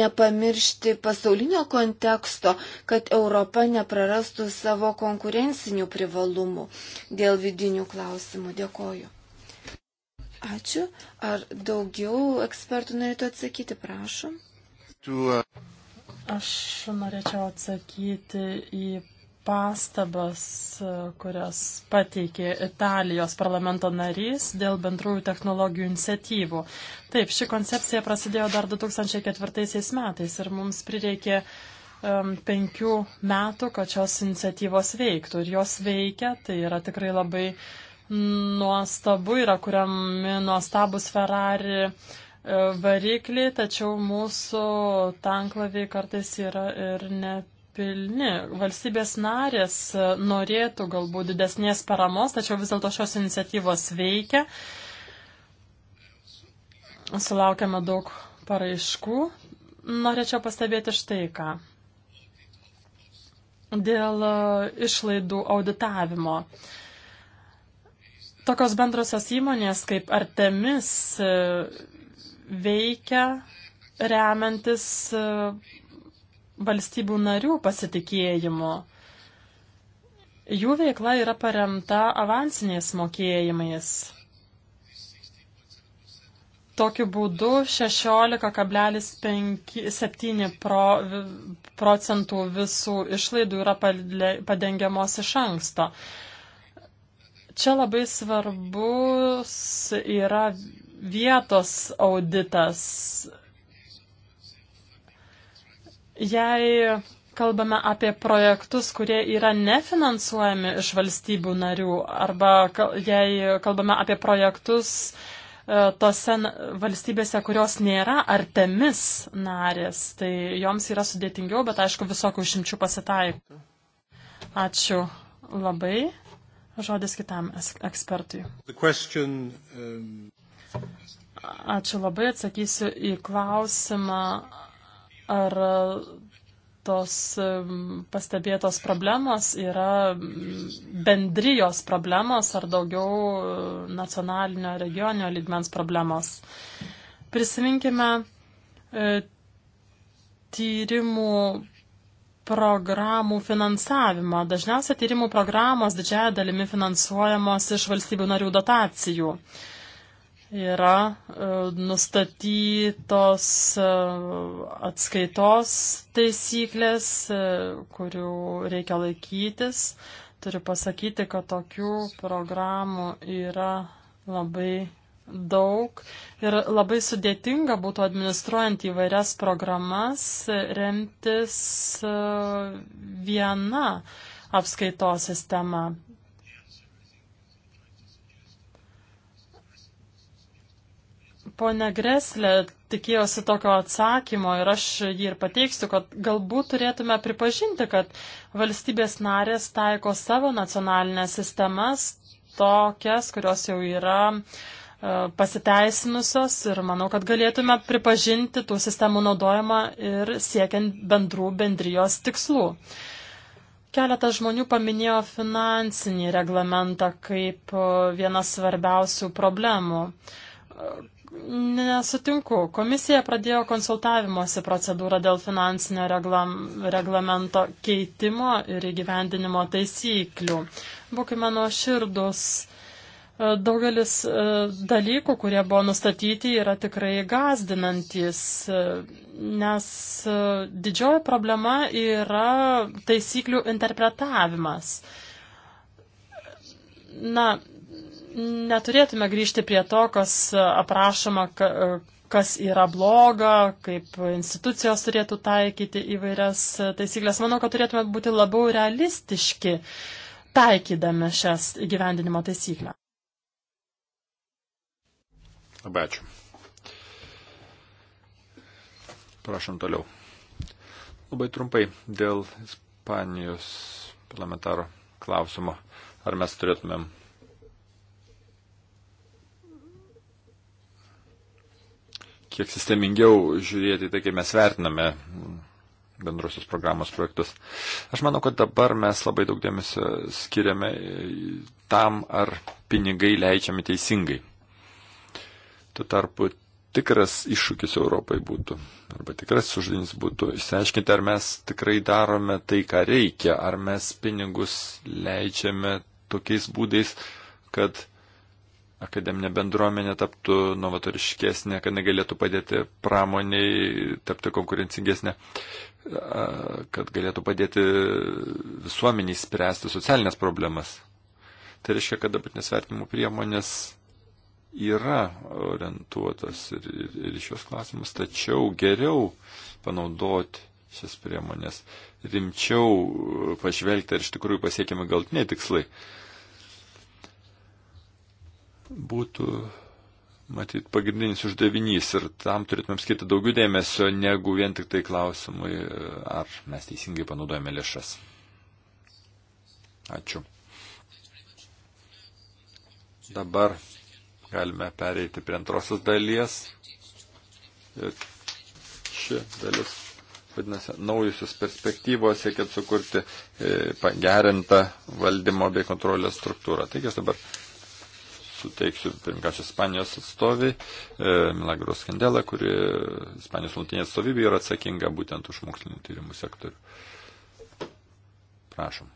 nepamiršti pasaulinio konteksto, kad Europa neprarastų savo konkurencinių privalumų dėl vidinių klausimų. Dėkoju. Ačiū. Ar daugiau ekspertų norėtų atsakyti, prašom? Uh, Aš norėčiau atsakyti į pastabas, kurias pateikė Italijos parlamento narys dėl bendrųjų technologijų iniciatyvų. Taip, ši koncepcija prasidėjo dar 2004 metais ir mums prireikė um, penkių metų, kad šios iniciatyvos veiktų. Ir jos veikia, tai yra tikrai labai nuostabu, yra kuriami nuostabus Ferrari E, varikliai, tačiau mūsų tanklaviai kartais yra ir nepilni. Valstybės narės norėtų galbūt didesnės paramos, tačiau vis dėlto šios iniciatyvos veikia. Sulaukiame daug paraiškų. Norėčiau pastebėti štai ką. Dėl e, išlaidų auditavimo. Tokios bendrosios įmonės kaip Artemis e, veikia remiantis e, valstybių narių pasitikėjimu. Jų veikla yra paremta avansiniais mokėjimais. Tokiu būdu 16,7 pro, procentų visų išlaidų yra padengiamos iš anksto. Čia labai svarbus yra vietos auditas. Jei kalbame apie projektus, kurie yra nefinansuojami iš valstybių narių, arba jei kalbame apie projektus e, tose valstybėse, kurios nėra artemis narės, tai joms yra sudėtingiau, bet aišku, visokių išimčių pasitaiko. Ačiū labai. Žodis kitam ekspertui. Question, um... Ačiū labai, atsakysiu į klausimą, ar tos pastebėtos problemos yra bendrijos problemos ar daugiau e, nacionalinio regioninio lygmens problemos. Prisiminkime e, tyrimų programų finansavimą. Dažniausiai tyrimų programos didžiaja dalimi finansuojamos iš valstybių narių dotacijų. Uh, yra e, nustatytos e, atskaitos taisyklės, e, kurių reikia laikytis. Turiu pasakyti, kad tokių programų yra labai daug ir labai sudėtinga būtų administruojant įvairias programas remtis viena apskaitos sistema. Pone Greslė tikėjosi tokio atsakymo ir aš jį ir pateiksiu, kad galbūt turėtume pripažinti, kad valstybės narės taiko savo nacionalinės sistemas, tokias, kurios jau yra e, pasiteisinusios ir manau, kad galėtume pripažinti tų sistemų naudojimą ir siekiant bendrų bendrijos tikslų. Keletas žmonių paminėjo finansinį reglamentą kaip e, vieną svarbiausių problemų nesutinku. Komisija pradėjo konsultavimuose procedūrą dėl finansinio reglam, reglamento keitimo ir įgyvendinimo taisyklių. Būkime nuo širdus. E, daugelis e, dalykų, kurie buvo nustatyti, yra tikrai gazdinantis, e, nes didžioji problema yra taisyklių interpretavimas. Na, neturėtume grįžti prie to, kas e, aprašoma, e, kas yra bloga, kaip institucijos turėtų taikyti įvairias e, taisyklės. Manau, kad turėtume būti labiau realistiški taikydami šias įgyvendinimo taisyklę. Labai ačiū. Prašom toliau. Labai trumpai dėl Ispanijos parlamentaro klausimo. Ar mes turėtumėm kiek sistemingiau žiūrėti tai, kaip mes vertiname bendrusios programos projektus. Aš manau, kad dabar mes labai daug dėmesio skiriame tam, ar pinigai leidžiami teisingai. Tuo tarpu tikras iššūkis Europai būtų, arba tikras uždavinys būtų išsiaiškinti, ar mes tikrai darome tai, ką reikia, ar mes pinigus leidžiame tokiais būdais, kad akademinė bendruomenė taptų novatoriškesnė, kad negalėtų padėti pramoniai tapti konkurencingesnė, kad galėtų padėti visuomeniai spręsti socialinės problemas. Tai reiškia, kad dabartinės vertinimo priemonės yra orientuotas ir, ir, ir šios klausimus, tačiau geriau panaudoti šias priemonės, rimčiau pažvelgti, ar iš tikrųjų pasiekime galtiniai tikslai. Uh, būtų, matyt, pagrindinis uždavinys ir tam turėtumėm skirti daugiau dėmesio negu vien tik tai klausimui, ar mes teisingai panaudojame lėšas. Ačiū. Dabar galime pereiti prie antrosios dalies. Ir ši dalis vadinasi, naujusios perspektyvos siekiant sukurti e, pagerintą valdymo bei kontrolės struktūrą. Taigi aš dabar suteiksiu pirmkačios Ispanijos atstoviai, e, Milagros Kandelą, kuri Ispanijos nutinė atstovybė yra atsakinga būtent už mokslinio tyrimų sektorių. Prašom.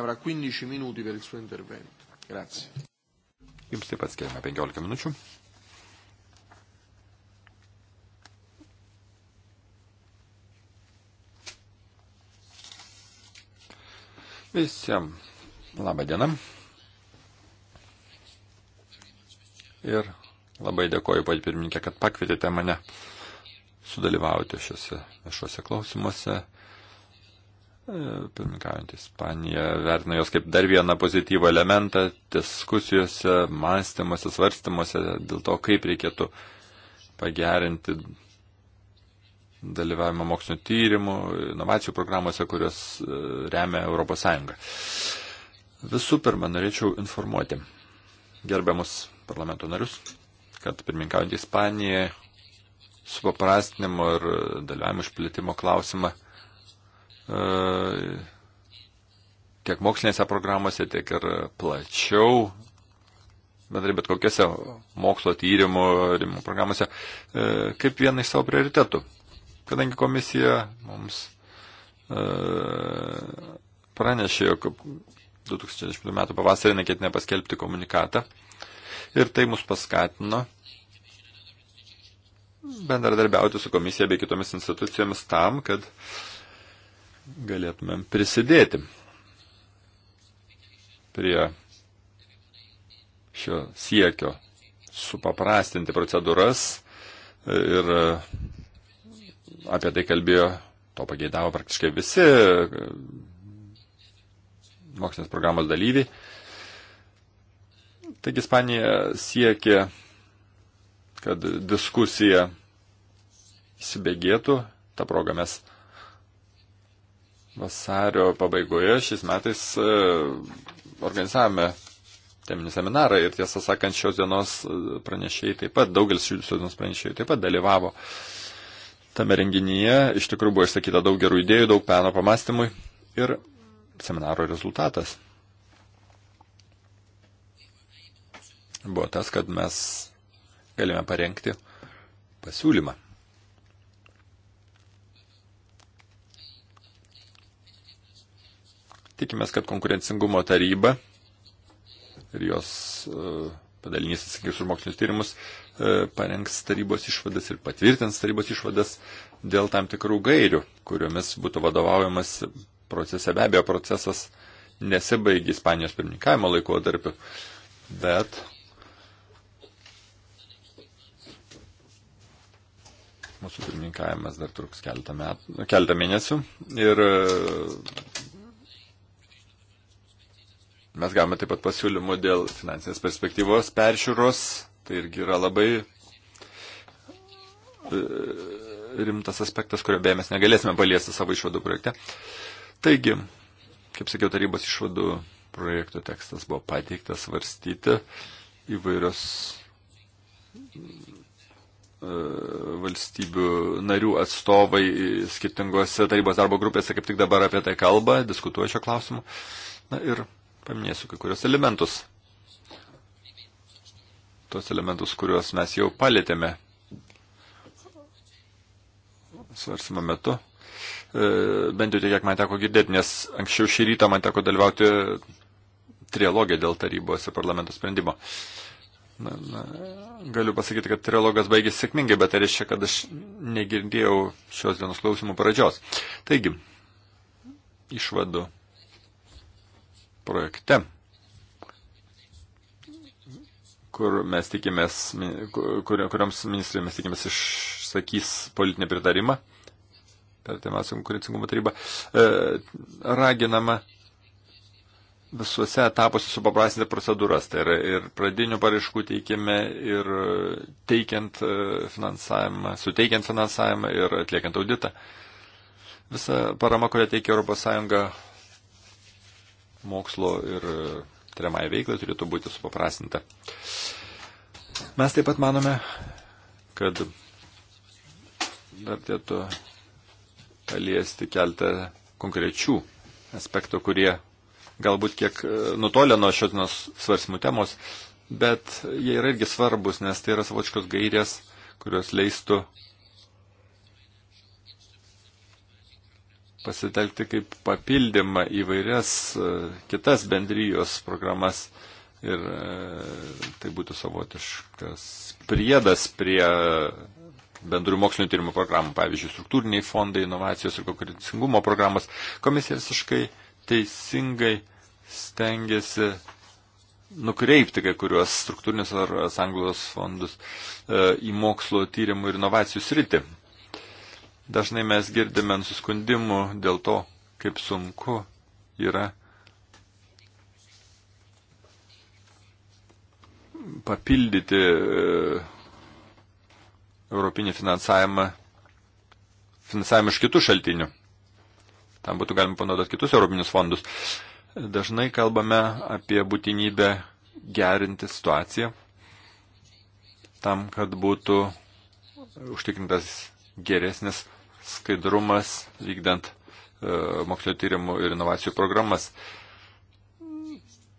che avrà 15 minuti per il suo intervento. Grazie. Jums taip pat skiriame 15 minučių. Visiems labą dieną. Ir labai dėkoju, pat pirmininkė, kad pakvietėte mane sudalyvauti šiuose viešuose klausimuose. E, pirmininkaujant Ispanija vertina jos kaip dar vieną pozityvų elementą diskusijose, mąstymuose, svarstymuose dėl to, kaip reikėtų pagerinti dalyvavimą mokslinio tyrimų, inovacijų programuose, kurios e, remia ES. Visų pirma, norėčiau informuoti gerbiamus parlamento narius, kad pirmininkaujant Ispanijai supaprastinimo ir dalyvavimo išplėtimo klausimą E, tiek mokslinėse programuose, tiek ir plačiau, bendrai bet kokiuose mokslo tyrimų programuose, e, kaip vieną iš savo prioritetų. Kadangi komisija mums e, pranešė, jog 2020 m. pavasarį neketinė paskelbti komunikatą ir tai mus paskatino bendradarbiauti su komisija bei kitomis institucijomis tam, kad uh, galėtumėm prisidėti prie šio siekio supaprastinti procedūras ir apie tai kalbėjo, to pageidavo praktiškai visi mokslinės programos dalyviai. Taigi Ispanija siekia, kad diskusija įsibėgėtų, tą progą mes Vasario pabaigoje šiais metais e, organizavome teminį seminarą ir tiesą sakant, šios dienos e, pranešėjai taip pat, daugelis šios dienos pranešėjai taip pat dalyvavo tame renginyje. Iš tikrųjų buvo išsakyta daug gerų idėjų, daug peno pamastymui ir seminaro rezultatas buvo tas, kad mes galime parengti pasiūlymą. Tikimės, kad konkurencingumo taryba ir jos e, padalinys atsakingas už mokslinius tyrimus e, parengs tarybos išvadas ir patvirtins tarybos išvadas dėl tam tikrų gairių, kuriomis būtų vadovaujamas procese. Be abejo, procesas nesibaigė Ispanijos pirmininkavimo laikotarpiu, bet mūsų pirmininkavimas dar truks keletą, met, keletą mėnesių ir Mes gavome taip pat pasiūlymų dėl finansinės perspektyvos peržiūros. Tai irgi yra labai e, rimtas aspektas, kurio beje mes negalėsime paliesti savo išvadų projekte. Taigi, kaip sakiau, tarybos išvadų projekto tekstas buvo pateiktas svarstyti įvairios e, valstybių narių atstovai skirtingose tarybos darbo grupėse kaip tik dabar apie tai kalba, diskutuoja šio klausimu. Na ir Paminėsiu kai kurios elementus. Tos elementus, kuriuos mes jau palėtėme svarsimo metu. E, bent jau tiek, kiek man teko girdėti, nes anksčiau šį rytą man teko dalyvauti trilogė dėl tarybos ir parlamento sprendimo. Na, na, galiu pasakyti, kad trilogas baigėsi sėkmingai, bet tai reiškia, kad aš negirdėjau šios dienos klausimų pradžios. Taigi, išvadu projekte, kur mes tikimės, kur, kurioms ministrai mes tikimės išsakys politinį pritarimą per temas konkurencingumo tarybą, e, raginama visuose etapuose supaprastinti procedūras, tai yra ir pradinių paraiškų teikime, ir teikiant e, finansavimą, suteikiant finansavimą ir atliekant auditą. Visa parama, kurią teikia ES mokslo ir e, tiriamai veiklai turėtų būti supaprastinta. Mes taip pat manome, kad dar tėtų paliesti keltą konkrečių aspektų, kurie galbūt kiek e, nutolė nuo šios svarsimų temos, bet jie yra irgi svarbus, nes tai yra savočkos gairės, kurios leistų pasitelkti kaip papildymą įvairias e, kitas bendrijos programas. Ir e, tai būtų savotiškas priedas prie bendrų mokslinio tyrimų programų, pavyzdžiui, struktūriniai fondai, inovacijos ir konkurencingumo programos. Komisija visiškai teisingai stengiasi nukreipti kai kuriuos struktūrinius ar sanglos fondus e, į mokslo tyrimų ir inovacijų sritį. Dažnai mes girdime nusiskundimų dėl to, kaip sunku yra papildyti e, europinį finansavimą, finansavimą iš kitų šaltinių. Tam būtų galima panaudoti kitus europinius fondus. Dažnai kalbame apie būtinybę gerinti situaciją tam, kad būtų užtikrintas geresnis skaidrumas vykdant e, mokslo tyrimų ir inovacijų programas.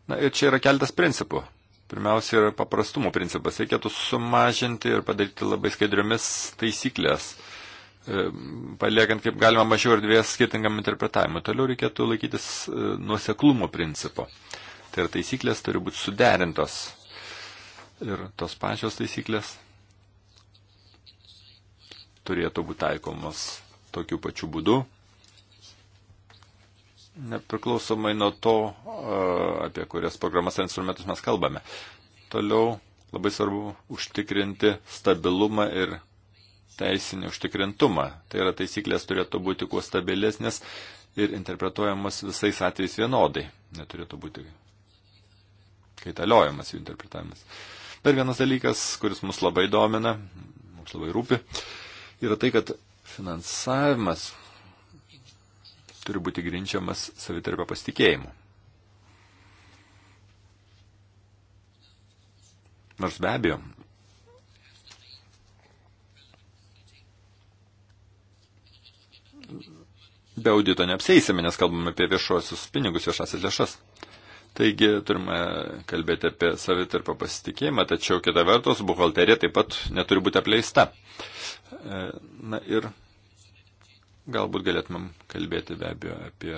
Na ir čia yra keltas principų. Pirmiausia yra paprastumo principas. Reikėtų sumažinti ir padaryti labai skaidriomis taisyklės, e, paliekant kaip galima mažiau erdvės skirtingam interpretavimui. Toliau reikėtų laikytis e, nuoseklumo principo. Tai yra taisyklės turi būti suderintos. Ir tos pačios taisyklės turėtų būti taikomas tokiu pačiu būdu, nepriklausomai nuo to, apie kurias programas ar instrumentus mes kalbame. Toliau labai svarbu užtikrinti stabilumą ir teisinį užtikrintumą. Tai yra taisyklės turėtų būti kuo stabilesnės ir interpretuojamas visais atvejais vienodai. Neturėtų būti kaitaliojamas jų interpretavimas. Dar vienas dalykas, kuris mus labai domina, mums labai rūpi. Uh, yra tai, kad finansavimas turi būti grinčiamas savitarpio pasitikėjimu. Nors be abejo, be audito neapsėsime, nes kalbame apie viešuosius pinigus, viešasis lėšas. Taigi turime kalbėti apie savitarpio pasitikėjimą, tačiau kita vertus buhalterija taip pat neturi būti apleista. Uh, E, na ir galbūt galėtumėm kalbėti be abejo apie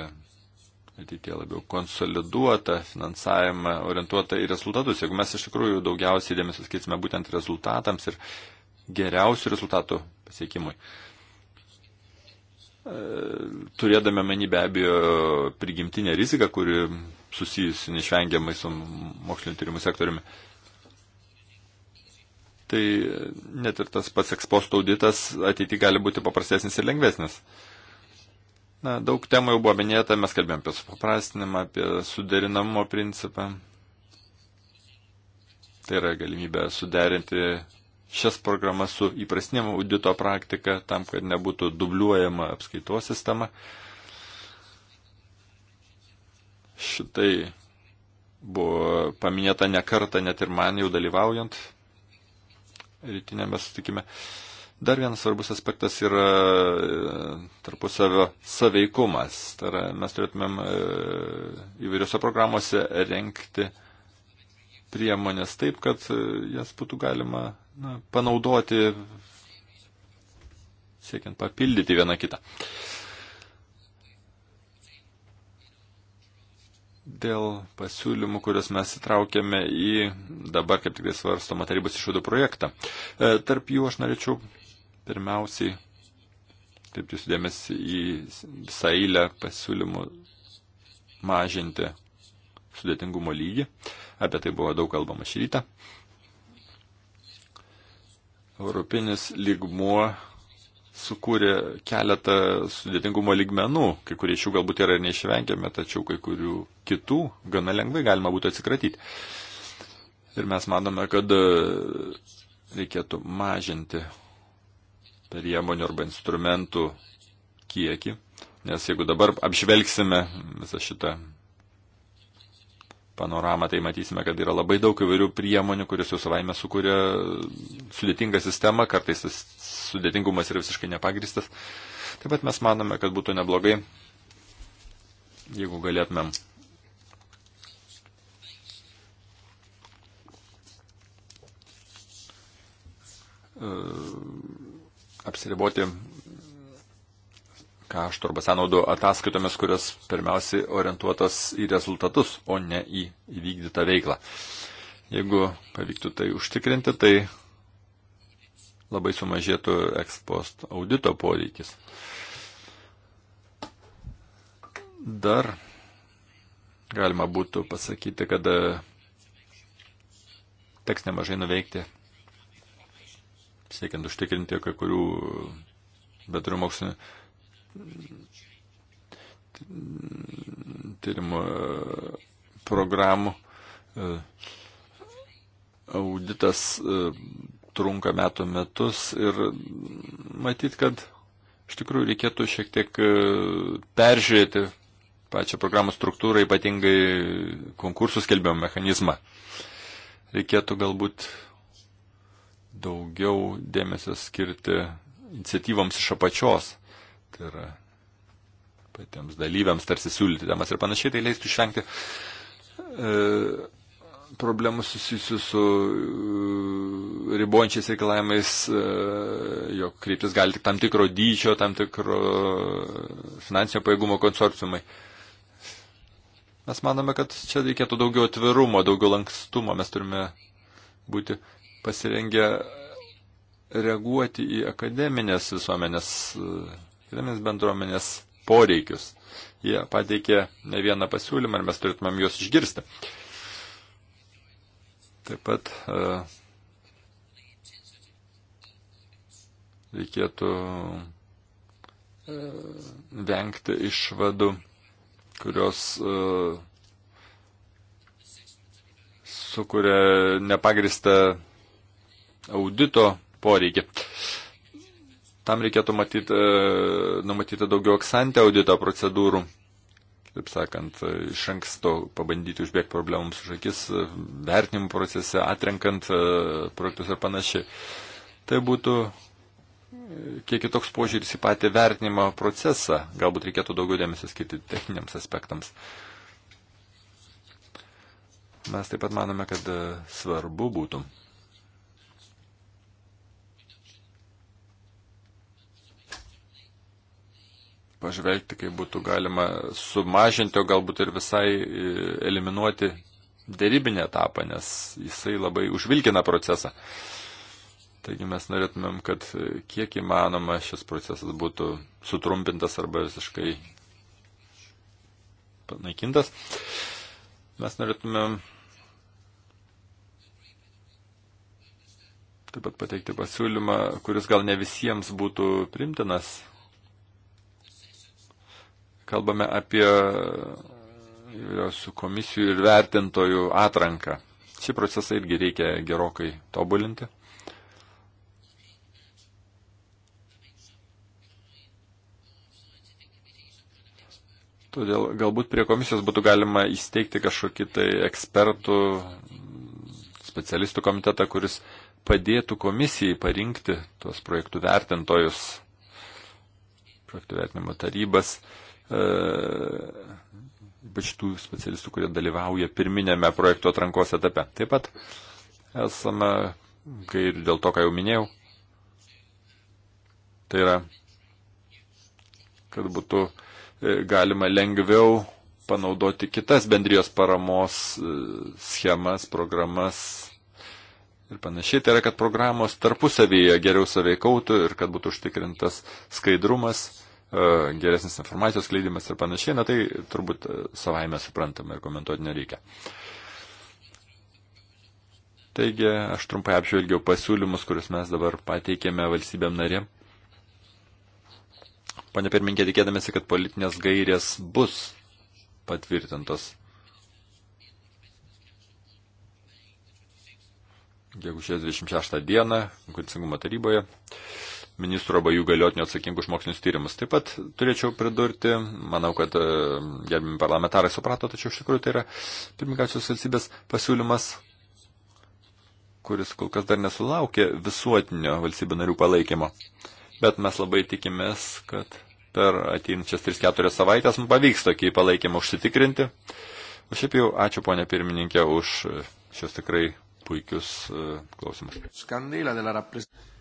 ateitie labiau konsoliduotą finansavimą, orientuotą į rezultatus. Jeigu mes iš tikrųjų daugiausiai dėmesio skirsime būtent rezultatams ir geriausių rezultatų pasiekimui. E, Turėdame meni be abejo prigimtinę riziką, kuri susijusi neišvengiamai su mokslinio tyrimų sektoriumi tai net ir tas pats eksposto auditas ateityje gali būti paprastesnis ir lengvesnis. Na, daug temų jau buvo minėta, mes kalbėjom apie supaprastinimą, apie suderinamumo principą. Tai yra galimybė suderinti šias programas su įprasnėm audito praktika, tam, kad nebūtų dubliuojama apskaitos sistema. Šitai buvo paminėta ne kartą, net ir man jau dalyvaujant rytinėme sutikime. Dar vienas svarbus aspektas yra e, tarpusavio saveikumas. Tai yra, mes turėtumėm e, įvairiose programuose renkti priemonės taip, kad e, jas būtų galima na, panaudoti siekiant papildyti vieną kitą. Uh, dėl pasiūlymų, kuriuos mes įtraukėme į dabar kaip tik tai svarstomą tarybos išvadų projektą. E, tarp jų aš norėčiau pirmiausiai taip jūsų dėmesį į visą eilę pasiūlymų mažinti sudėtingumo lygį. Apie tai buvo daug kalbama šį rytą. Europinis lygmuo sukūrė keletą sudėtingumo lygmenų, kai kurie iš jų galbūt yra ir neišvengiami, tačiau kai kurių kitų gana lengvai galima būtų atsikratyti. Ir mes manome, kad e, reikėtų mažinti priemonių arba instrumentų kiekį, nes jeigu dabar apžvelgsime visą šitą panoramą, tai matysime, kad yra labai daug įvairių priemonių, kurios jau savaime sukuria sudėtingą sistemą, kartais tas sudėtingumas yra visiškai nepagristas. Taip pat mes manome, kad būtų neblogai, jeigu galėtumėm. E, apsiriboti kaštų arba sąnaudų ataskaitomis, kurios pirmiausiai orientuotas į rezultatus, o ne į įvykdytą veiklą. Jeigu pavyktų tai užtikrinti, tai labai sumažėtų ekspost audito poreikis. Dar galima būtų pasakyti, kad e, teks nemažai nuveikti, siekiant užtikrinti kai kurių bedrų mokslinių tyrimo e, programų e, auditas e, trunka metų metus ir matyt, kad iš tikrųjų reikėtų šiek tiek peržiūrėti pačią programų struktūrą, ypatingai konkursų skelbimo mechanizmą. Reikėtų galbūt daugiau dėmesio skirti iniciatyvoms iš apačios tai yra patiems dalyviams tarsi siūlydamas ir panašiai, tai leistų išvengti e, problemų susijusių su e, ribojančiais reikalavimais, e, jog kreiptis gali tik tam tikro dydžio, tam tikro e, finansinio pajėgumo konsorciumai. Mes manome, kad čia reikėtų daugiau atvirumo, daugiau lankstumo, mes turime būti pasirengę reaguoti į akademinės visuomenės. E, kitomis bendruomenės poreikius. Jie pateikė ne vieną pasiūlymą ir mes turėtumėm juos išgirsti. Taip pat uh, reikėtų uh, vengti išvadų, kurios uh, sukuria nepagristą audito poreikį. Uh, Tam reikėtų matyti, e, numatyti daugiau aksantę audito procedūrų. Taip sakant, e, iš anksto pabandyti užbėgti problemams už akis, e, vertinimo procese, atrenkant projektus ir panašiai. Tai būtų kiek kitoks požiūris į patį vertinimo procesą. Galbūt reikėtų daugiau dėmesio skirti techniniams aspektams. Mes taip pat manome, kad svarbu būtų pažvelgti, kaip būtų galima sumažinti, o galbūt ir visai e, eliminuoti dėrybinį etapą, nes jisai labai užvilkina procesą. Taigi mes norėtumėm, kad e, kiek įmanoma šis procesas būtų sutrumpintas arba visiškai panaikintas. Mes norėtumėm taip pat pateikti pasiūlymą, kuris gal ne visiems būtų primtinas, kalbame apie įvairiausių komisijų ir vertintojų atranką. Šį procesą irgi reikia gerokai tobulinti. Todėl galbūt prie komisijos būtų galima įsteigti kažkokį tai ekspertų, specialistų komitetą, kuris padėtų komisijai parinkti tuos projektų vertintojus, projektų vertinimo tarybas. Uh, E, ypač tų specialistų, kurie dalyvauja pirminėme projekto atrankos etape. Taip pat esame, kai ir dėl to, ką jau minėjau, tai yra, kad būtų e, galima lengviau panaudoti kitas bendrijos paramos e, schemas, programas ir panašiai. Tai yra, kad programos tarpusavyje geriau saveikautų ir kad būtų užtikrintas skaidrumas E, geresnis informacijos kleidimas ir panašiai, na tai turbūt e, savaime suprantama ir komentuoti nereikia. Taigi aš trumpai apžvelgiau pasiūlymus, kuriuos mes dabar pateikėme valstybėm narėm. Pane pirminkė, tikėdamėsi, kad politinės gairės bus patvirtintos gegužės 26 dieną konsingumo taryboje ministro arba jų galiotinio atsakingų už mokslinius tyrimus. Taip pat turėčiau pridurti, manau, kad e, gerbimi parlamentarai suprato, tačiau iš tikrųjų tai yra pirmininkacijos valstybės pasiūlymas kuris kol kas dar nesulaukė visuotinio valstybių narių palaikymo. Bet mes labai tikimės, kad per ateinančias 3-4 savaitės mums pavyks tokį palaikymą užsitikrinti. O šiaip jau ačiū ponė pirmininkė už šios tikrai puikius uh, klausimus.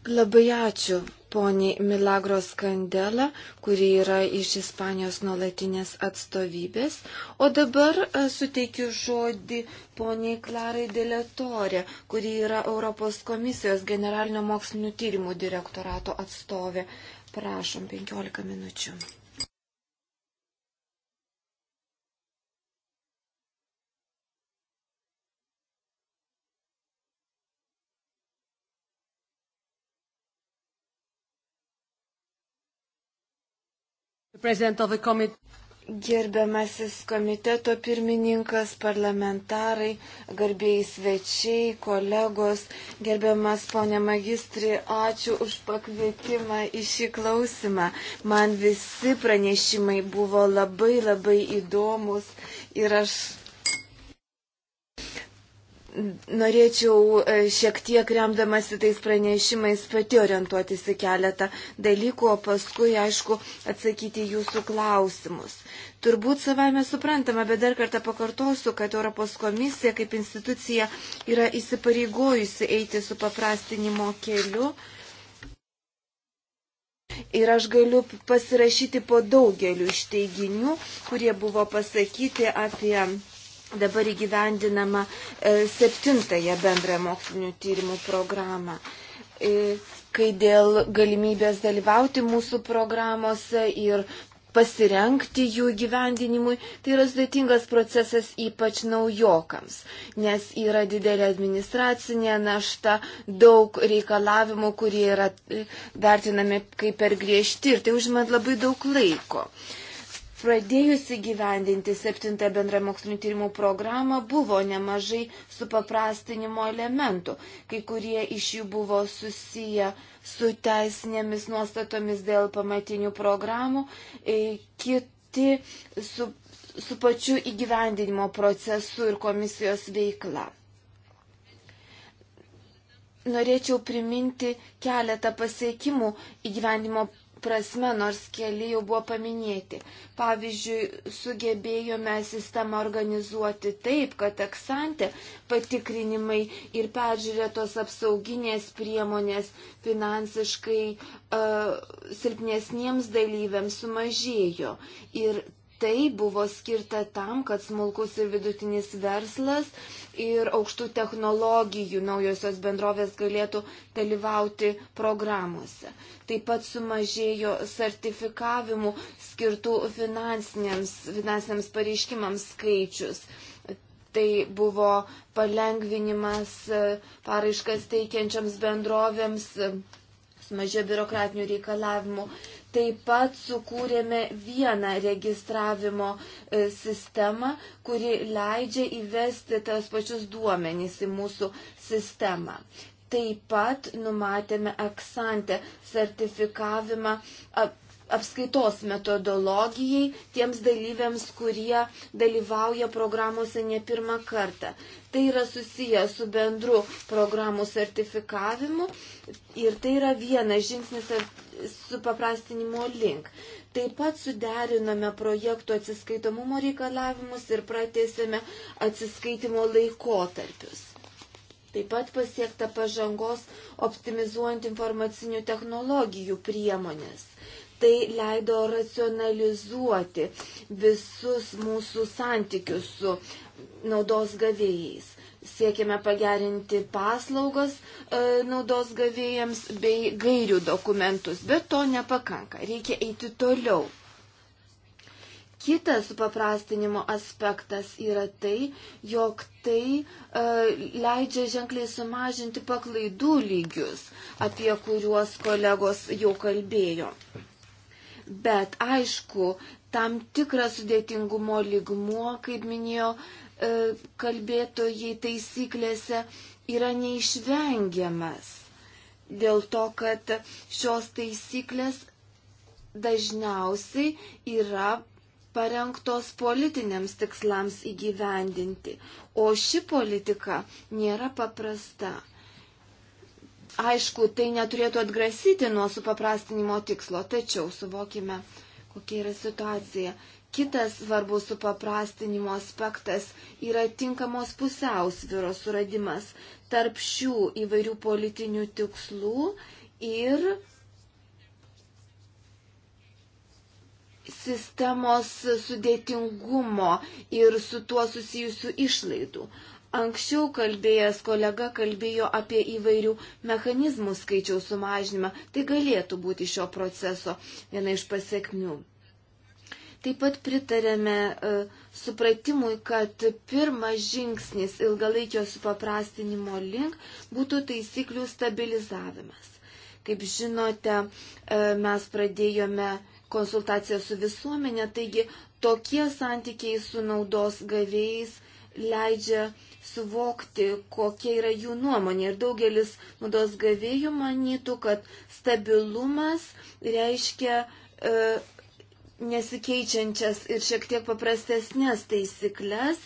Labai ačiū poniai Milagros Kandela, kuri yra iš Ispanijos nuolatinės atstovybės. O dabar e, suteikiu žodį poniai Klarai Deletorė, kuri yra Europos komisijos generalinio mokslinių tyrimų direktorato atstovė. Prašom, 15 minučių. Gerbiamasis komiteto pirmininkas, parlamentarai, garbėjai svečiai, kolegos, gerbiamas ponė magistri, ačiū už pakvietimą į šį klausimą. Man visi pranešimai buvo labai labai įdomus ir aš Norėčiau e, šiek tiek remdamasi tais pranešimais pati orientuotis į keletą dalykų, o paskui, aišku, atsakyti jūsų klausimus. Turbūt savame suprantama, bet dar kartą pakartosiu, kad Europos komisija kaip institucija yra įsipareigojusi eiti su paprastinimo keliu. Ir aš galiu pasirašyti po daugeliu iš teiginių, kurie buvo pasakyti apie dabar įgyvendinama e, septintąją bendrą mokslinių tyrimų programą. E, kai dėl galimybės dalyvauti mūsų programuose ir pasirenkti jų gyvendinimui, tai yra sudėtingas procesas ypač naujokams, nes yra didelė administracinė našta, daug reikalavimų, kurie yra vertinami kaip per griežti ir tai užima labai daug laiko. E, Pradėjusi gyvendinti septintą bendrą mokslinio tyrimų programą buvo nemažai supaprastinimo elementų. Kai kurie iš jų buvo susiję su teisinėmis nuostatomis dėl pamatinių programų, e, kiti su, su pačiu įgyvendinimo procesu ir komisijos veikla. Norėčiau priminti keletą pasiekimų įgyvendimo prasme, nors keli jau buvo paminėti. Pavyzdžiui, sugebėjome sistemą organizuoti taip, kad eksante patikrinimai ir peržiūrėtos apsauginės priemonės finansiškai uh, silpnesniems dalyviams sumažėjo. Ir tai buvo skirta tam, kad smulkus ir vidutinis verslas ir aukštų technologijų naujosios bendrovės galėtų dalyvauti programuose. Taip pat sumažėjo sertifikavimų skirtų finansiniams, finansiniams pareiškimams skaičius tai buvo palengvinimas e, paraiškas teikiančiams bendrovėms, e, sumažė biurokratinių reikalavimų. Taip pat sukūrėme vieną registravimo e, sistemą, kuri leidžia įvesti tas pačius duomenys į mūsų sistemą. Taip pat numatėme aksantę sertifikavimą ap, apskaitos metodologijai tiems dalyviams, kurie dalyvauja programuose ne pirmą kartą. Tai yra susiję su bendru programų sertifikavimu ir tai yra vienas žingsnis su paprastinimo link. Taip pat suderiname projektų atsiskaitomumo reikalavimus ir pratėsime atsiskaitimo laikotarpius. Taip pat pasiekta pažangos optimizuojant informacinių technologijų priemonės. Tai leido racionalizuoti visus mūsų santykius su naudos gavėjais. Siekime pagerinti paslaugas e, naudos gavėjams bei gairių dokumentus, bet to nepakanka. Reikia eiti toliau. Kitas supaprastinimo aspektas yra tai, jog tai e, leidžia ženkliai sumažinti paklaidų lygius, apie kuriuos kolegos jau kalbėjo. Bet aišku, tam tikras sudėtingumo ligmuo, kaip minėjo e, kalbėtojai taisyklėse, yra neišvengiamas. Dėl to, kad šios taisyklės dažniausiai yra parengtos politiniams tikslams įgyvendinti, o ši politika nėra paprasta. Aišku, tai neturėtų atgrasyti nuo supaprastinimo tikslo, tačiau suvokime, kokia yra situacija. Kitas svarbus supaprastinimo aspektas yra tinkamos pusiausvyros suradimas tarp šių įvairių politinių tikslų ir sistemos sudėtingumo ir su tuo susijusių išlaidų. Anksčiau kalbėjęs kolega kalbėjo apie įvairių mechanizmų skaičiaus sumažinimą. Tai galėtų būti šio proceso viena iš pasiekmių. Taip pat pritarėme e, supratimui, kad pirmas žingsnis ilgalaikio supaprastinimo link būtų taisyklių stabilizavimas. Kaip žinote, e, mes pradėjome konsultaciją su visuomenė, taigi tokie santykiai su naudos gavėjais leidžia suvokti, kokia yra jų nuomonė. Ir daugelis mados gavėjų manytų, kad stabilumas reiškia e, nesikeičiančias ir šiek tiek paprastesnės taisyklės.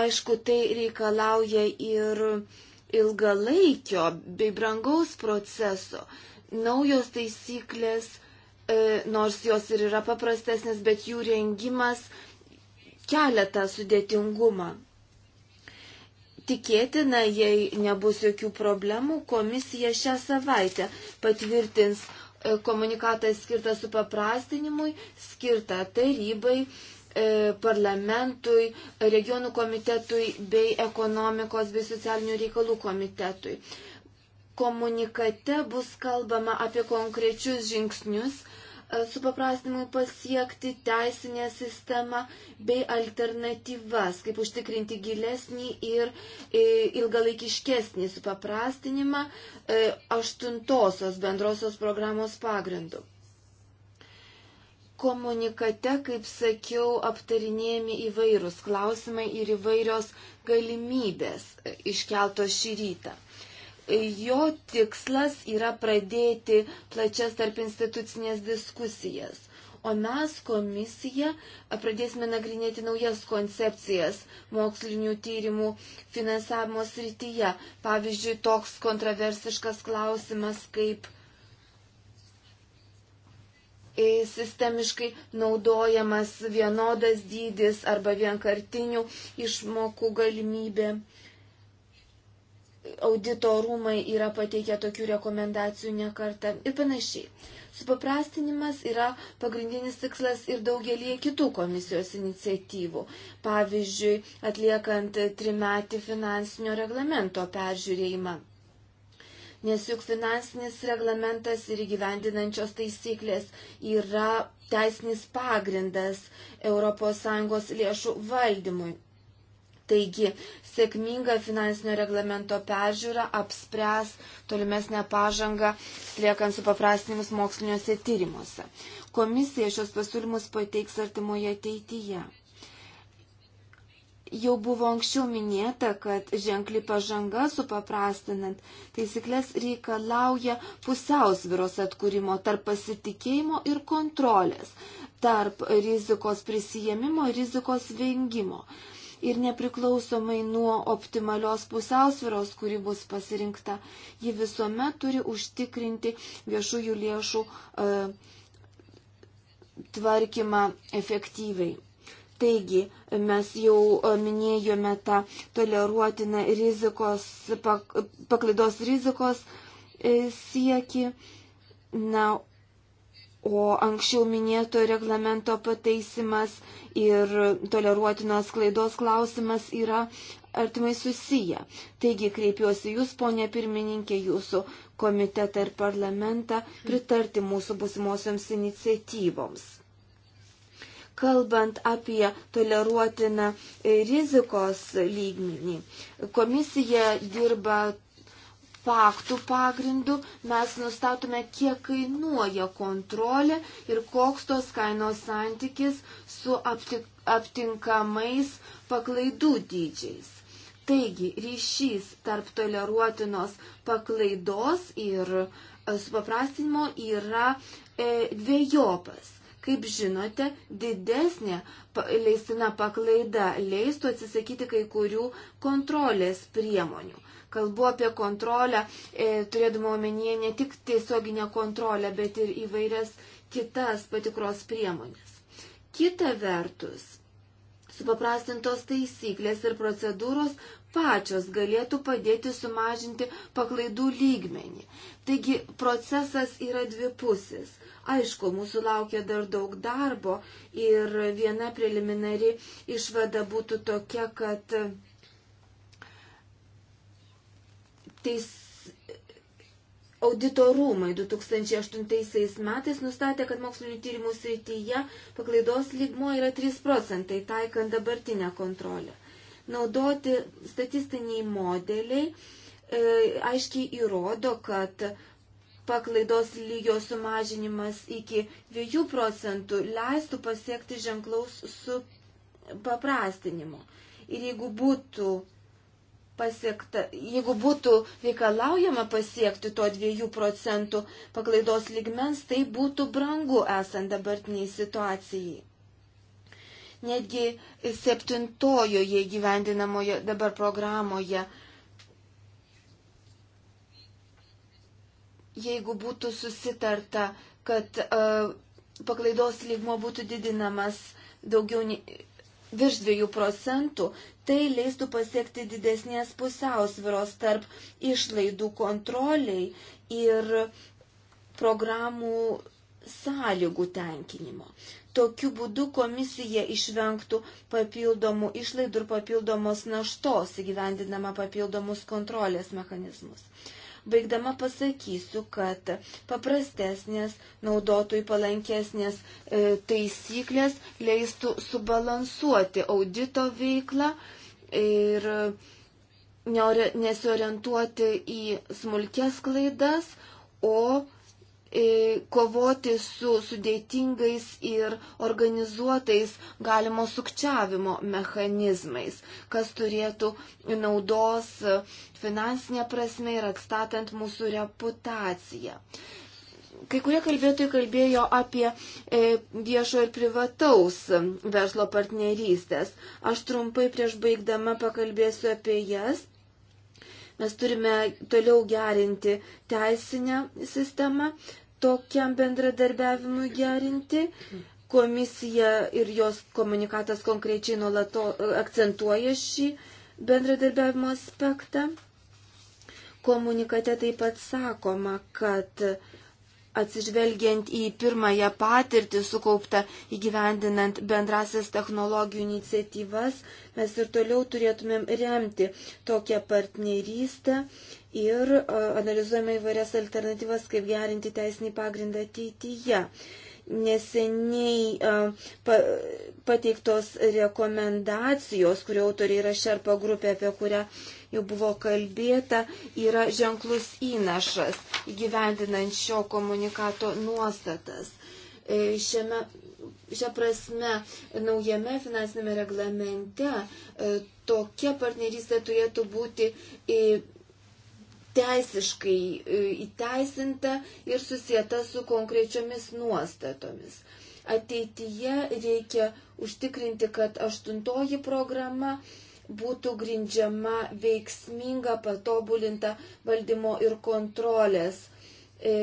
Aišku, tai reikalauja ir ilgalaikio bei brangaus proceso. Naujos taisyklės, e, nors jos ir yra paprastesnės, bet jų rengimas kelia tą sudėtingumą. Tikėtina, jei nebus jokių problemų, komisija šią savaitę patvirtins e, komunikatą skirtą supaprastinimui, skirtą tarybai, e, parlamentui, regionų komitetui bei ekonomikos bei socialinių reikalų komitetui. Komunikate bus kalbama apie konkrečius žingsnius, supaprastinimui pasiekti, teisinę sistemą bei alternatyvas, kaip užtikrinti gilesnį ir e, ilgalaikiškesnį supaprastinimą e, aštuntosios bendrosios programos pagrindu. Komunikate, kaip sakiau, aptarinėjami įvairūs klausimai ir įvairios galimybės e, iškeltos šį rytą jo tikslas yra pradėti plačias tarp institucinės diskusijas. O mes komisija pradėsime nagrinėti naujas koncepcijas mokslinių tyrimų finansavimo srityje. Pavyzdžiui, toks kontroversiškas klausimas kaip e, sistemiškai naudojamas vienodas dydis arba vienkartinių išmokų galimybė auditorumai yra pateikę tokių rekomendacijų nekartą ir panašiai. Supaprastinimas yra pagrindinis tikslas ir daugelį kitų komisijos iniciatyvų. Pavyzdžiui, atliekant trimetį finansinio reglamento peržiūrėjimą. Nes juk finansinis reglamentas ir įgyvendinančios taisyklės yra teisinis pagrindas ES lėšų valdymui. Taigi, sėkminga finansinio reglamento peržiūra apspręs tolimesnę pažangą, liekant su paprastinimus moksliniuose tyrimuose. Komisija šios pasiūlymus pateiks artimoje ateityje. Jau buvo anksčiau minėta, kad ženkli pažanga supaprastinant taisyklės reikalauja pusiausviros atkūrimo tarp pasitikėjimo ir kontrolės, tarp rizikos prisijėmimo ir rizikos vengimo ir nepriklausomai nuo optimalios pusiausviros, kuri bus pasirinkta, ji visuomet turi užtikrinti viešųjų lėšų e, tvarkymą efektyviai. Taigi, mes jau e, minėjome tą toleruotiną rizikos, pak, paklaidos rizikos e, sieki. Na, O anksčiau minėto reglamento pataisimas ir toleruotinos klaidos klausimas yra artimai susiję. Taigi kreipiuosi jūs, ponė pirmininkė, jūsų komitetą ir parlamentą pritarti mūsų busimosioms iniciatyvoms. Kalbant apie toleruotiną e, rizikos lygmenį, komisija dirba paktų pagrindu mes nustatome, kiek kainuoja kontrolė ir koks tos kainos santykis su aptinkamais paklaidų dydžiais. Taigi ryšys tarp toleruotinos paklaidos ir e, supaprastinimo yra e, dviejopas. Kaip žinote, didesnė leistina paklaida leistų atsisakyti kai kurių kontrolės priemonių. Kalbu apie kontrolę, e, turėdama omenyje ne tik tiesioginę kontrolę, bet ir įvairias kitas patikros priemonės. Kita vertus, supaprastintos taisyklės ir procedūros pačios galėtų padėti sumažinti paklaidų lygmenį. Taigi procesas yra dvipusis. Aišku, mūsų laukia dar daug darbo ir viena preliminari išvada būtų tokia, kad Teis, auditorumai 2008 metais nustatė, kad mokslinių tyrimų srityje paklaidos lygmo yra 3 procentai, taikant dabartinę kontrolę. Naudoti statistiniai modeliai e, aiškiai įrodo, kad paklaidos lygio sumažinimas iki 2 procentų leistų pasiekti ženklaus su paprastinimu. Ir jeigu būtų pasiekta, jeigu būtų reikalaujama pasiekti to 2 procentų paklaidos ligmens, tai būtų brangu esant dabartiniai situacijai. Netgi septintojoje gyvendinamoje dabar programoje, jeigu būtų susitarta, kad uh, paklaidos lygmo būtų didinamas daugiau nei virš 2 procentų, tai leistų pasiekti didesnės pusiausviros tarp išlaidų kontroliai ir programų sąlygų tenkinimo. Tokiu būdu komisija išvengtų papildomų išlaidų ir papildomos naštos įgyvendinama papildomus kontrolės mechanizmus. Baigdama pasakysiu, kad paprastesnės, naudotojų palankesnės e, taisyklės leistų subalansuoti audito veiklą ir nesiorientuoti į smulkės klaidas, o kovoti su sudėtingais ir organizuotais galimo sukčiavimo mechanizmais, kas turėtų naudos finansinė prasme ir atstatant mūsų reputaciją. Kai kurie kalbėtojai kalbėjo apie e, viešo ir privataus verslo partnerystės. Aš trumpai prieš baigdama pakalbėsiu apie jas mes turime toliau gerinti teisinę sistemą, tokiam bendradarbiavimui gerinti. Komisija ir jos komunikatas konkrečiai nuolato e, akcentuoja šį bendradarbiavimo aspektą. Komunikate taip pat sakoma, kad atsižvelgiant į pirmąją patirtį sukauptą įgyvendinant bendrasis technologijų iniciatyvas, mes ir toliau turėtumėm remti tokią partnerystę ir analizuojame įvairias alternatyvas, kaip gerinti teisinį pagrindą ateityje. Neseniai pa, pateiktos rekomendacijos, kurio autoriai yra šerpa grupė, apie kurią jau buvo kalbėta, yra ženklus įnašas gyvendinant šio komunikato nuostatas. E, šiame, šia prasme, naujame finansinėme reglamente e, tokia partnerystė turėtų būti e, teisiškai e, įteisinta ir susijęta su konkrečiomis nuostatomis. Ateityje reikia užtikrinti, kad aštuntoji programa būtų grindžiama veiksminga patobulinta valdymo ir kontrolės e,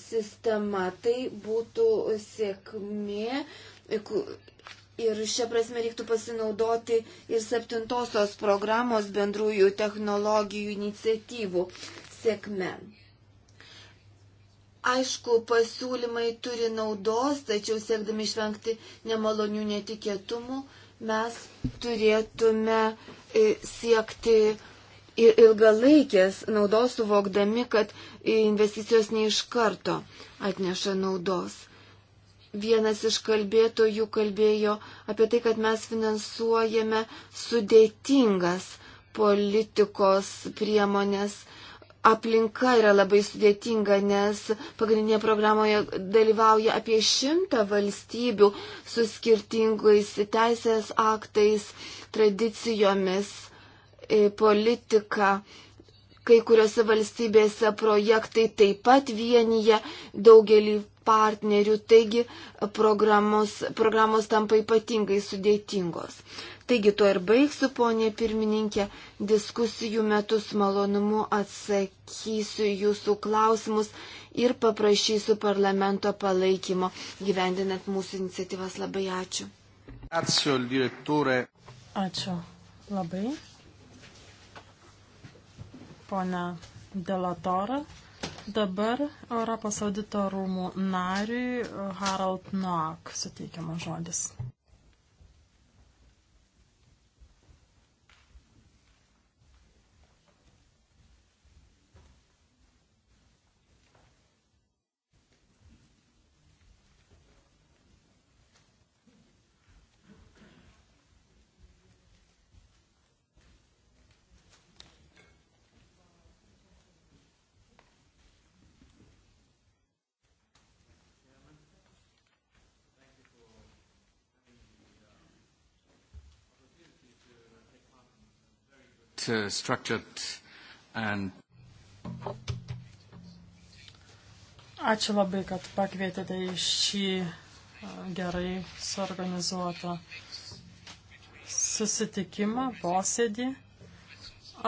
sistema. Tai būtų sėkmė e, Ir šią prasme reiktų pasinaudoti ir septintosios programos bendrųjų technologijų iniciatyvų sėkme. Aišku, pasiūlymai turi naudos, tačiau siekdami išvengti nemalonių netikėtumų, mes turėtume e, siekti ilgalaikės naudos, suvokdami, kad investicijos neiš karto atneša naudos. Vienas iš kalbėtojų kalbėjo apie tai, kad mes finansuojame sudėtingas politikos priemonės. Aplinka yra labai sudėtinga, nes pagrindinėje programoje dalyvauja apie šimtą valstybių su skirtingais teisės aktais, tradicijomis, e, politika kai kuriuose valstybėse projektai taip pat vienyje daugelį partnerių, taigi programos, programos tampa ypatingai sudėtingos. Taigi to ir baigsiu, ponė pirmininkė, diskusijų metu su malonumu atsakysiu jūsų klausimus ir paprašysiu parlamento palaikymo, gyvendinant mūsų iniciatyvas. Labai ačiū. Ačiū, direktorė. Ačiū labai. Pone Delatora. Dabar Europos audito rūmų nariui uh, Harald Noak suteikiamas žodis. uh, structured and. Ačiū labai, kad pakvietėte į šį uh, gerai suorganizuotą susitikimą, posėdį.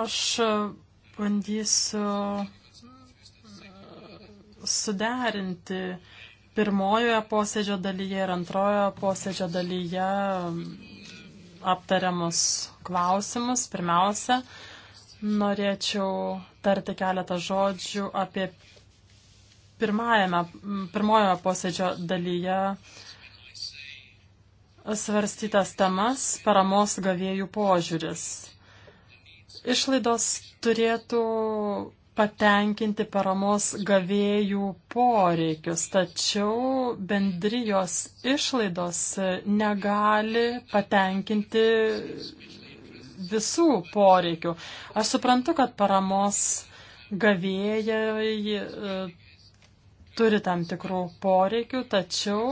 Aš uh, bandysiu uh, suderinti pirmojoje posėdžio dalyje ir antrojoje posėdžio dalyje um, aptariamus klausimus. Pirmiausia, norėčiau tarti keletą žodžių apie pirmajame, pirmojoje posėdžio dalyje svarstytas temas paramos gavėjų požiūris. Išlaidos turėtų patenkinti paramos gavėjų poreikius, tačiau bendrijos išlaidos negali patenkinti visų poreikių. Aš suprantu, kad paramos gavėjai e, turi tam tikrų poreikių, tačiau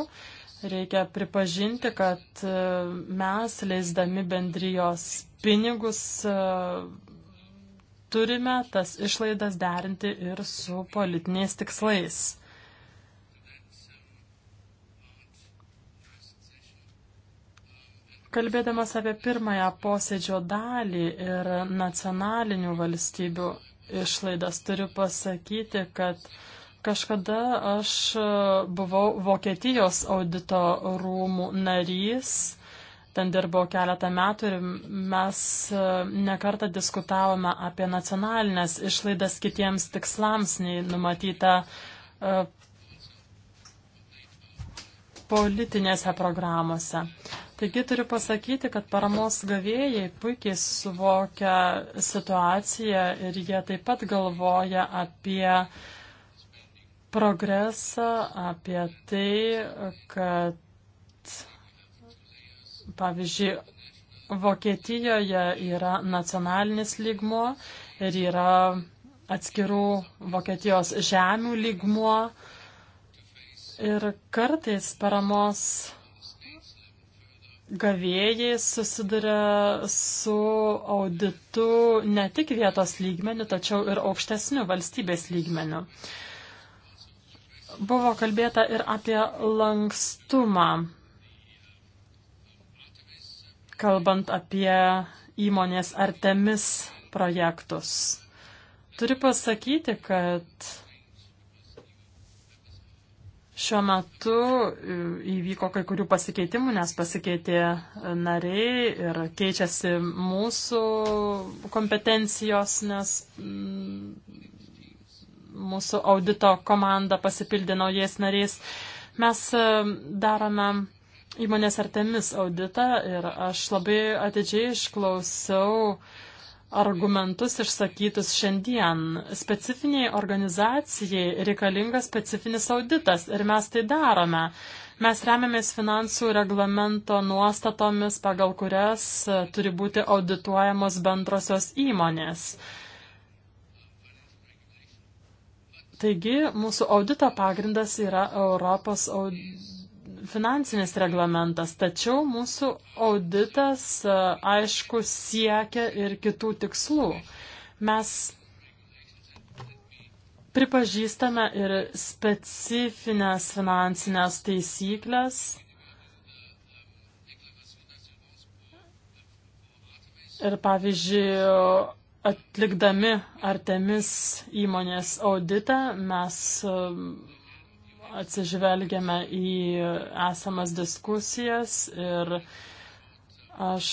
reikia pripažinti, kad e, mes leisdami bendrijos pinigus e, turime tas išlaidas derinti ir su politiniais tikslais. Kalbėdamas apie pirmąją posėdžio dalį ir nacionalinių valstybių išlaidas, turiu pasakyti, kad kažkada aš buvau Vokietijos audito rūmų narys ten dirbau keletą metų ir mes e, nekartą diskutavome apie nacionalinės išlaidas kitiems tikslams nei numatyta e, politinėse programuose. Taigi turiu pasakyti, kad paramos gavėjai puikiai suvokia situaciją ir jie taip pat galvoja apie progresą, apie tai, kad Pavyzdžiui, Vokietijoje yra nacionalinis lygmuo ir yra atskirų Vokietijos žemių lygmuo. Ir kartais paramos gavėjai susiduria su auditu ne tik vietos lygmeniu, tačiau ir aukštesniu valstybės lygmeniu. Buvo kalbėta ir apie lankstumą kalbant apie įmonės Artemis projektus. Turiu pasakyti, kad Šiuo metu e, įvyko kai kurių pasikeitimų, nes pasikeitė e, nariai ir keičiasi mūsų kompetencijos, nes mm, mūsų audito komanda pasipildė naujais nariais. Mes e, darome įmonės artemis auditą ir aš labai atidžiai išklausiau argumentus išsakytus šiandien. Specifiniai organizacijai reikalingas specifinis auditas ir mes tai darome. Mes remiamės finansų reglamento nuostatomis, pagal kurias e, turi būti audituojamos bendrosios įmonės. Taigi, mūsų audito pagrindas yra Europos audito finansinis reglamentas, tačiau mūsų auditas, e, aišku, siekia ir kitų tikslų. Mes pripažįstame ir specifines finansinės taisyklės. Ir pavyzdžiui, atlikdami Artemis įmonės auditą mes atsižvelgiame į esamas diskusijas ir aš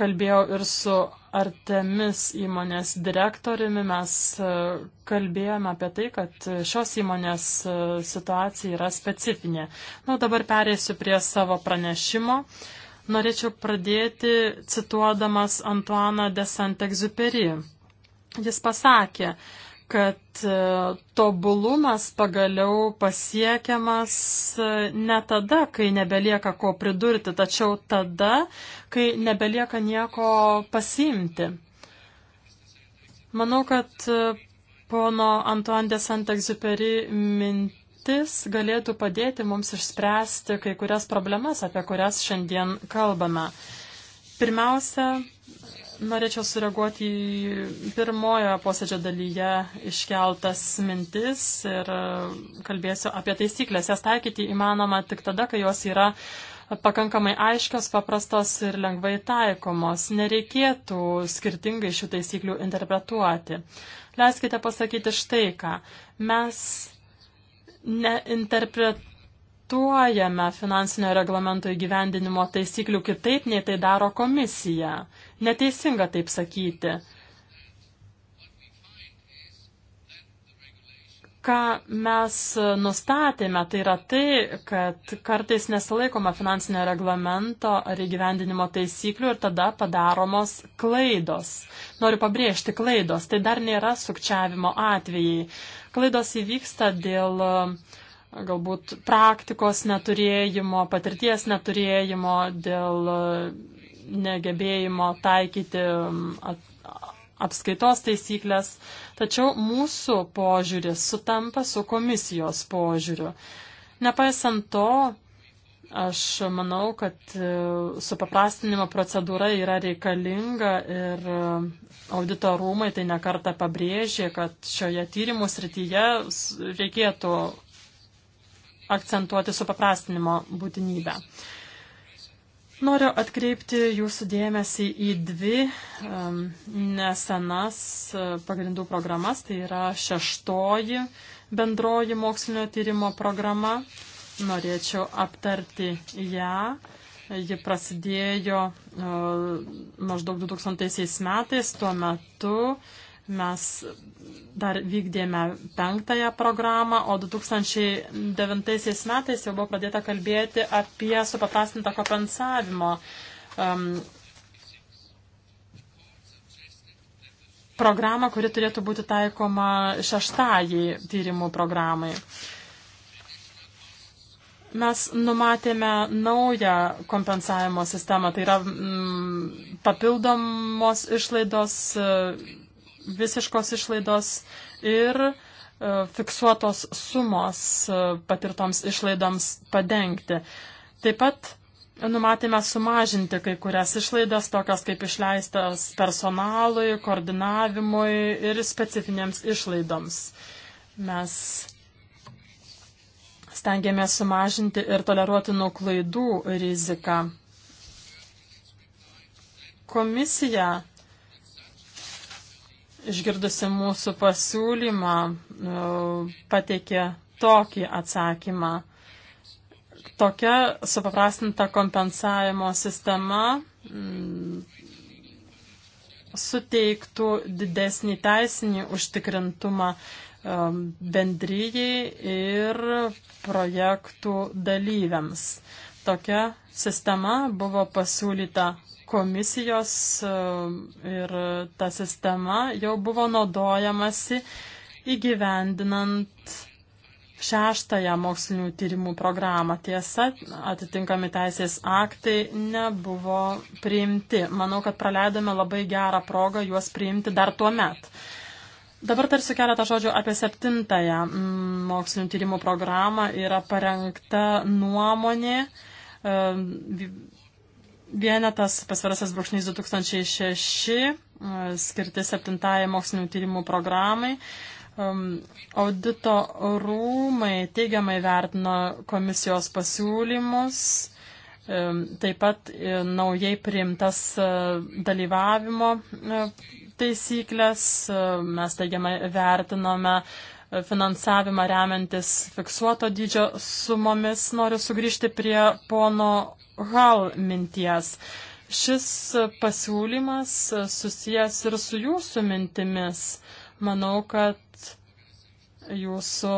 kalbėjau ir su Artemis įmonės direktoriumi, mes e, kalbėjome apie tai, kad šios įmonės e, situacija yra specifinė. Na, nu, dabar pereisiu prie savo pranešimo. Norėčiau pradėti cituodamas Antuaną de Santexuperi. Jis pasakė, kad e, tobulumas pagaliau pasiekiamas e, ne tada, kai nebelieka ko pridurti, tačiau tada, kai nebelieka nieko pasiimti. Manau, kad e, pono Antoine de Santexuperi mintis galėtų padėti mums išspręsti kai kurias problemas, apie kurias šiandien kalbame. Pirmiausia, Norėčiau sureaguoti į pirmojo posėdžio dalyje iškeltas mintis ir e, kalbėsiu apie taisyklės. Jas taikyti įmanoma tik tada, kai jos yra pakankamai aiškios, paprastos ir lengvai taikomos. Nereikėtų skirtingai šių taisyklių interpretuoti. Leiskite pasakyti štai ką. Mes neinterpretuojame traktuojame finansinio reglamento įgyvendinimo taisyklių kitaip, nei tai daro komisija. Neteisinga taip sakyti. Ką mes nustatėme, tai yra tai, kad kartais nesilaikoma finansinio reglamento ar įgyvendinimo taisyklių ir tada padaromos klaidos. Noriu pabrėžti klaidos, tai dar nėra sukčiavimo atvejai. Klaidos įvyksta dėl e, galbūt praktikos neturėjimo, patirties neturėjimo, dėl e, negebėjimo taikyti um, apskaitos taisyklės, tačiau mūsų požiūris sutampa su komisijos požiūriu. Nepaisant to, aš manau, kad uh, supaprastinimo procedūra yra reikalinga ir uh, audito rūmai tai nekarta pabrėžė, kad šioje tyrimų srityje reikėtų akcentuoti supaprastinimo būtinybę. Noriu atkreipti jūsų dėmesį į dvi um, nesenas e, pagrindų programas. Tai yra šeštoji bendroji mokslinio tyrimo programa. Norėčiau aptarti ją. Ji prasidėjo uh, maždaug 2000 metais. Tuo metu uh, Mes dar vykdėme penktąją programą, o 2009 metais jau buvo pradėta kalbėti apie supaprastintą kompensavimo um, programą, kuri turėtų būti taikoma šeštąjai tyrimų programai. Mes numatėme naują kompensavimo sistemą, tai yra mm, papildomos išlaidos. Mm, visiškos išlaidos ir e, fiksuotos sumos e, patirtoms išlaidoms padengti. Taip pat numatėme sumažinti kai kurias išlaidas, tokias kaip išleistas personalui, koordinavimui ir specifinėms išlaidoms. Mes stengiamės sumažinti ir toleruotinų klaidų riziką. Komisija išgirdusi mūsų pasiūlymą, e, pateikė tokį atsakymą. Tokia supaprastinta kompensavimo sistema mm, suteiktų didesnį teisinį užtikrintumą e, bendryjai ir projektų dalyviams. Tokia sistema buvo pasiūlyta komisijos e, ir ta sistema jau buvo naudojamasi įgyvendinant šeštąją mokslinių tyrimų programą. Tiesa, atitinkami teisės aktai nebuvo priimti. Manau, kad praleidome labai gerą progą juos priimti dar tuo met. Dabar tarsiu keletą žodžių apie septintąją mm, mokslinių tyrimų programą. Yra parengta nuomonė e, Vienetas pasvirasis brūkšnys 2006, e, skirti septintąją mokslinių tyrimų programai. Um, audito rūmai teigiamai vertino komisijos pasiūlymus, um, taip pat e, naujai priimtas e, dalyvavimo taisyklės, mes teigiamai vertinome finansavimą remiantis fiksuoto dydžio sumomis. Noriu sugrįžti prie pono Hall minties. Šis pasiūlymas susijęs ir su jūsų mintimis. Manau, kad jūsų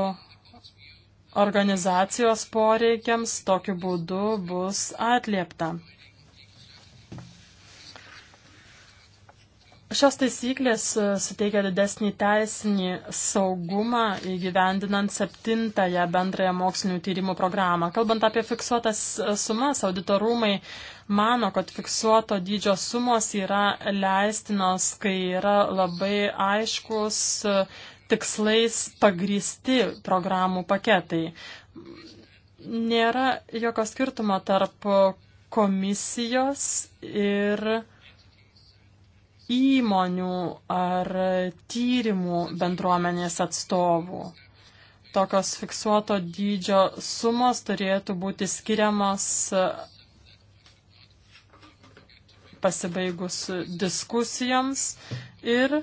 organizacijos poreikiams tokiu būdu bus atliepta. Šios taisyklės e, suteikia didesnį teisinį saugumą įgyvendinant septintąją bendrąją mokslinių tyrimų programą. Kalbant apie fiksuotas e, sumas, auditorumai mano, kad fiksuoto dydžio sumos yra leistinos, kai yra labai aiškus e, tikslais pagristi programų paketai. Nėra jokio skirtumo tarp komisijos ir įmonių ar tyrimų bendruomenės atstovų. Tokios fiksuoto dydžio sumos turėtų būti skiriamas pasibaigus diskusijoms ir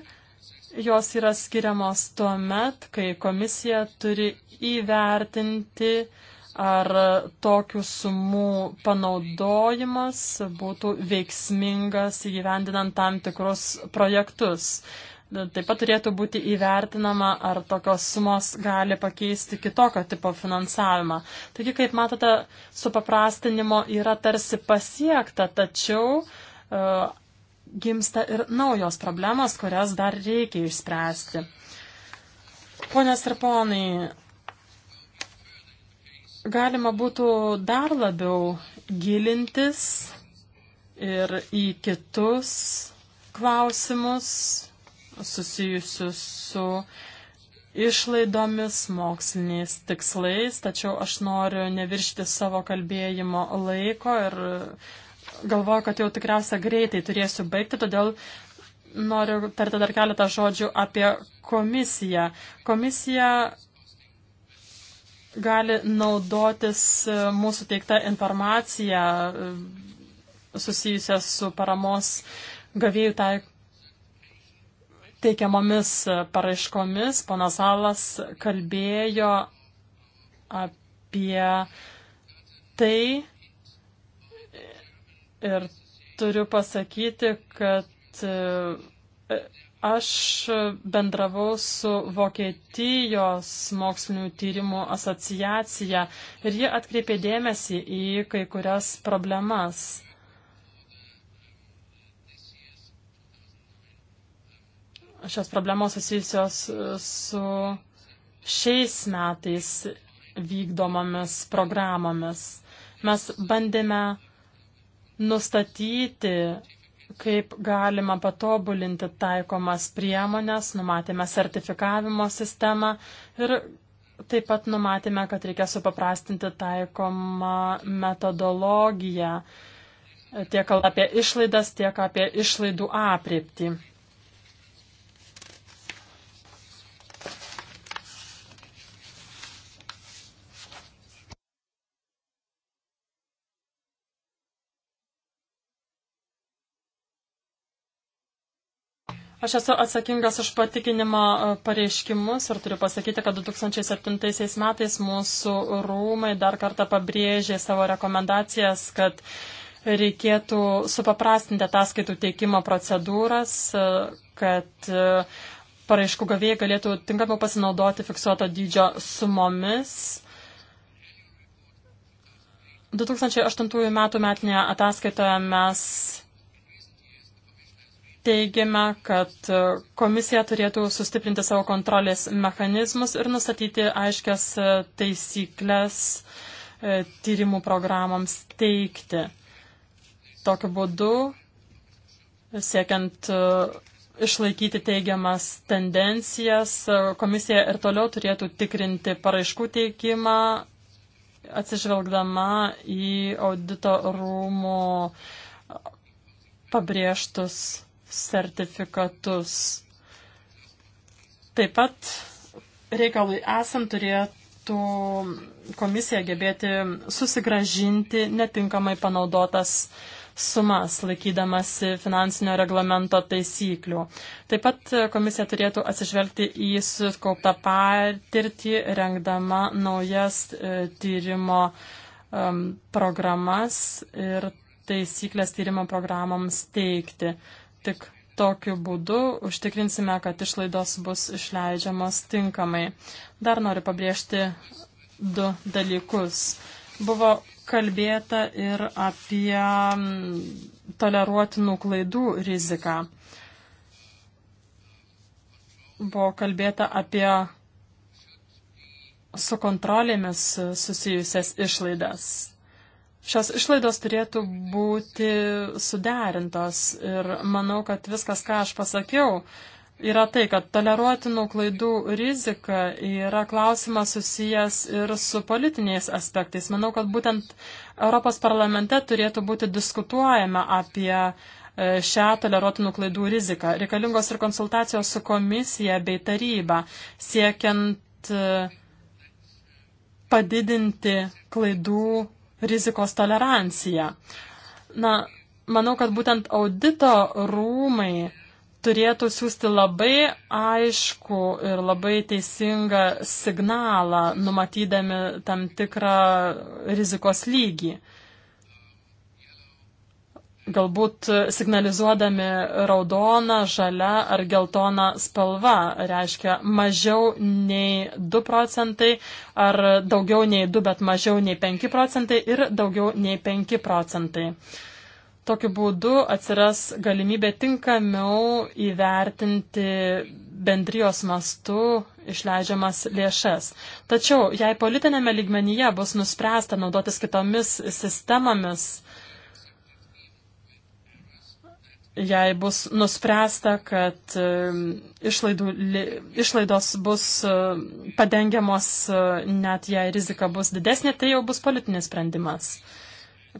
jos yra skiriamos tuo met, kai komisija turi įvertinti uh, ar tokių sumų panaudojimas būtų veiksmingas įgyvendinant tam tikrus projektus. Taip pat turėtų būti įvertinama, ar tokios sumos gali pakeisti kitokio tipo finansavimą. Taigi, kaip matote, supaprastinimo yra tarsi pasiekta, tačiau uh, gimsta ir naujos problemos, kurias dar reikia išspręsti. Ponės ir ponai, galima būtų dar labiau gilintis ir į kitus klausimus susijusius su išlaidomis, moksliniais tikslais, tačiau aš noriu neviršti savo kalbėjimo laiko ir galvoju, kad jau tikriausia greitai turėsiu baigti, todėl noriu tarti dar keletą žodžių apie komisiją. Komisija gali naudotis e, mūsų teikta informacija e, susijusia su paramos gavėjų tai teikiamomis e, paraiškomis. Ponas Alas kalbėjo apie tai ir turiu pasakyti, kad Aš bendravau su Vokietijos mokslinių tyrimų asociacija ir ji atkreipė dėmesį į kai kurias problemas. Šios problemos susijusios su šiais metais vykdomomis programomis. Mes bandėme nustatyti kaip galima patobulinti taikomas priemonės, numatėme sertifikavimo sistemą ir taip pat numatėme, kad reikia supaprastinti taikomą metodologiją tiek apie išlaidas, tiek apie išlaidų apriepti. Aš esu atsakingas už patikinimo e, pareiškimus ir turiu pasakyti, kad 2007 metais mūsų rūmai dar kartą pabrėžė savo rekomendacijas, kad reikėtų supaprastinti ataskaitų teikimo procedūras, e, kad e, paraiškų gavėjai galėtų tinkamiau pasinaudoti fiksuoto dydžio sumomis. 2008 metų metinėje ataskaitoje mes teigiame, kad komisija turėtų sustiprinti savo kontrolės mechanizmus ir nustatyti aiškias taisyklės e, tyrimų programams teikti. Tokiu būdu, siekiant e, išlaikyti teigiamas tendencijas, e, komisija ir toliau turėtų tikrinti paraiškų teikimą, atsižvelgdama į audito rūmų pabrėžtus sertifikatus. Taip pat reikalui esant turėtų komisija gebėti susigražinti netinkamai panaudotas sumas, laikydamasi finansinio reglamento taisyklių. Taip pat komisija turėtų atsižvelgti į sukauptą patirtį, rengdama naujas e, tyrimo um, programas ir taisyklės tyrimo programoms teikti. Tik tokiu būdu užtikrinsime, kad išlaidos bus išleidžiamos tinkamai. Dar noriu pabrėžti du dalykus. Buvo kalbėta ir apie toleruotinų klaidų riziką. Buvo kalbėta apie su kontrolėmis susijusias išlaidas. Šios išlaidos turėtų būti suderintos ir manau, kad viskas, ką aš pasakiau, yra tai, kad toleruotinų klaidų rizika yra klausimas susijęs ir su politiniais aspektais. Manau, kad būtent Europos parlamente turėtų būti diskutuojama apie e, šią toleruotinų klaidų riziką. Reikalingos ir konsultacijos su komisija bei taryba siekiant e, padidinti klaidų rizikos toleranciją. Na, manau, kad būtent audito rūmai turėtų siūsti labai aišku ir labai teisingą signalą, numatydami tam tikrą rizikos lygį galbūt signalizuodami raudoną, žalę ar geltoną spalvą, reiškia mažiau nei 2 procentai ar daugiau nei 2, bet mažiau nei 5 procentai ir daugiau nei 5 procentai. Tokiu būdu atsiras galimybė tinkamiau įvertinti bendrijos mastu išleidžiamas lėšas. Tačiau, jei politinėme lygmenyje bus nuspręsta naudotis kitomis sistemomis, jei bus nuspręsta, kad um, išlaidų, išlaidos bus um, padengiamos, uh, net jei rizika bus didesnė, tai jau bus politinis sprendimas,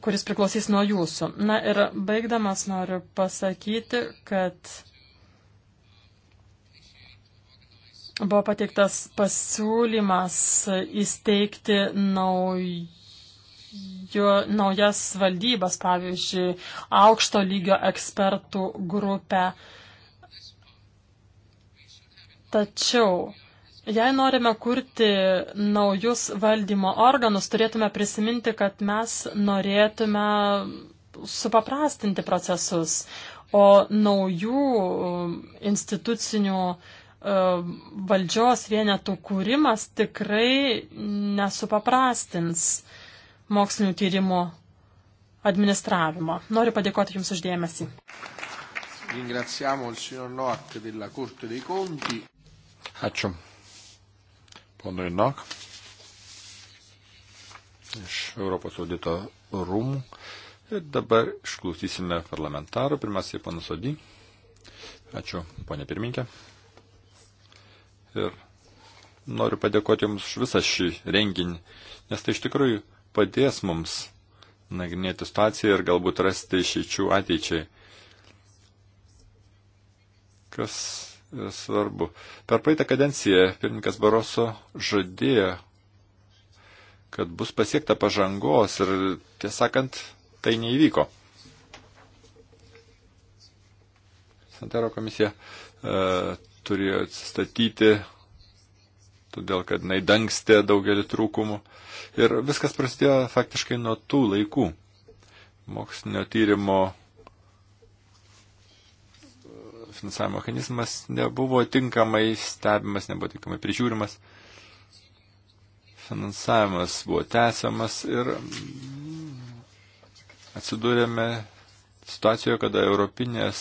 kuris priklausys nuo jūsų. Na ir baigdamas noriu pasakyti, kad buvo pateiktas pasiūlymas įsteigti naujų naujas valdybas, pavyzdžiui, aukšto lygio ekspertų grupę. Tačiau, jei norime kurti naujus valdymo organus, turėtume prisiminti, kad mes norėtume supaprastinti procesus, o naujų um, institucinių um, valdžios vienetų kūrimas tikrai nesupaprastins mokslinių tyrimų administravimo. Noriu padėkoti Jums uždėmesį. Ačiū. Ponui Nok iš Europos audito rūmų. Ir dabar išklausysime parlamentarų. Pirmiausiai, panas Odį. Ačiū, ponė pirminkė. Ir noriu padėkoti Jums už visą šį renginį, nes tai iš tikrųjų padės mums nagrinėti situaciją ir galbūt rasti išeičių ateičiai. Kas svarbu. Per praeitą kadenciją pirmininkas Baroso žadėjo, kad bus pasiekta pažangos ir, tiesąkant, tai neįvyko. Santero komisija e, turėjo atsistatyti todėl kad jinai dangstė daugelį trūkumų. Ir viskas prasidėjo faktiškai nuo tų laikų. Mokslinio tyrimo e, finansavimo mechanizmas nebuvo tinkamai stebimas, nebuvo tinkamai prižiūrimas. Finansavimas buvo tęsiamas ir mm, atsidūrėme situacijoje, kada europinės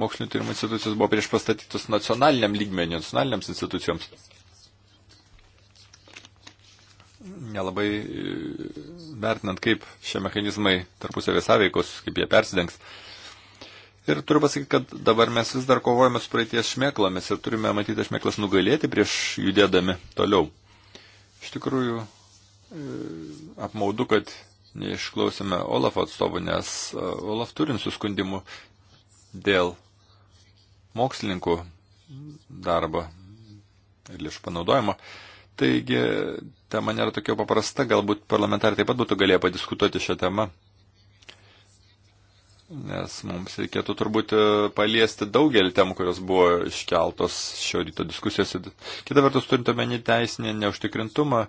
mokslinio tyrimų institucijos buvo prieš pastatytos nacionaliniam lygmenį, nacionaliniams institucijoms. Nelabai e, vertinant, kaip šie mechanizmai tarpusavė sąveikos, kaip jie persidengs. Ir turiu pasakyti, kad dabar mes vis dar kovojame su praeities šmėklomis ir turime matyti šmėklas nugalėti prieš judėdami toliau. Iš tikrųjų, e, apmaudu, kad neišklausėme Olaf atstovų, nes e, Olaf turi nusiskundimų dėl mokslininkų darbo ir lėšų panaudojimo. Taigi, tema nėra tokia paprasta, galbūt parlamentarai taip pat būtų galėję padiskutuoti šią temą, nes mums reikėtų turbūt e, paliesti daugelį temų, kurios buvo iškeltos šio ryto diskusijose. Kita vertus, turint omeny teisinį neužtikrintumą,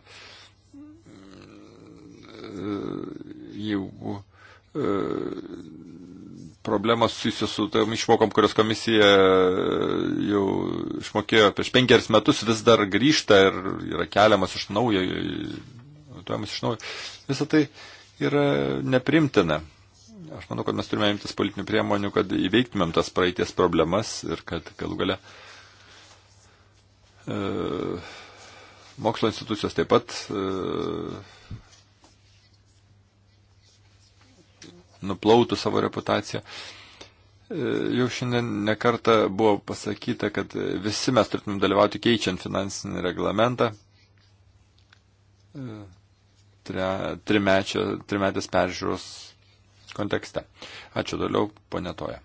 e, jeigu problemas susijusios su tom išmokom, kurios komisija e, jau išmokėjo prieš penkeris metus, vis dar grįžta ir yra keliamas iš naujo, duojamas iš naujo. Visą tai yra neprimtina. Aš manau, kad mes turime imtis politinių priemonių, kad įveiktumėm tas praeities problemas ir kad galų gale e, mokslo institucijos taip pat e, nuplautų savo reputaciją. E, jau šiandien nekarta buvo pasakyta, kad visi mes turėtumėm dalyvauti keičiant finansinį reglamentą e, trimečio, trimetės peržiūros kontekste. Ačiū toliau, ponė Toja.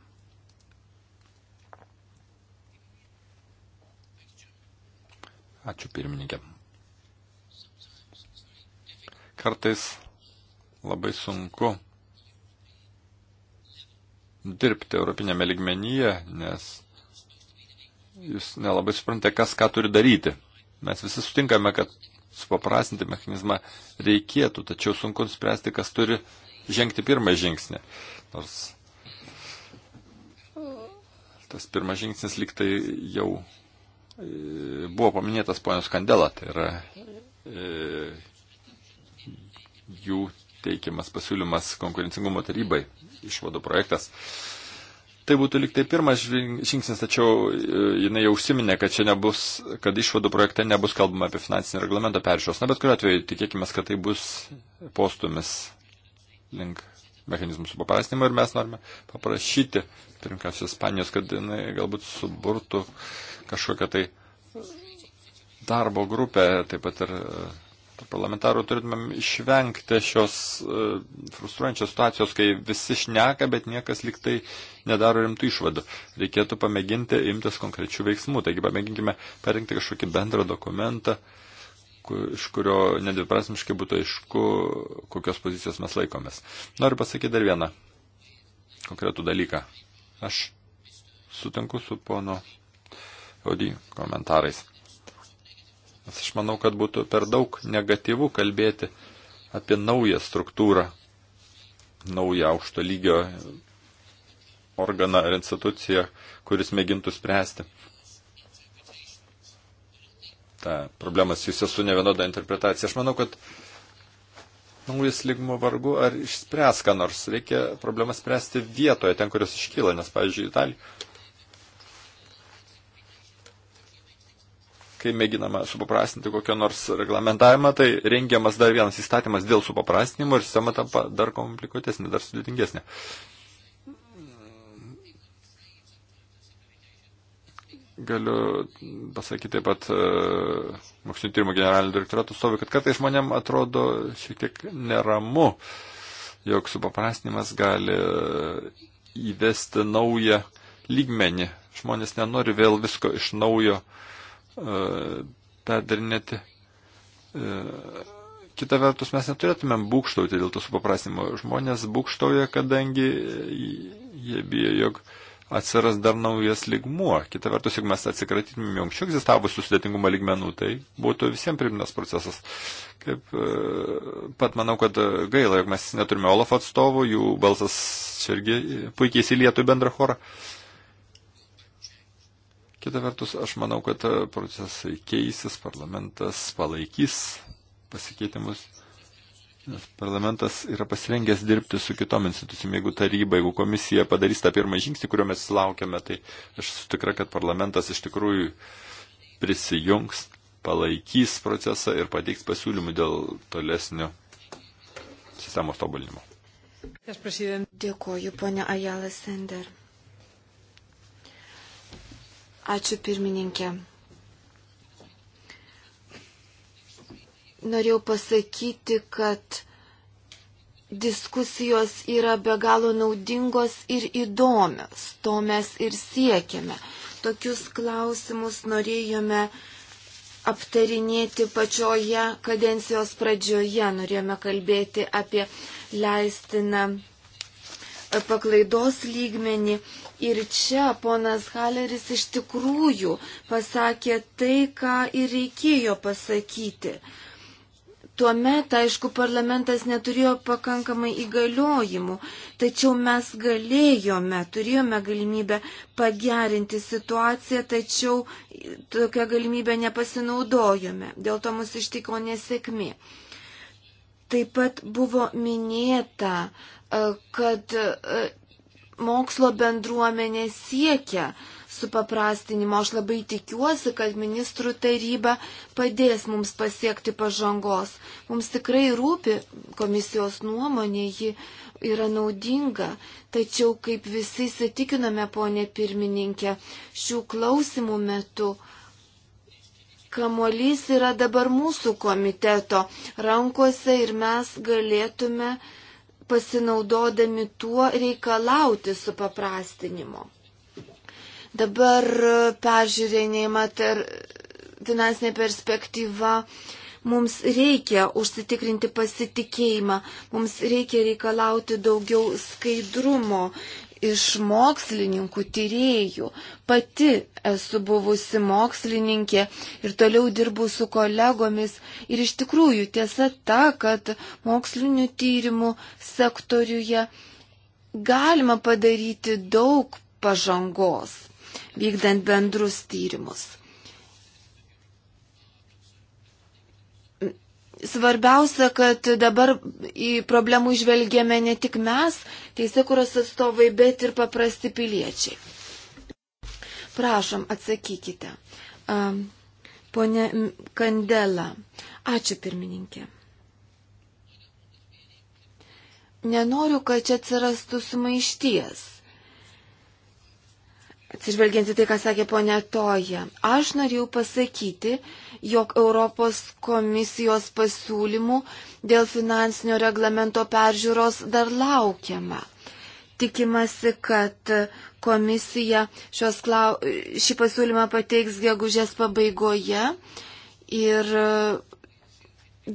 Ačiū pirmininkė. Kartais labai sunku dirbti europinėme ligmenyje, nes jūs nelabai suprantate, kas ką turi daryti. Mes visi sutinkame, kad supaprastinti mechanizmą reikėtų, tačiau sunku nuspręsti, kas turi žengti pirmą žingsnį. Nors tas pirmas žingsnis liktai jau e, buvo paminėtas ponios Kandela, tai yra e, jų teikiamas pasiūlymas konkurencingumo tarybai, išvadų projektas. Tai būtų liktai pirmas žingsnis, tačiau e, jinai jau užsiminė, kad čia nebus, kad išvadų projekte nebus kalbama apie finansinį reglamentą peržiūros. Na, bet kuriuo atveju tikėkime, kad tai bus postumis link mechanizmų supaprastinimo ir mes norime paprašyti pirmkas Ispanijos, kad jinai galbūt suburtų kažkokią tai darbo grupę, taip pat ir uh, parlamentarų turėtumėm išvengti šios e, frustruojančios situacijos, kai visi šneka, bet niekas liktai nedaro rimtų išvadų. Reikėtų pamėginti imtis konkrečių veiksmų. Taigi pamėginkime perinkti kažkokį bendrą dokumentą, iš kurio nedviprasmiškai būtų aišku, kokios pozicijos mes laikomės. Noriu pasakyti dar vieną konkretų dalyką. Aš sutinku su pono Audi komentarais. Nes aš manau, kad būtų per daug negatyvų kalbėti apie naują struktūrą, naują aukšto lygio organą ar instituciją, kuris mėgintų spręsti. Ta problema susijusi su nevienoda interpretacija. Aš manau, kad naujas lygmo vargu ar išspręs, ką nors reikia problemą spręsti vietoje, ten, kurios iškyla, nes, pavyzdžiui, Italijoje kai mėginama supaprastinti kokio nors reglamentavimą, tai rengiamas dar vienas įstatymas dėl supaprastinimo ir sistema tampa dar komplikuotesnė, dar sudėtingesnė. Galiu pasakyti taip pat uh, mokslinio tyrimo generalinio direktorato stovi, kad kartais žmonėm atrodo šiek tiek neramu, jog supaprastinimas gali įvesti naują lygmenį. Žmonės nenori vėl visko iš naujo uh, perdarinėti. E, kita vertus, mes neturėtumėm būkštauti dėl to supaprastinimo. Žmonės būkštauja, kadangi jie bijo, jog atsiras dar naujas ligmuo. Kita vertus, jeigu mes atsikratytumėm jau anksčiau egzistavusių sudėtingumo ligmenų, tai būtų visiems primtinas procesas. Kaip e, pat manau, kad gaila, jog mes neturime Olaf atstovų, jų balsas irgi puikiai įsilietų į bendrą chorą. Uh, Kita vertus, aš manau, kad procesai keisis, parlamentas palaikys pasikeitimus. Nes parlamentas yra pasirengęs dirbti su kitom institucijom. Jeigu taryba, jeigu komisija padarys tą pirmą žingsnį, kurio mes laukiame, tai aš sutikra, kad parlamentas iš tikrųjų prisijungs, palaikys procesą ir pateiks pasiūlymų dėl tolesnio sistemos tobulinimo. Dėkuoju, ponia Ajala Sender. Ačiū pirmininkė. Norėjau pasakyti, kad diskusijos yra be galo naudingos ir įdomios. To mes ir siekiame. Tokius klausimus norėjome aptarinėti pačioje kadencijos pradžioje. Norėjome kalbėti apie leistiną paklaidos lygmenį. Ir čia ponas Haleris iš tikrųjų pasakė tai, ką ir reikėjo pasakyti. Tuomet, aišku, parlamentas neturėjo pakankamai įgaliojimų, tačiau mes galėjome, turėjome galimybę pagerinti situaciją, tačiau tokią galimybę nepasinaudojome. Dėl to mus ištiko nesėkmė. Taip pat buvo minėta, uh, E, kad e, mokslo bendruomenė siekia supaprastinimo. Aš labai tikiuosi, kad ministrų taryba padės mums pasiekti pažangos. Mums tikrai rūpi komisijos nuomonė, ji yra naudinga. Tačiau, kaip visi įsitikinome, ponė pirmininkė, šių klausimų metu kamuolys yra dabar mūsų komiteto rankose ir mes galėtume uh, pasinaudodami tuo reikalauti supaprastinimo. Dabar e, peržiūrėjimą ter finansinė perspektyva. Mums reikia užsitikrinti pasitikėjimą, mums reikia reikalauti daugiau skaidrumo, iš mokslininkų, tyriejų. Pati esu buvusi mokslininkė ir toliau dirbu su kolegomis. Ir iš tikrųjų tiesa ta, kad mokslinių tyrimų sektoriuje galima padaryti daug pažangos, vykdant bendrus tyrimus. Svarbiausia, kad dabar į problemų žvelgėme ne tik mes, teisėkuros atstovai, bet ir paprasti piliečiai. Prašom, atsakykite. Pone Kandela, ačiū pirmininkė. Nenoriu, kad čia atsirastų sumaišties. Atsižvelgiant į tai, ką sakė ponė Toja, aš norėjau pasakyti, jog Europos komisijos pasiūlymų dėl finansinio reglamento peržiūros dar laukiama. Tikimasi, kad komisija klau... šį pasiūlymą pateiks gegužės pabaigoje ir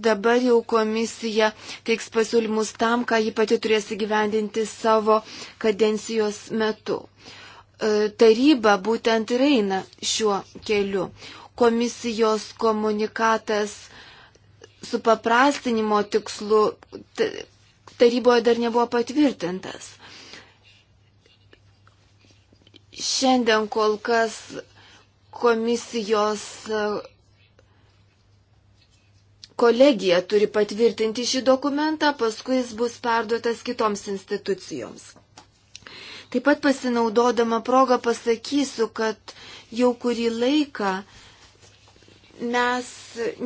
dabar jau komisija teiks pasiūlymus tam, ką ji pati turės įgyvendinti savo kadencijos metu. E, taryba būtent ir eina šiuo keliu. Komisijos komunikatas supaprastinimo tikslu taryboje dar nebuvo patvirtintas. Šiandien kol kas komisijos e, kolegija turi patvirtinti šį dokumentą, paskui jis bus perduotas kitoms institucijoms. Taip pat pasinaudodama progą pasakysiu, kad jau kurį laiką mes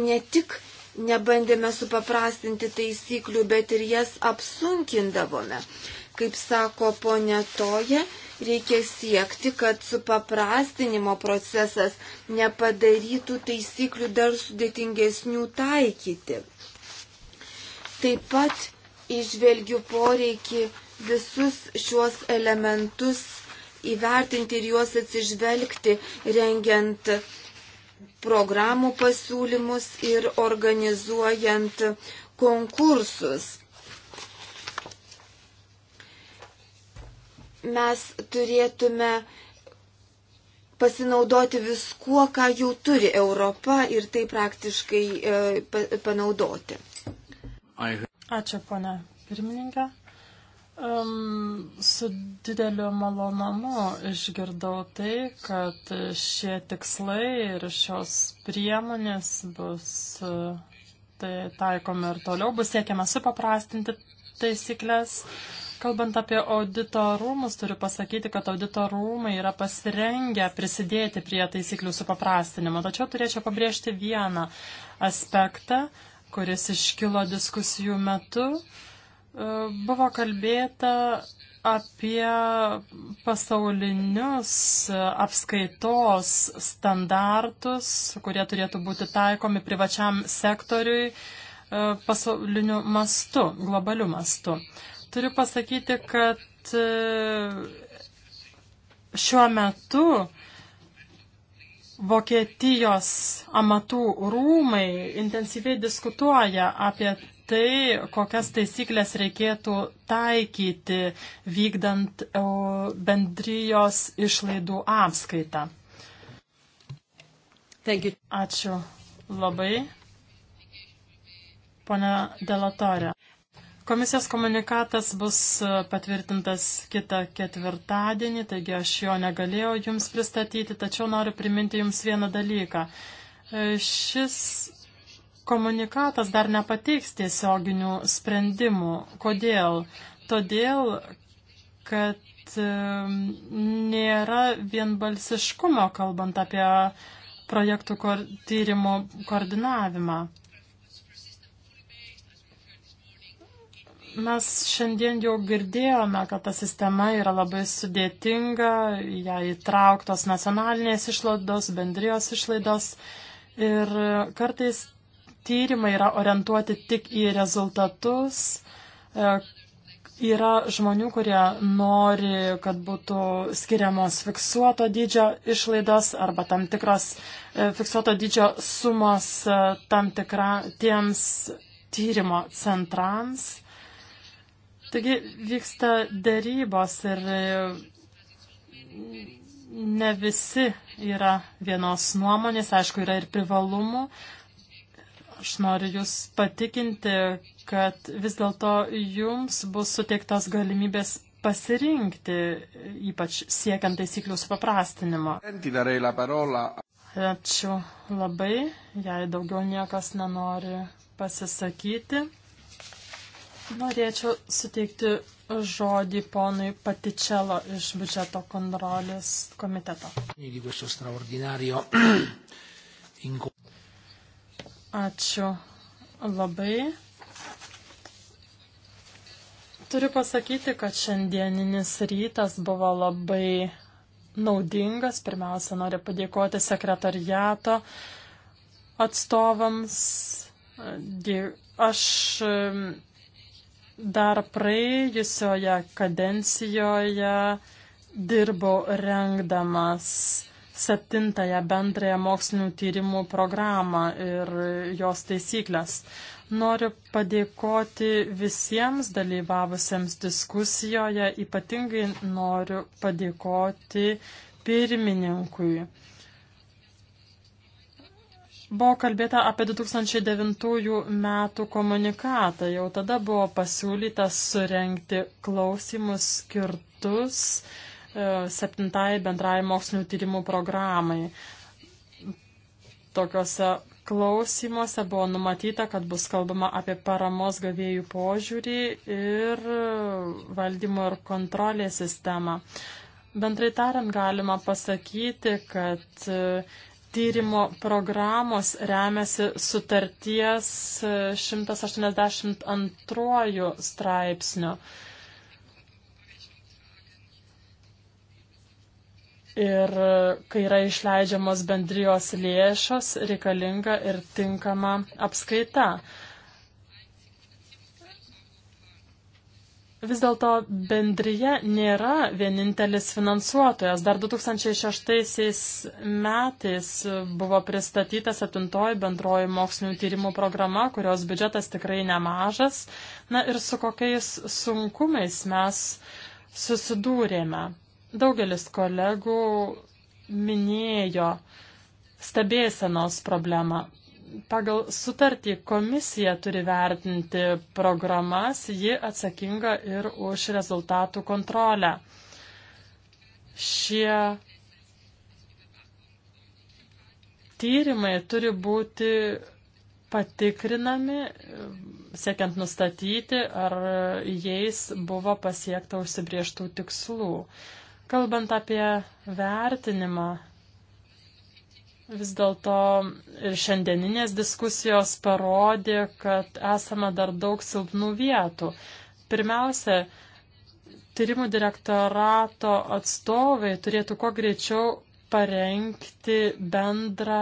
ne tik nebandėme supaprastinti taisyklių, bet ir jas apsunkindavome. Kaip sako ponė Toja, reikia siekti, kad supaprastinimo procesas nepadarytų taisyklių dar sudėtingesnių taikyti. Taip pat išvelgiu poreikį visus šiuos elementus įvertinti ir juos atsižvelgti, rengiant programų pasiūlymus ir organizuojant konkursus. Mes turėtume pasinaudoti viskuo, ką jau turi Europa ir tai praktiškai e, panaudoti. Ačiū, ponia pirmininkė. Um, su dideliu malonumu išgirdau tai, kad šie tikslai ir šios priemonės bus e, tai taikomi ir toliau, bus siekiama supaprastinti taisyklės. Kalbant apie audito rūmus, turiu pasakyti, kad audito rūmai yra pasirengę prisidėti prie taisyklių supaprastinimo. Tačiau turėčiau pabrėžti vieną aspektą, kuris iškilo diskusijų metu. Uh, Buvo kalbėta apie pasaulinius apskaitos standartus, kurie turėtų būti taikomi privačiam sektoriui e, pasauliniu mastu, globaliu mastu. Turiu pasakyti, kad e, šiuo metu Vokietijos amatų rūmai intensyviai diskutuoja apie tai, kokias taisyklės reikėtų taikyti vykdant e, bendrijos išlaidų apskaitą. Ačiū labai. Pone Delatorė. Komisijos komunikatas bus patvirtintas kitą ketvirtadienį, taigi aš jo negalėjau jums pristatyti, tačiau noriu priminti jums vieną dalyką. E, šis komunikatas dar nepateiks tiesioginių sprendimų. Kodėl? Todėl, kad nėra vienbalsiškumo, kalbant apie projektų ko tyrimo koordinavimą. Mes šiandien jau girdėjome, kad ta sistema yra labai sudėtinga, ją įtrauktos nacionalinės išlaidos, bendrijos išlaidos ir kartais tyrimai yra orientuoti tik į rezultatus. E, yra žmonių, kurie nori, kad būtų skiriamos fiksuoto dydžio išlaidos arba tam tikros e, fiksuoto dydžio sumos e, tam tikra tiems tyrimo centrams. Taigi vyksta dėrybos ir ne visi yra vienos nuomonės, aišku, yra ir privalumų, Aš noriu Jūs patikinti, kad vis dėlto Jums bus suteiktos galimybės pasirinkti, ypač siekiant taisyklių supaprastinimo. Ačiū labai, jei daugiau niekas nenori pasisakyti. Norėčiau suteikti žodį ponui Patičelo iš biudžeto kontrolės komiteto. Ačiū labai. Turiu pasakyti, kad šiandieninis rytas buvo labai naudingas. Pirmiausia, noriu padėkoti sekretariato atstovams. Aš dar praėjusioje kadencijoje dirbau rengdamas septintąją bendrąją mokslinių tyrimų programą ir jos taisyklės. Noriu padėkoti visiems dalyvavusiems diskusijoje, ypatingai noriu padėkoti pirmininkui. Buvo kalbėta apie 2009 metų komunikatą. Jau tada buvo pasiūlytas surenkti klausimus skirtus uh, E, septintai bendrai mokslinių tyrimų programai. Tokiuose klausimuose buvo numatyta, kad bus kalbama apie paramos gavėjų požiūrį ir valdymo ir kontrolės sistemą. Bendrai tariant, galima pasakyti, kad e, tyrimo programos remiasi sutarties 182 e, straipsnio. Ir e, kai yra išleidžiamos bendrijos lėšos, reikalinga ir tinkama apskaita. Vis dėlto bendryje nėra vienintelis finansuotojas. Dar 2006 metais buvo pristatyta septintoji bendroji mokslinių tyrimų programa, kurios biudžetas tikrai nemažas. Na ir su kokiais sunkumais mes susidūrėme. Daugelis kolegų minėjo stebėsenos problemą. Pagal sutartį komisija turi vertinti programas, ji atsakinga ir už rezultatų kontrolę. Šie tyrimai turi būti patikrinami, siekiant nustatyti, ar jais buvo pasiekta užsibrieštų tikslų. Kalbant apie vertinimą, vis dėlto ir šiandieninės diskusijos parodė, kad esame dar daug silpnų vietų. Pirmiausia, tyrimų direktorato atstovai turėtų kuo greičiau parengti bendrą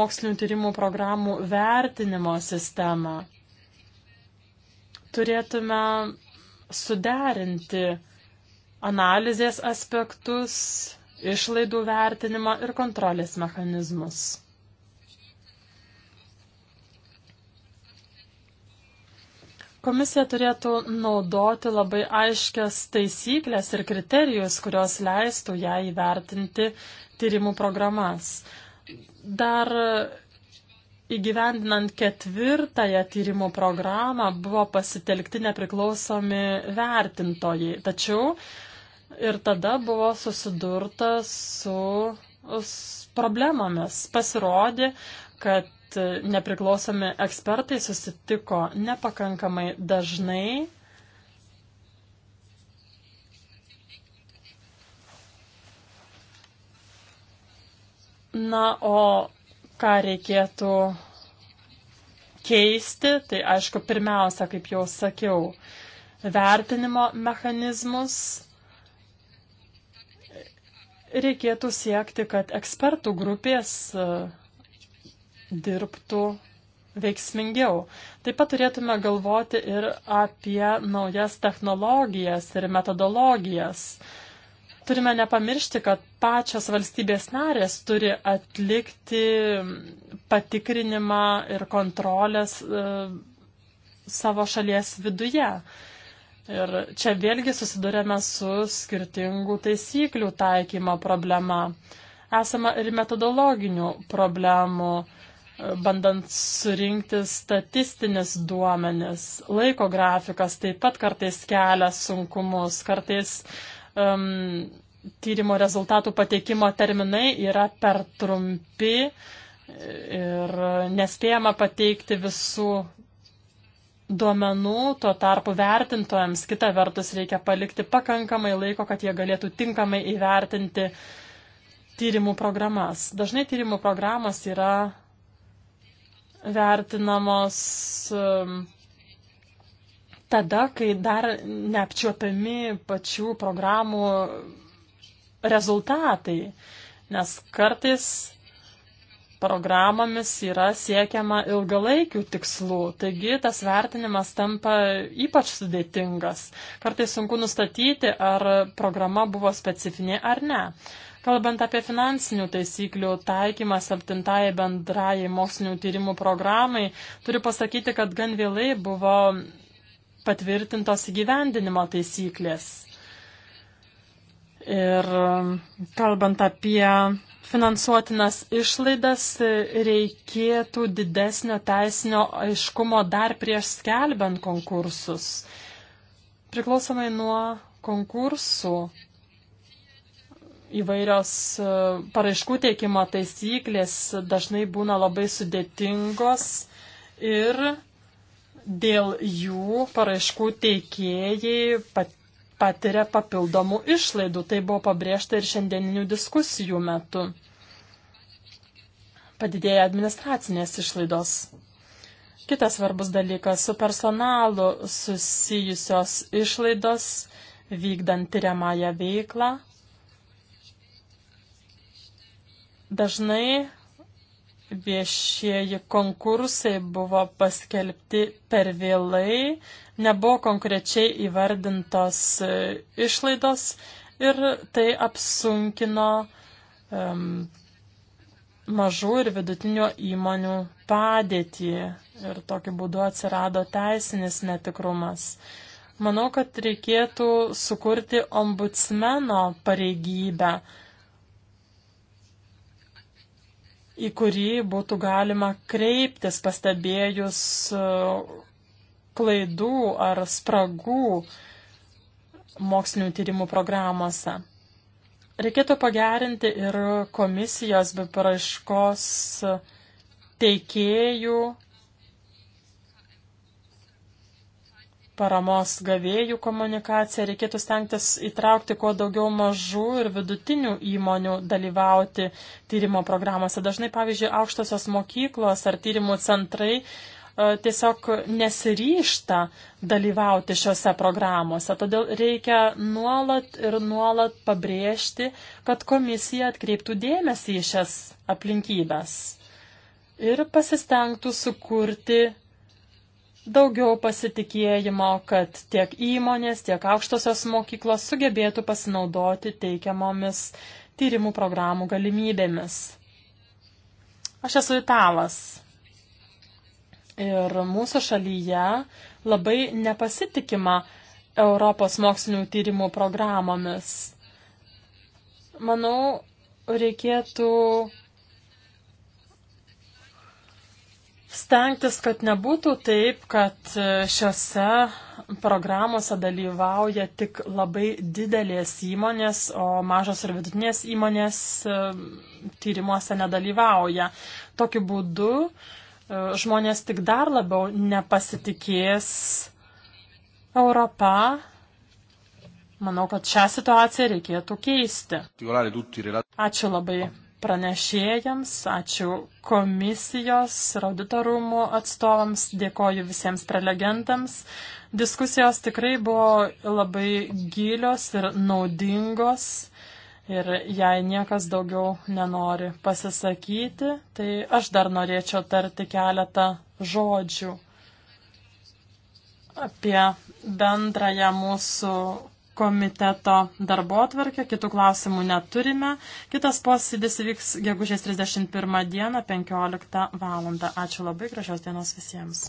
mokslinių tyrimų programų vertinimo sistemą. Turėtume suderinti analizės aspektus, išlaidų vertinimą ir kontrolės mechanizmus. Komisija turėtų naudoti labai aiškias taisyklės ir kriterijus, kurios leistų ją įvertinti tyrimų programas. Dar įgyvendinant ketvirtąją tyrimų programą buvo pasitelkti nepriklausomi vertintojai. Tačiau Ir tada buvo susidurta su problemomis. Pasirodė, kad nepriklausomi ekspertai susitiko nepakankamai dažnai. Na, o ką reikėtų keisti, tai aišku, pirmiausia, kaip jau sakiau, vertinimo mechanizmus reikėtų siekti, kad ekspertų grupės e, dirbtų veiksmingiau. Taip pat turėtume galvoti ir apie naujas technologijas ir metodologijas. Turime nepamiršti, kad pačios valstybės narės turi atlikti patikrinimą ir kontrolės e, savo šalies viduje. E, Ir čia vėlgi susidurėme su skirtingų taisyklių taikymo problema. Esama ir metodologinių problemų, bandant surinkti statistinis duomenis. Laiko grafikas taip pat kartais kelia sunkumus, kartais um, tyrimo rezultatų pateikimo terminai yra per trumpi ir nespėjama pateikti visų duomenų, tuo tarpu vertintojams kita vertus reikia palikti pakankamai laiko, kad jie galėtų tinkamai įvertinti tyrimų programas. Dažnai tyrimų programos yra vertinamos um, tada, kai dar neapčiuopiami pačių programų rezultatai, nes kartais programomis yra siekiama ilgalaikių tikslų, taigi tas vertinimas tampa ypač sudėtingas. Kartai sunku nustatyti, ar programa buvo specifinė ar ne. Kalbant apie finansinių taisyklių taikymą septintai bendrajai mokslinių tyrimų programai, turiu pasakyti, kad gan vėlai buvo patvirtintos įgyvendinimo taisyklės. Ir kalbant apie finansuotinas išlaidas reikėtų didesnio teisinio aiškumo dar prieš skelbiant konkursus. Priklausomai nuo konkursų įvairios e, paraiškų teikimo taisyklės dažnai būna labai sudėtingos ir dėl jų paraiškų teikėjai pat patiria papildomų išlaidų. Tai buvo pabrėžta ir šiandieninių diskusijų metu. Padidėja administracinės išlaidos. Kitas svarbus dalykas - su personalu susijusios išlaidos vykdant tyriamąją veiklą. Dažnai viešieji konkursai buvo paskelbti per vėlai, nebuvo konkrečiai įvardintos e, išlaidos ir tai apsunkino um, mažų ir vidutinio įmonių padėtį ir tokiu būdu atsirado teisinis netikrumas. Manau, kad reikėtų sukurti ombudsmeno pareigybę, į kurį būtų galima kreiptis pastebėjus e, klaidų ar spragų mokslinių tyrimų programuose. Reikėtų pagerinti ir komisijos be paraiškos teikėjų paramos gavėjų komunikaciją, reikėtų stengtis įtraukti kuo daugiau mažų ir vidutinių įmonių dalyvauti tyrimo programuose. Dažnai, pavyzdžiui, aukštosios mokyklos ar tyrimų centrai e, tiesiog nesiryšta dalyvauti šiuose programuose. Todėl reikia nuolat ir nuolat pabrėžti, kad komisija atkreiptų dėmesį į šias aplinkybės ir pasistengtų sukurti daugiau pasitikėjimo, kad tiek įmonės, tiek aukštosios mokyklos sugebėtų pasinaudoti teikiamomis tyrimų programų galimybėmis. Aš esu italas. Ir mūsų šalyje labai nepasitikima Europos mokslinių tyrimų programomis. Manau, reikėtų stengtis, kad nebūtų taip, kad e, šiose programuose dalyvauja tik labai didelės įmonės, o mažos ir vidutinės įmonės e, tyrimuose nedalyvauja. Tokiu būdu e, žmonės tik dar labiau nepasitikės Europą. Manau, kad šią situaciją reikėtų keisti. Ačiū labai pranešėjams, ačiū komisijos ir auditorumų atstovams, dėkoju visiems prelegentams. Diskusijos tikrai buvo labai gilios ir naudingos. Ir jei niekas daugiau nenori pasisakyti, tai aš dar norėčiau tarti keletą žodžių apie bendrąją mūsų komiteto darbo atvarkę, kitų klausimų neturime. Kitas posėdis vyks gegužės 31 dieną 15 val. Ačiū labai, gražios dienos visiems.